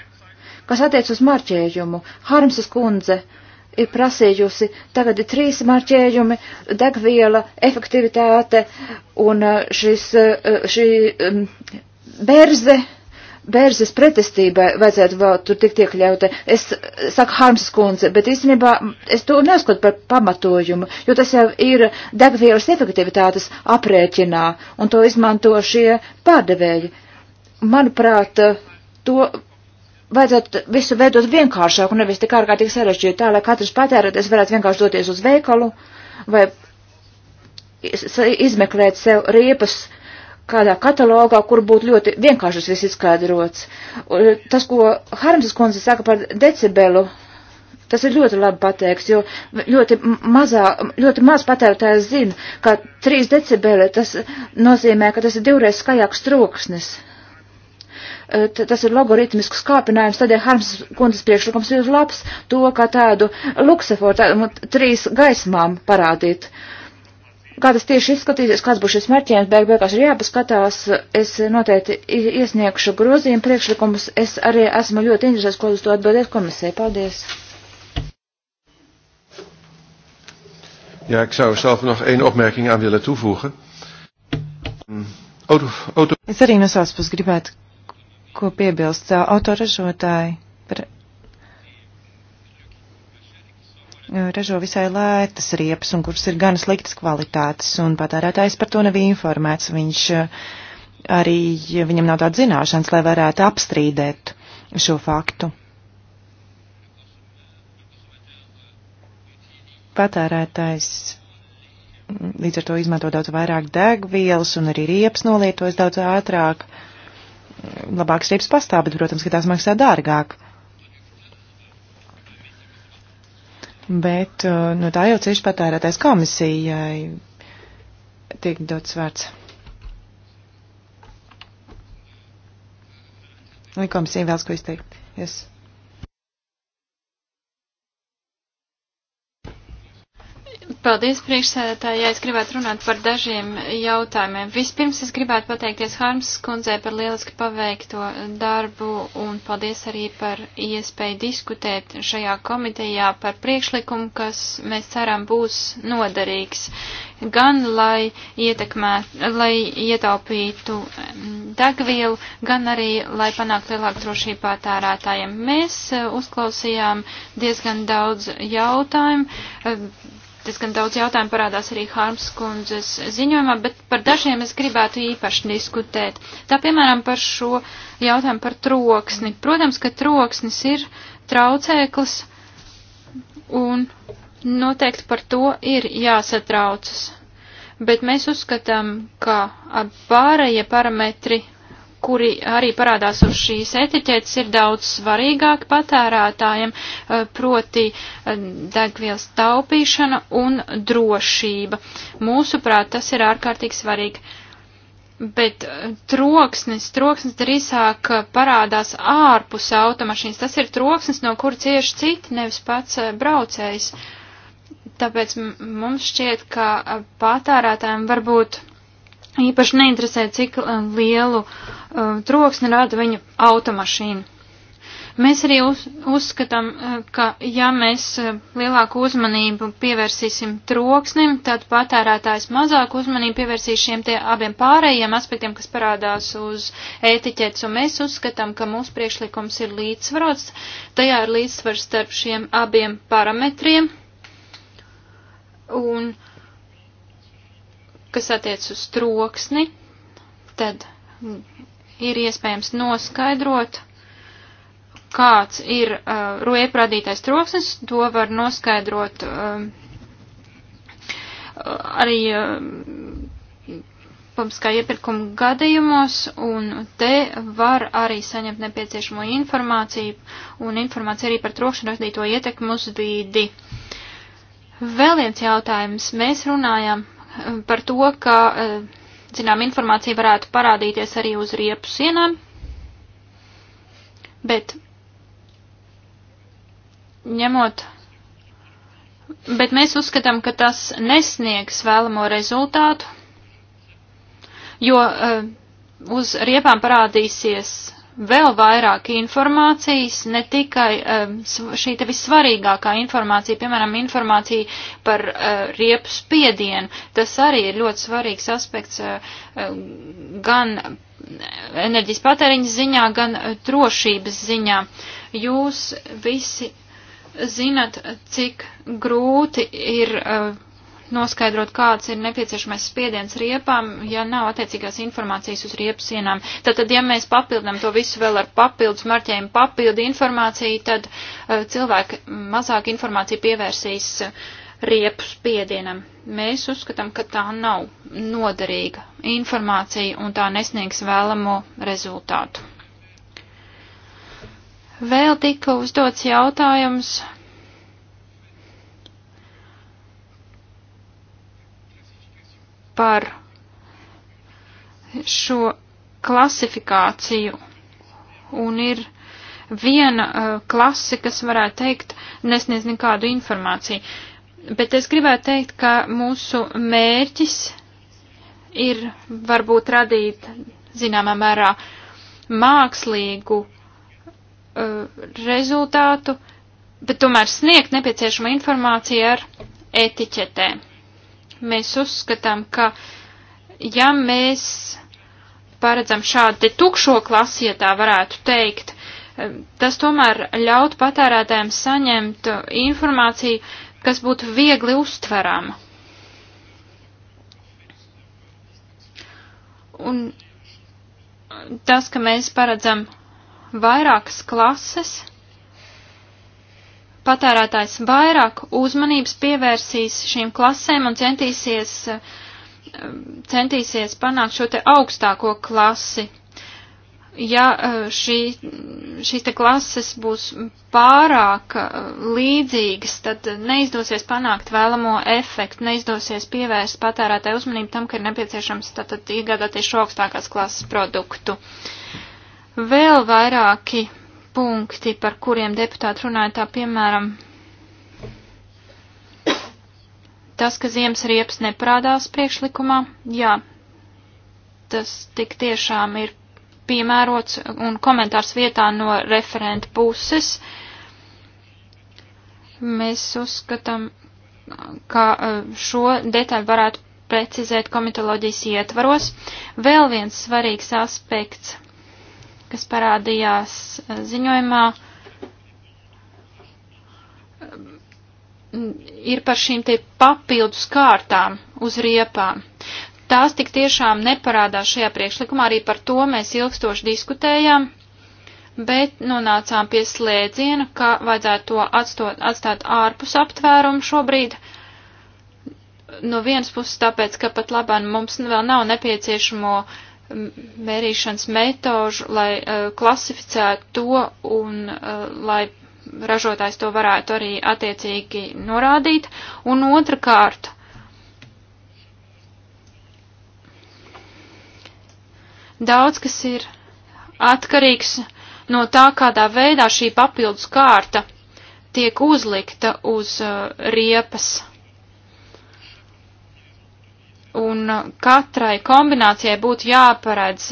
Kas attiec uz marķējumu, Harmsas kundze. Uh, ir prasījusi. Tagad ir trīs marķējumi - degviela, efektivitāte un eh, šis, eh, eh, šī mm, berze. Bērzes pretestībai vajadzētu vēl tur tikt iekļauta. Es saku Harms kundze, bet īstenībā es to neskatu par pamatojumu, jo tas jau ir degvielas efektivitātes aprēķinā, un to izmanto šie pārdevēji. Manuprāt, to vajadzētu visu veidot vienkāršāku, nevis tik ārkārtīgi sarežģītu, tā lai katrs patērētājs varētu vienkārši doties uz veikalu vai izmeklēt sev riepas kādā katalogā, kur būtu ļoti vienkāršas viss izskaidrots. Tas, ko Harmsas kundze saka par decibelu, Tas ir ļoti labi pateikts, jo ļoti, mazā, ļoti maz patērētājs zina, ka 3 decibeli tas nozīmē, ka tas ir divreiz skaļāks troksnis. Eh, tas ir logaritmisks kāpinājums, tādēļ Harms kundas priekšlikums ir labs to, kā tādu lukseforu, tādu nu, trīs gaismām parādīt. Kā tas tieši izskatīsies, kāds būs šis mērķējums, beig beigās ir jāpaskatās, es noteikti iesniegšu grozījumu priekšlikumus, es arī esmu ļoti interesēts, ko uz to atbildēs komisija. Paldies! Ja, ik zou zelf nog één opmerking aan willen toevoegen. Mm. Auto, auto. Es arī no savas puses gribētu ko piebilst autoražotāji. Par ražo visai lētas riepas un kuras ir gan sliktas kvalitātes, un patērētājs par to nav informēts. Viņš arī, viņam nav tāda zināšanas, lai varētu apstrīdēt šo faktu. Patērētājs mm, līdz ar to izmanto daudz vairāk degvielas un arī riepas nolietojas daudz ātrāk. Uh, labākas riepas pastāv, bet, protams, ka tās maksā dārgāk. Bet uh, no nu, tā jau ceļš patērētais komisijai tiek dots vārds. Vai komisija vēlas ko izteikt? Yes. Paldies, priekšsēdētāji. Ja es gribētu runāt par dažiem jautājumiem. Vispirms es gribētu pateikties Harms skundzē par lieliski paveikto darbu un paldies arī par iespēju diskutēt šajā komitejā par priekšlikumu, kas mēs ceram būs noderīgs gan lai ietekmētu, lai ietaupītu mm, degvielu, gan arī, lai panāktu lielāku drošību patērētājiem. Mēs eh, uzklausījām diezgan daudz jautājumu eh, diezgan daudz jautājumu parādās arī Hārms kundzes ziņojumā, bet par dažiem es gribētu īpaši diskutēt. Tā piemēram par šo jautājumu par troksni. Protams, ka troksnis ir traucēklis un noteikti par to ir jāsatraucas. Bet mēs uzskatām, ka pārējie parametri kuri arī parādās uz šīs etiķetes, ir daudz svarīgāki patērētājiem, eh, proti eh, degvielas taupīšana un drošība. Mūsuprāt, tas ir ārkārtīgi svarīgi. Bet eh, troksnis, troksnis drīzāk parādās ārpus automašīnas. Tas ir troksnis, no kur cieši citi, nevis pats braucējs. Tāpēc mums šķiet, ka patērētājiem varbūt īpaši neinteresē, cik uh, lielu uh, troksni rada viņa automašīna. Mēs arī uz, uzskatām, uh, ka ja mēs uh, lielāku uzmanību pievērsīsim troksnim, tad patērētājs mazāk uzmanību pievērsīs šiem tie abiem pārējiem aspektiem, kas parādās uz etiķetes, un mēs uzskatām, ka mūsu priekšlikums ir līdzsvarots, tajā ir līdzsvars starp šiem abiem parametriem, un uh, kas attiec uz troksni, tad ir iespējams noskaidrot, kāds ir uh, riepu radītais troksnis, to var noskaidrot uh, arī uh, um, publiskā iepirkuma gadījumos, un te var arī saņemt nepieciešamo informāciju, un informācija arī par trokšņu radīto ietekmu uz vīdi. Vēl viens jautājums. Mēs runājam par to, ka, eh, zinām, informācija varētu parādīties arī uz riepu sienām, bet ņemot, bet mēs uzskatām, ka tas nesniegs vēlamo rezultātu, jo eh, uz riepām parādīsies vēl vairāk informācijas, ne tikai eh, šī te vissvarīgākā informācija, piemēram, informācija par eh, riepu spiedienu. Tas arī ir ļoti svarīgs aspekts eh, gan enerģijas patēriņas ziņā, gan drošības ziņā. Jūs visi zinat, cik grūti ir uh, noskaidrot, kāds ir nepieciešamais spiediens riepām, ja nav attiecīgās informācijas uz riepu sienām. Tātad, ja mēs papildinām to visu vēl ar papildus marķējumu, papildu informāciju, tad uh, cilvēki mazāk informāciju pievērsīs uh, eh, riepu spiedienam. Mēs uzskatām, ka tā nav noderīga informācija un tā nesniegs vēlamo rezultātu. Vēl tika uzdots jautājums par šo klasifikāciju un ir viena uh, klase, kas varētu teikt, nesniedz nekādu informāciju. Bet es gribētu teikt, ka mūsu mērķis ir varbūt radīt, zināmā mērā, mākslīgu uh, rezultātu, bet tomēr sniegt nepieciešamo informāciju ar etiķetēm. Mēs uzskatām, ka ja mēs paredzam šādu te tukšo klasi, ja tā varētu teikt, eh, tas tomēr ļaut patērētājiem saņemt eh, informāciju, kas būtu viegli uztverama. Un tas, ka mēs paredzam vairākas klases, patērētājs vairāk uzmanības pievērsīs šīm klasēm un centīsies, eh, centīsies panākt šo te augstāko klasi. Ja eh, šī, šīs te klases būs pārāk eh, līdzīgas, tad neizdosies panākt vēlamo efektu, neizdosies pievērst patērētāju uzmanību tam, ka ir nepieciešams tātad iegādāties šo augstākās klases produktu. Vēl vairāki punkti, par kuriem deputāti runāja, tā piemēram, tas, ka ziemas riepas neprādās priekšlikumā, jā, tas tik tiešām ir piemērots un komentārs vietā no referenta puses. Mēs uzskatām, ka uh, šo detaļu varētu precizēt komitoloģijas ietvaros. Vēl viens svarīgs aspekts kas parādījās eh, ziņojumā, ir par šīm te papildus kārtām uz riepām. Tās tik tiešām neparādās šajā priekšlikumā, arī par to mēs ilgstoši diskutējām, bet nonācām pie slēdziena, ka vajadzētu to atstot, atstāt ārpus aptvērumu šobrīd. No vienas puses tāpēc, ka pat labāk mums vēl nav nepieciešamo uh, mērīšanas metožu, lai uh, klasificētu to un uh, lai ražotājs to varētu arī attiecīgi norādīt. Un otrkārt, daudz kas ir atkarīgs no tā, kādā veidā šī papildus kārta tiek uzlikta uz uh, riepas un katrai kombinācijai būtu jāparedz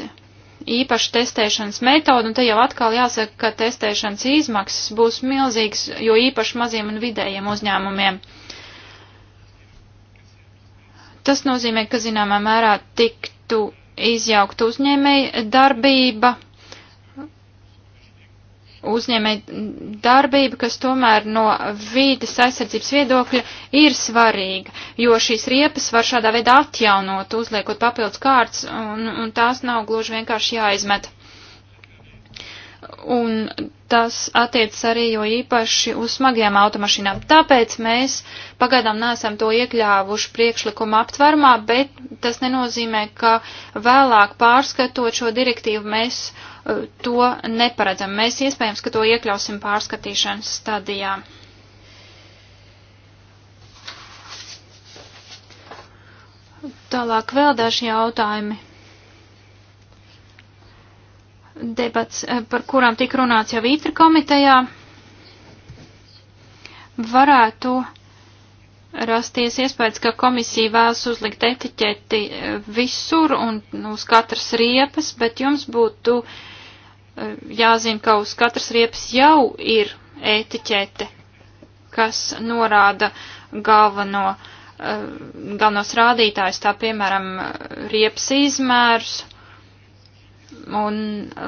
īpaši testēšanas metodu, un te jau atkal jāsaka, ka testēšanas izmaksas būs milzīgas, jo īpaši maziem un vidējiem uzņēmumiem. Tas nozīmē, ka zināmā mērā tiktu izjaukt uzņēmēja darbība uzņēmēji darbība, kas tomēr no vīdes aizsardzības viedokļa ir svarīga, jo šīs riepas var šādā veidā atjaunot, uzliekot papildus kārts, un, un tās nav gluži vienkārši jāizmet. Un tas attiec arī jo īpaši uz smagajām automašīnām. Tāpēc mēs pagaidām neesam to iekļāvuši priekšlikuma aptvarmā, bet tas nenozīmē, ka vēlāk pārskatot šo direktīvu mēs uh, to neparedzam. Mēs iespējams, ka to iekļausim pārskatīšanas stadijā. Tālāk vēl daži jautājumi. Debats, eh, par kurām tika runāts jau ītri komitejā, varētu rasties iespējas, ka komisija vēlas uzlikt etiķeti eh, visur un uz katras riepas, bet jums būtu uh, Eh, jāzina, ka uz katras riepas jau ir etiķete, kas norāda galveno, eh, galvenos rādītājus, tā piemēram, riepas izmērus, un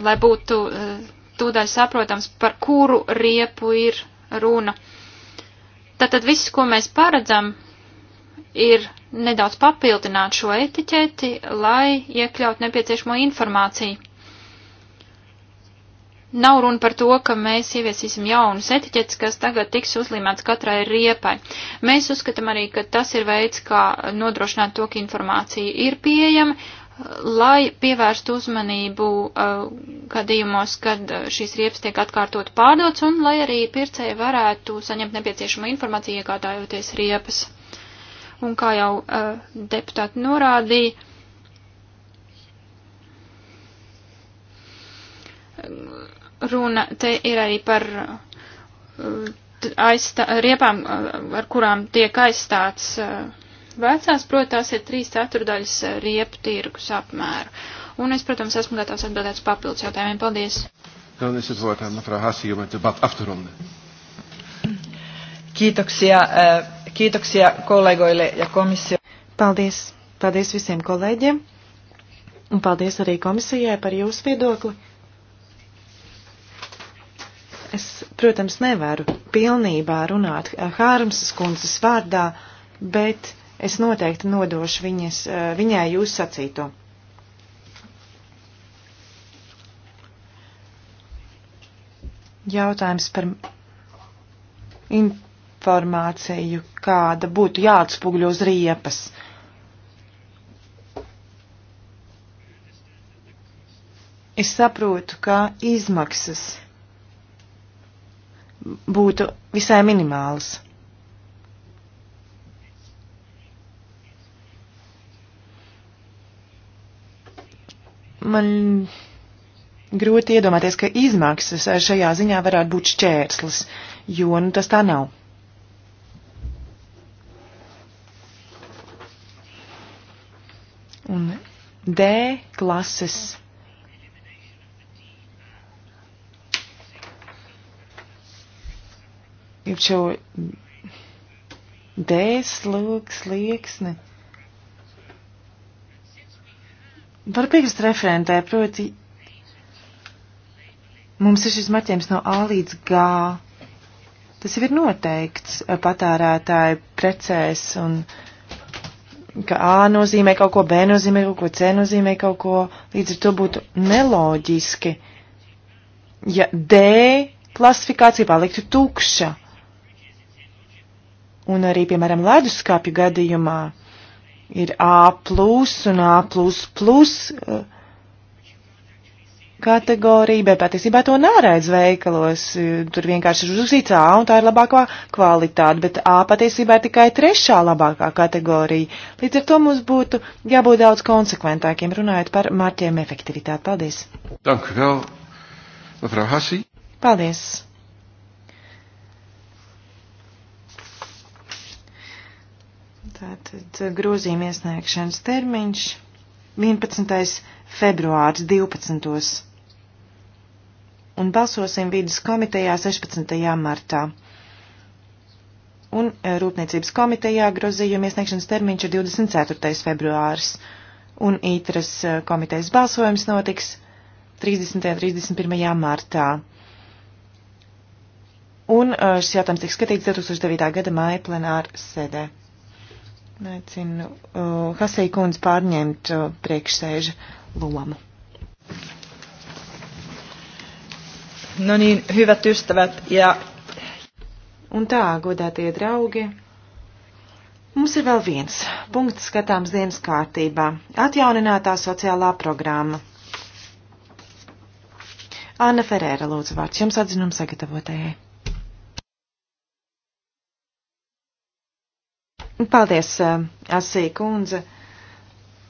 lai būtu eh, tūdaļ saprotams, par kuru riepu ir runa. Tātad viss, ko mēs paredzam, ir nedaudz papildināt šo etiķeti, lai iekļaut nepieciešamo informāciju. Nav runa par to, ka mēs ieviesīsim jaunas etiķetes, kas tagad tiks uzlīmēts katrai riepai. Mēs uzskatām arī, ka tas ir veids, kā nodrošināt to, ka informācija ir pieejama, lai pievērstu uzmanību uh, gadījumos, kad uh, šīs riepas tiek atkārtot pārdots un lai arī pircēji varētu saņemt nepieciešamo informāciju iegādājoties riepas. Un kā jau uh, deputāti norādīja, uh, runa te ir arī par uh, aizstā, riepām, uh, ar kurām tiek aizstāts uh, vecās, proti tās ir trīs ceturdaļas riepu tirgus apmēru. Un es, protams, esmu gatavs atbildēt uz papildus jautājumiem. Paldies! Dan is het woord aan mevrouw Hassie om het debat af te ronden. Kiitoksia, uh, kiitoksia kollegoille ja komissio. Paldies. Paldies visiem kolēģiem. Un paldies arī komisijai par jūsu viedokli. Es, protams, nevaru pilnībā runāt eh, Hārmsas kundzes vārdā, bet es noteikti nodošu viņas, eh, viņai jūs sacīto. Jautājums par informāciju, kāda būtu jāatspūgļo uz riepas. Es saprotu, ka izmaksas būtu visai minimāls. Man grūti iedomāties, ka izmaksas šajā ziņā varētu būt šķērslis, jo nu, tas tā nav. Un D klases ir šo dēsloks, lieksni. Var piekrist referentē, proti, mums ir šis marķējums no A līdz G. Tas jau ir noteikts patērētāju precēs, un ka A nozīmē kaut ko, B nozīmē kaut ko, C nozīmē kaut ko, līdz ar to būtu neloģiski, ja D klasifikācija paliktu tukša. Un arī, piemēram, leduskapju gadījumā ir A plus un A plus plus eh, kategorija, bet patiesībā to nāraidz veikalos. Tur vienkārši ir uzrakstīts A un tā ir labākā kvalitāte, bet A patiesībā ir tikai trešā labākā kategorija. Līdz ar to mums būtu jābūt daudz konsekventākiem runājot par marķējumu efektivitāti. Paldies! Danku, Frau Hasi. Paldies! Tātad grozījuma iesniegšanas termiņš 11. februārs 12. Un balsosim vidas komitejā 16. martā. Un eh, Rūpniecības komitejā grozījuma iesniegšanas termiņš ir 24. februārs. Un ītras eh, komitejas balsojums notiks 30. un 31. martā. Un eh, šis jautājums tiks skatīts 2009. gada māja plenāra sēdē. Aicinu uh, Hasei kundzi pārņemt uh, priekšsēža lomu. No niin, hyvät ystävät ja... Un tā, godātie draugi, mums ir vēl viens punkts skatāms dienas kārtībā - atjauninātā sociālā programma. Anna Ferēra, lūdzu, vārds jums atzinums sagatavotājai. Paldies, eh, Asī kundze.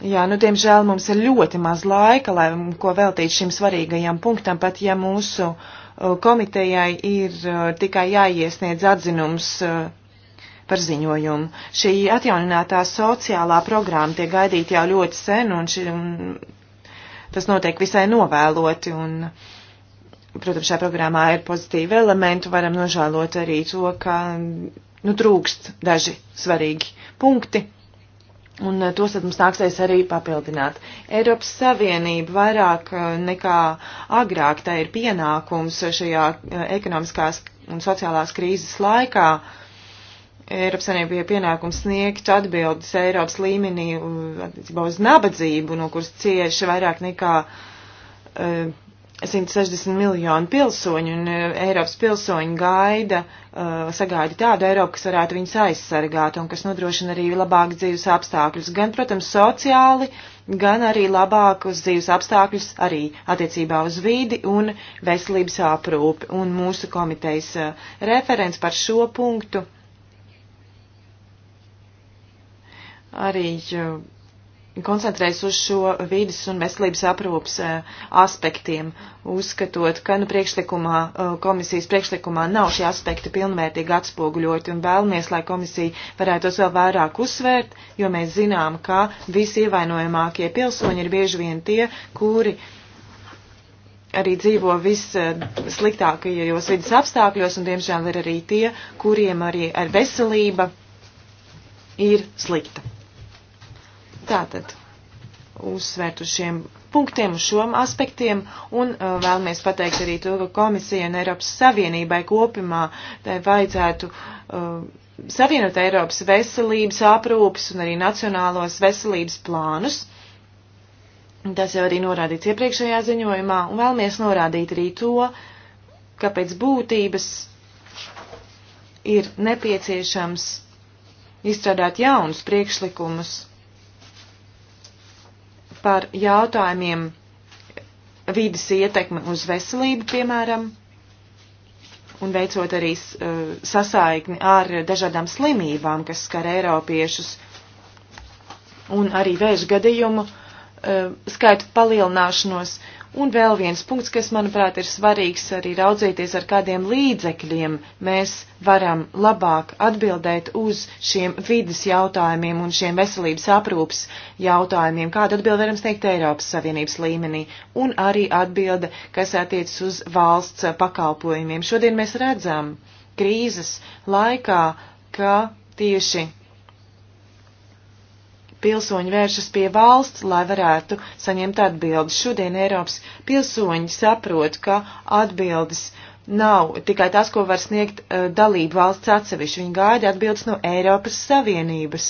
Jā, nu, diemžēl mums ir ļoti maz laika, lai ko veltīt šim svarīgajam punktam, pat ja mūsu eh, komitejai ir eh, tikai jāiesniedz atzinums par ziņojumu. Šī atjauninātā sociālā programma tiek gaidīta jau ļoti sen, un, ši, un tas notiek visai novēloti. Un, protams, šajā programmā ir pozitīvi elementi, varam nožēlot arī to, ka nu, trūkst daži svarīgi punkti. Un eh, tos tad mums nāksies arī papildināt. Eiropas Savienība vairāk eh, nekā agrāk tā ir pienākums šajā eh, ekonomiskās un sociālās krīzes laikā. Eiropas Savienība ir pienākums sniegt atbildes Eiropas līmenī mm, attiecībā uz nabadzību, no kuras cieši vairāk nekā uh, 160 miljonu pilsoņu un e, Eiropas pilsoņi gaida, e, sagaida tādu Eiropu, kas varētu viņus aizsargāt un kas nodrošina arī labākus dzīves apstākļus, gan, protams, sociāli, gan arī labākus dzīves apstākļus arī attiecībā uz vīdi un veselības aprūpi. Un mūsu komitejas e, referents par šo punktu arī koncentrējas uz šo vīdes un veselības aprūpas eh, aspektiem, uzskatot, ka nu, priekšlikumā, eh, komisijas priekšlikumā nav šie aspekti pilnvērtīgi atspoguļoti un vēlamies, lai komisija varētu tos vēl vairāk uzsvērt, jo mēs zinām, ka visi ievainojamākie pilsoņi ir bieži vien tie, kuri arī dzīvo vissliktākajos eh, vidas apstākļos un, diemžēl, ir arī tie, kuriem arī ar veselība ir slikta. Tātad uzsvērt uz šiem punktiem, uz šiem aspektiem, un uh, vēlamies pateikt arī to, ka komisija un Eiropas Savienībai kopumā tai vajadzētu uh, savienot Eiropas veselības aprūpas un arī nacionālos veselības plānus. Tas jau arī norādīts iepriekšējā ziņojumā, un vēlamies norādīt arī to, ka pēc būtības ir nepieciešams izstrādāt jaunus priekšlikumus par jautājumiem vīdas ietekme uz veselību, piemēram, un veicot arī uh, sasaikni ar dažādām slimībām, kas skar Eiropiešus, un arī vēža gadījumu uh, skaitu palielināšanos, Un vēl viens punkts, kas, manuprāt, ir svarīgs arī raudzīties, ar kādiem līdzekļiem mēs varam labāk atbildēt uz šiem vidas jautājumiem un šiem veselības aprūpas jautājumiem, kādu atbildi varam sniegt Eiropas Savienības līmenī, un arī atbilde, kas attiecas uz valsts pakalpojumiem. Šodien mēs redzam krīzes laikā, ka tieši pilsoņi vēršas pie valsts, lai varētu saņemt atbildes. Šodien Eiropas pilsoņi saprot, ka atbildes nav tikai tas, ko var sniegt uh, dalību valsts atsevišķi. Viņi gaida atbildes no Eiropas Savienības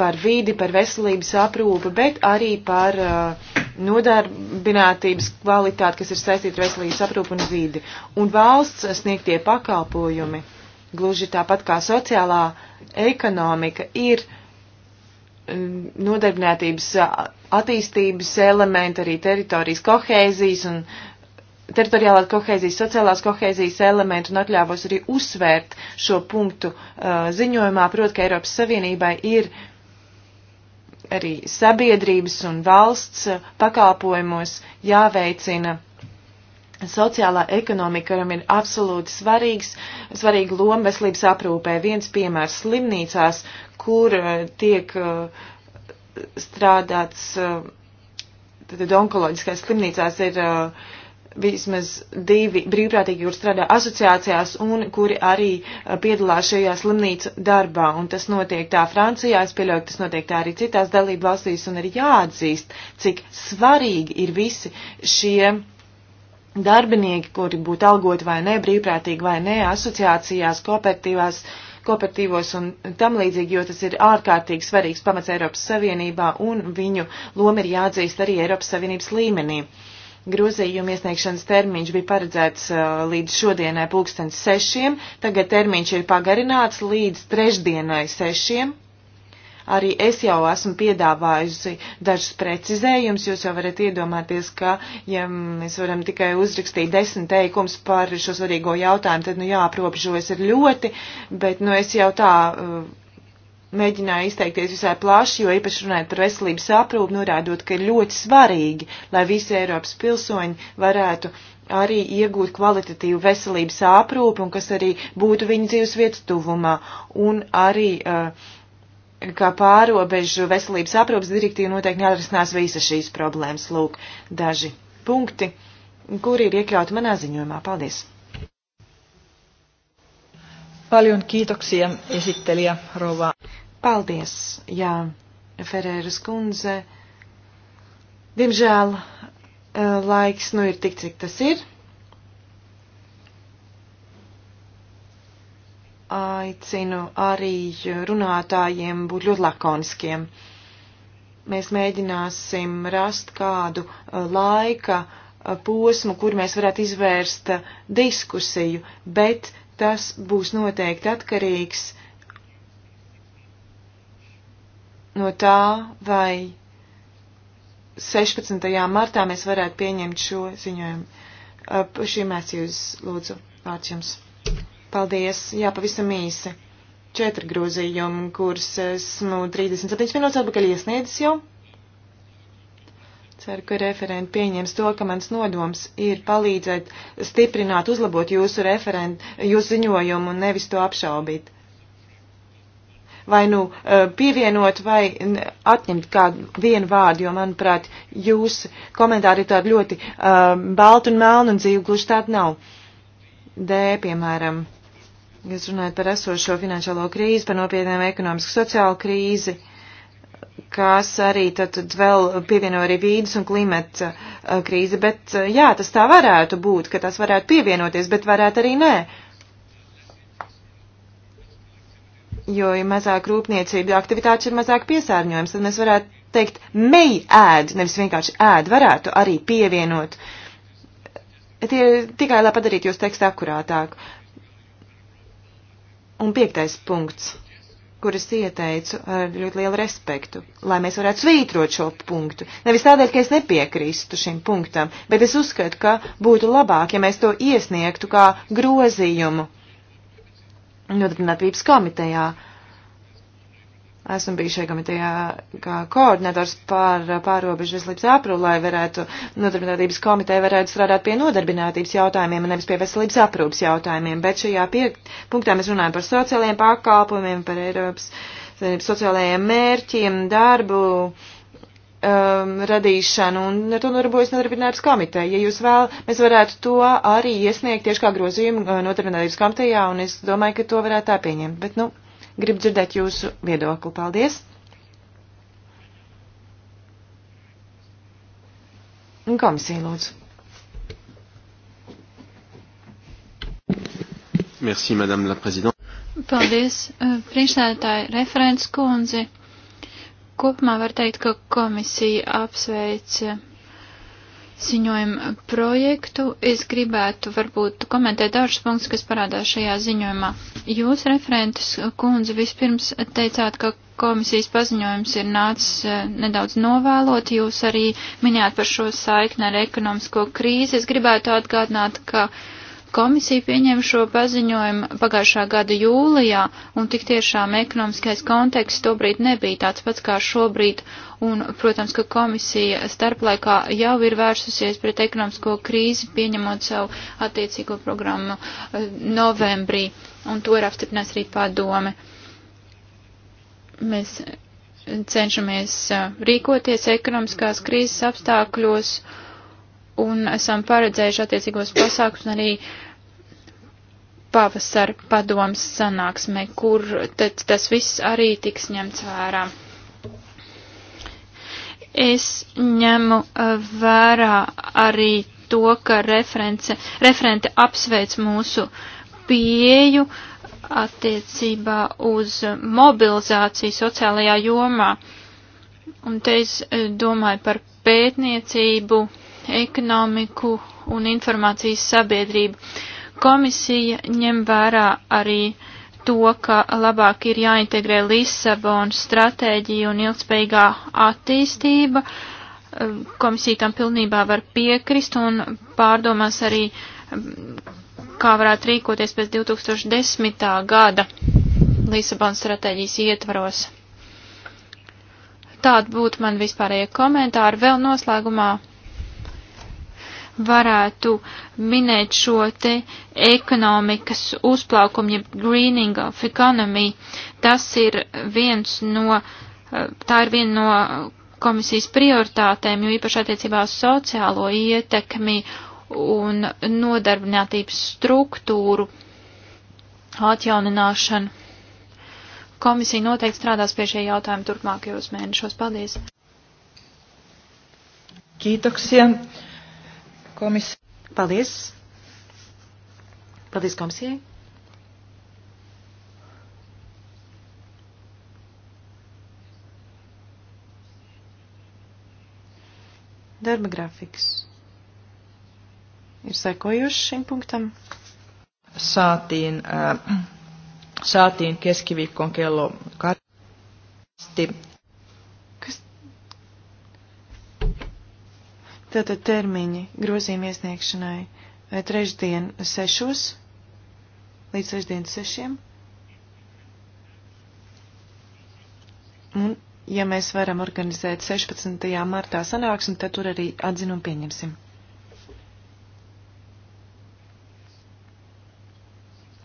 par vīdi, par veselības aprūpu, bet arī par uh, nodarbinātības kvalitāti, kas ir saistīta ar veselības aprūpu un vīdi. Un valsts sniegtie pakalpojumi, gluži tāpat kā sociālā ekonomika, ir uh, nodarbinātības attīstības elementi, arī teritorijas kohēzijas un teritoriālās kohēzijas, sociālās kohēzijas elementi un atļāvos arī uzsvērt šo punktu uh, ziņojumā, proti, ka Eiropas Savienībai ir arī sabiedrības un valsts pakalpojumos jāveicina sociālā ekonomika, kuram ir absolūti svarīgs, svarīga loma veselības aprūpē. Viens piemērs slimnīcās, kur eh, tiek eh, strādāts, eh, tad onkoloģiskās slimnīcās ir vismaz divi brīvprātīgi, kur strādā asociācijās un kuri arī piedalās šajā slimnīcu darbā. Un tas notiek tā Francijā, es pieļauju, tas notiek tā arī citās dalību valstīs un ir jāatzīst, cik svarīgi ir visi šie darbinieki, kuri būtu algoti vai ne, brīvprātīgi vai ne, asociācijās, kooperatīvās uh, kooperatīvos un tam līdzīgi, jo tas ir ārkārtīgi svarīgs pamats Eiropas Savienībā un viņu loma ir jāatzīst arī Eiropas Savienības līmenī. Grozījuma iesniegšanas termiņš bija paredzēts uh, līdz šodienai pulkstens sešiem, tagad termiņš ir pagarināts līdz trešdienai sešiem, Arī es jau esmu piedāvājusi dažus precizējumus, jūs jau varat iedomāties, ka, ja mēs varam tikai uzrakstīt desmit teikums par šo svarīgo jautājumu, tad, nu, jāaprobežojas ir ļoti, bet, nu, es jau tā. Uh, mēģināja izteikties visai plaši, jo īpaši runājot par veselības aprūpu, norādot, ka ir ļoti svarīgi, lai visi Eiropas pilsoņi varētu arī iegūt kvalitatīvu veselības aprūpu un kas arī būtu viņu dzīves vietas tuvumā un arī uh, ka pārobežu veselības aprūpas direktīva noteikti neatrisinās visas šīs problēmas. Lūk, daži punkti, kuri ir iekļauti manā ziņojumā. Paldies! Paljon kiitoksia esittelijä Rova. Paldies, jā, Ferēras kundze. Diemžēl eh, laiks nu ir tik, cik tas ir. aicinu arī runātājiem būt ļoti lakoniskiem. Mēs mēģināsim rast kādu uh, laika uh, posmu, kur mēs varētu izvērst uh, diskusiju, bet tas būs noteikti atkarīgs no tā, vai 16. martā mēs varētu pieņemt šo ziņojumu. Šī mēs jūs lūdzu vārds jums. Paldies, jā, pavisam īsi. Četri grozījumi, kurus esmu 37 minūtes atpakaļ iesniedzis jau. Ceru, ka referenti pieņems to, ka mans nodoms ir palīdzēt stiprināt, uzlabot jūsu referentu, jūsu ziņojumu un nevis to apšaubīt. Vai nu eh, pievienot vai atņemt kādu vienu vārdu, jo, manuprāt, jūs komentāri ir tādi ļoti uh, balti un melni un dzīvi, gluži tādi nav. D, piemēram, Jūs runājat par esošo finansiālo krīzi, par nopietnēm ekonomisku sociālu krīzi, kas arī tad, tad vēl pievieno arī vīdas un klimata uh, krīzi, bet uh, jā, tas tā varētu būt, ka tas varētu pievienoties, bet varētu arī nē. jo ja mazāk rūpniecība aktivitātes ir mazāk piesārņojums, tad mēs varētu teikt, mei ēd, nevis vienkārši ēd, varētu arī pievienot. Tie tikai, lai padarītu jūs tekstu akurātāku. Un piektais punkts, kuras ieteicu ar eh, ļoti lielu respektu, lai mēs varētu svītrot šo punktu. Nevis tādēļ, ka es nepiekrīstu šim punktam, bet es uzskatu, ka būtu labāk, ja mēs to iesniegtu kā grozījumu nodarbinātības komitejā. Uh, Esmu bijis šajā komitejā kā koordinators pār pārobežu veselības aprūpu, lai varētu nodarbinātības komiteja varētu strādāt pie nodarbinātības jautājumiem, nevis pie veselības aprūpas jautājumiem. Bet šajā pie, punktā mēs runājam par sociālajiem pakalpojumiem, par Eiropas sociālajiem mērķiem, darbu um, radīšanu, un ar to nodarbojas nodarbinātības komiteja. Ja jūs vēl, mēs varētu to arī iesniegt tieši kā grozījumu uh, nodarbinātības komitejā, un es domāju, ka to varētu tā pieņemt. Bet, nu, Gribu dzirdēt jūsu viedokli. Paldies! Komisija lūdzu. Merci, Madame la Présidente. Paldies, eh, priekšsēdētāji, referents kundzi. Kopumā var teikt, ka komisija apsveic eh, ziņojuma projektu. Es gribētu varbūt komentēt dažus punktus, kas parādās šajā ziņojumā. Jūs, referentes kundze, vispirms teicāt, ka komisijas paziņojums ir nācis eh, nedaudz novēlot. Jūs arī minējāt par šo saikni ar ekonomisko krīzi. Es gribētu atgādināt, ka uh, Komisija pieņem šo paziņojumu pagājušā gada jūlijā, un tik tiešām ekonomiskais konteksts tobrīd nebija tāds pats kā šobrīd, un, protams, ka komisija starplaikā jau ir vērsusies pret ekonomisko krīzi, pieņemot savu attiecīgo programmu eh, novembrī, un to ir apstiprinājis arī padome. Mēs cenšamies eh, rīkoties ekonomiskās krīzes apstākļos un esam paredzējuši attiecīgos pasākums un arī pavasara padomas sanāksmē, kur tad tas viss arī tiks ņemts vērā. Es ņemu uh, vērā arī to, ka reference, referente apsveic mūsu pieju attiecībā uz mobilizāciju sociālajā jomā. Un te es uh, domāju par pētniecību, ekonomiku un informācijas sabiedrību. Uh, Komisija ņem vērā arī to, ka labāk ir jāintegrē Lisabonas stratēģija un ilgspējīgā attīstība. Komisija tam pilnībā var piekrist un pārdomās arī, kā varētu rīkoties pēc 2010. gada Lisabonas stratēģijas ietvaros. Tāda būtu man vispārējie komentāri. Vēl noslēgumā varētu minēt šo te ekonomikas uzplaukumu, ja greening of economy. Tas ir viens no, tā ir viena no komisijas prioritātēm, jo īpaši attiecībā uz sociālo ietekmi un nodarbinātības struktūru atjaunināšanu. Komisija noteikti strādās pie šie jautājumi turpmākajos mēnešos. Paldies! Kiitoksia komis. Paldies. Paldies komisijai. Darba grafiks ir sekojuši šim punktam. Saatiin, äh, saatiin keskiviikkoon kello 12 Tātad termiņi grozījuma iesniegšanai eh, trešdien sešos līdz trešdien sešiem. Un, ja mēs varam organizēt 16. martā sanāksmi, tad tur arī atzinumu pieņemsim.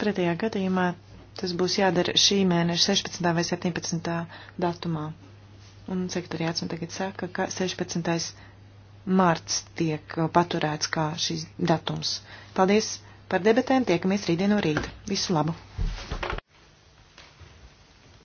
Pretējā gadījumā tas būs jādara šī mēneša 16. vai 17. datumā. Un sekretariāts man tagad saka, ka 16 marts tiek uh, paturēts kā šis datums. Paldies par debatēm, tiekamies rītdien no rīta. Visu labu!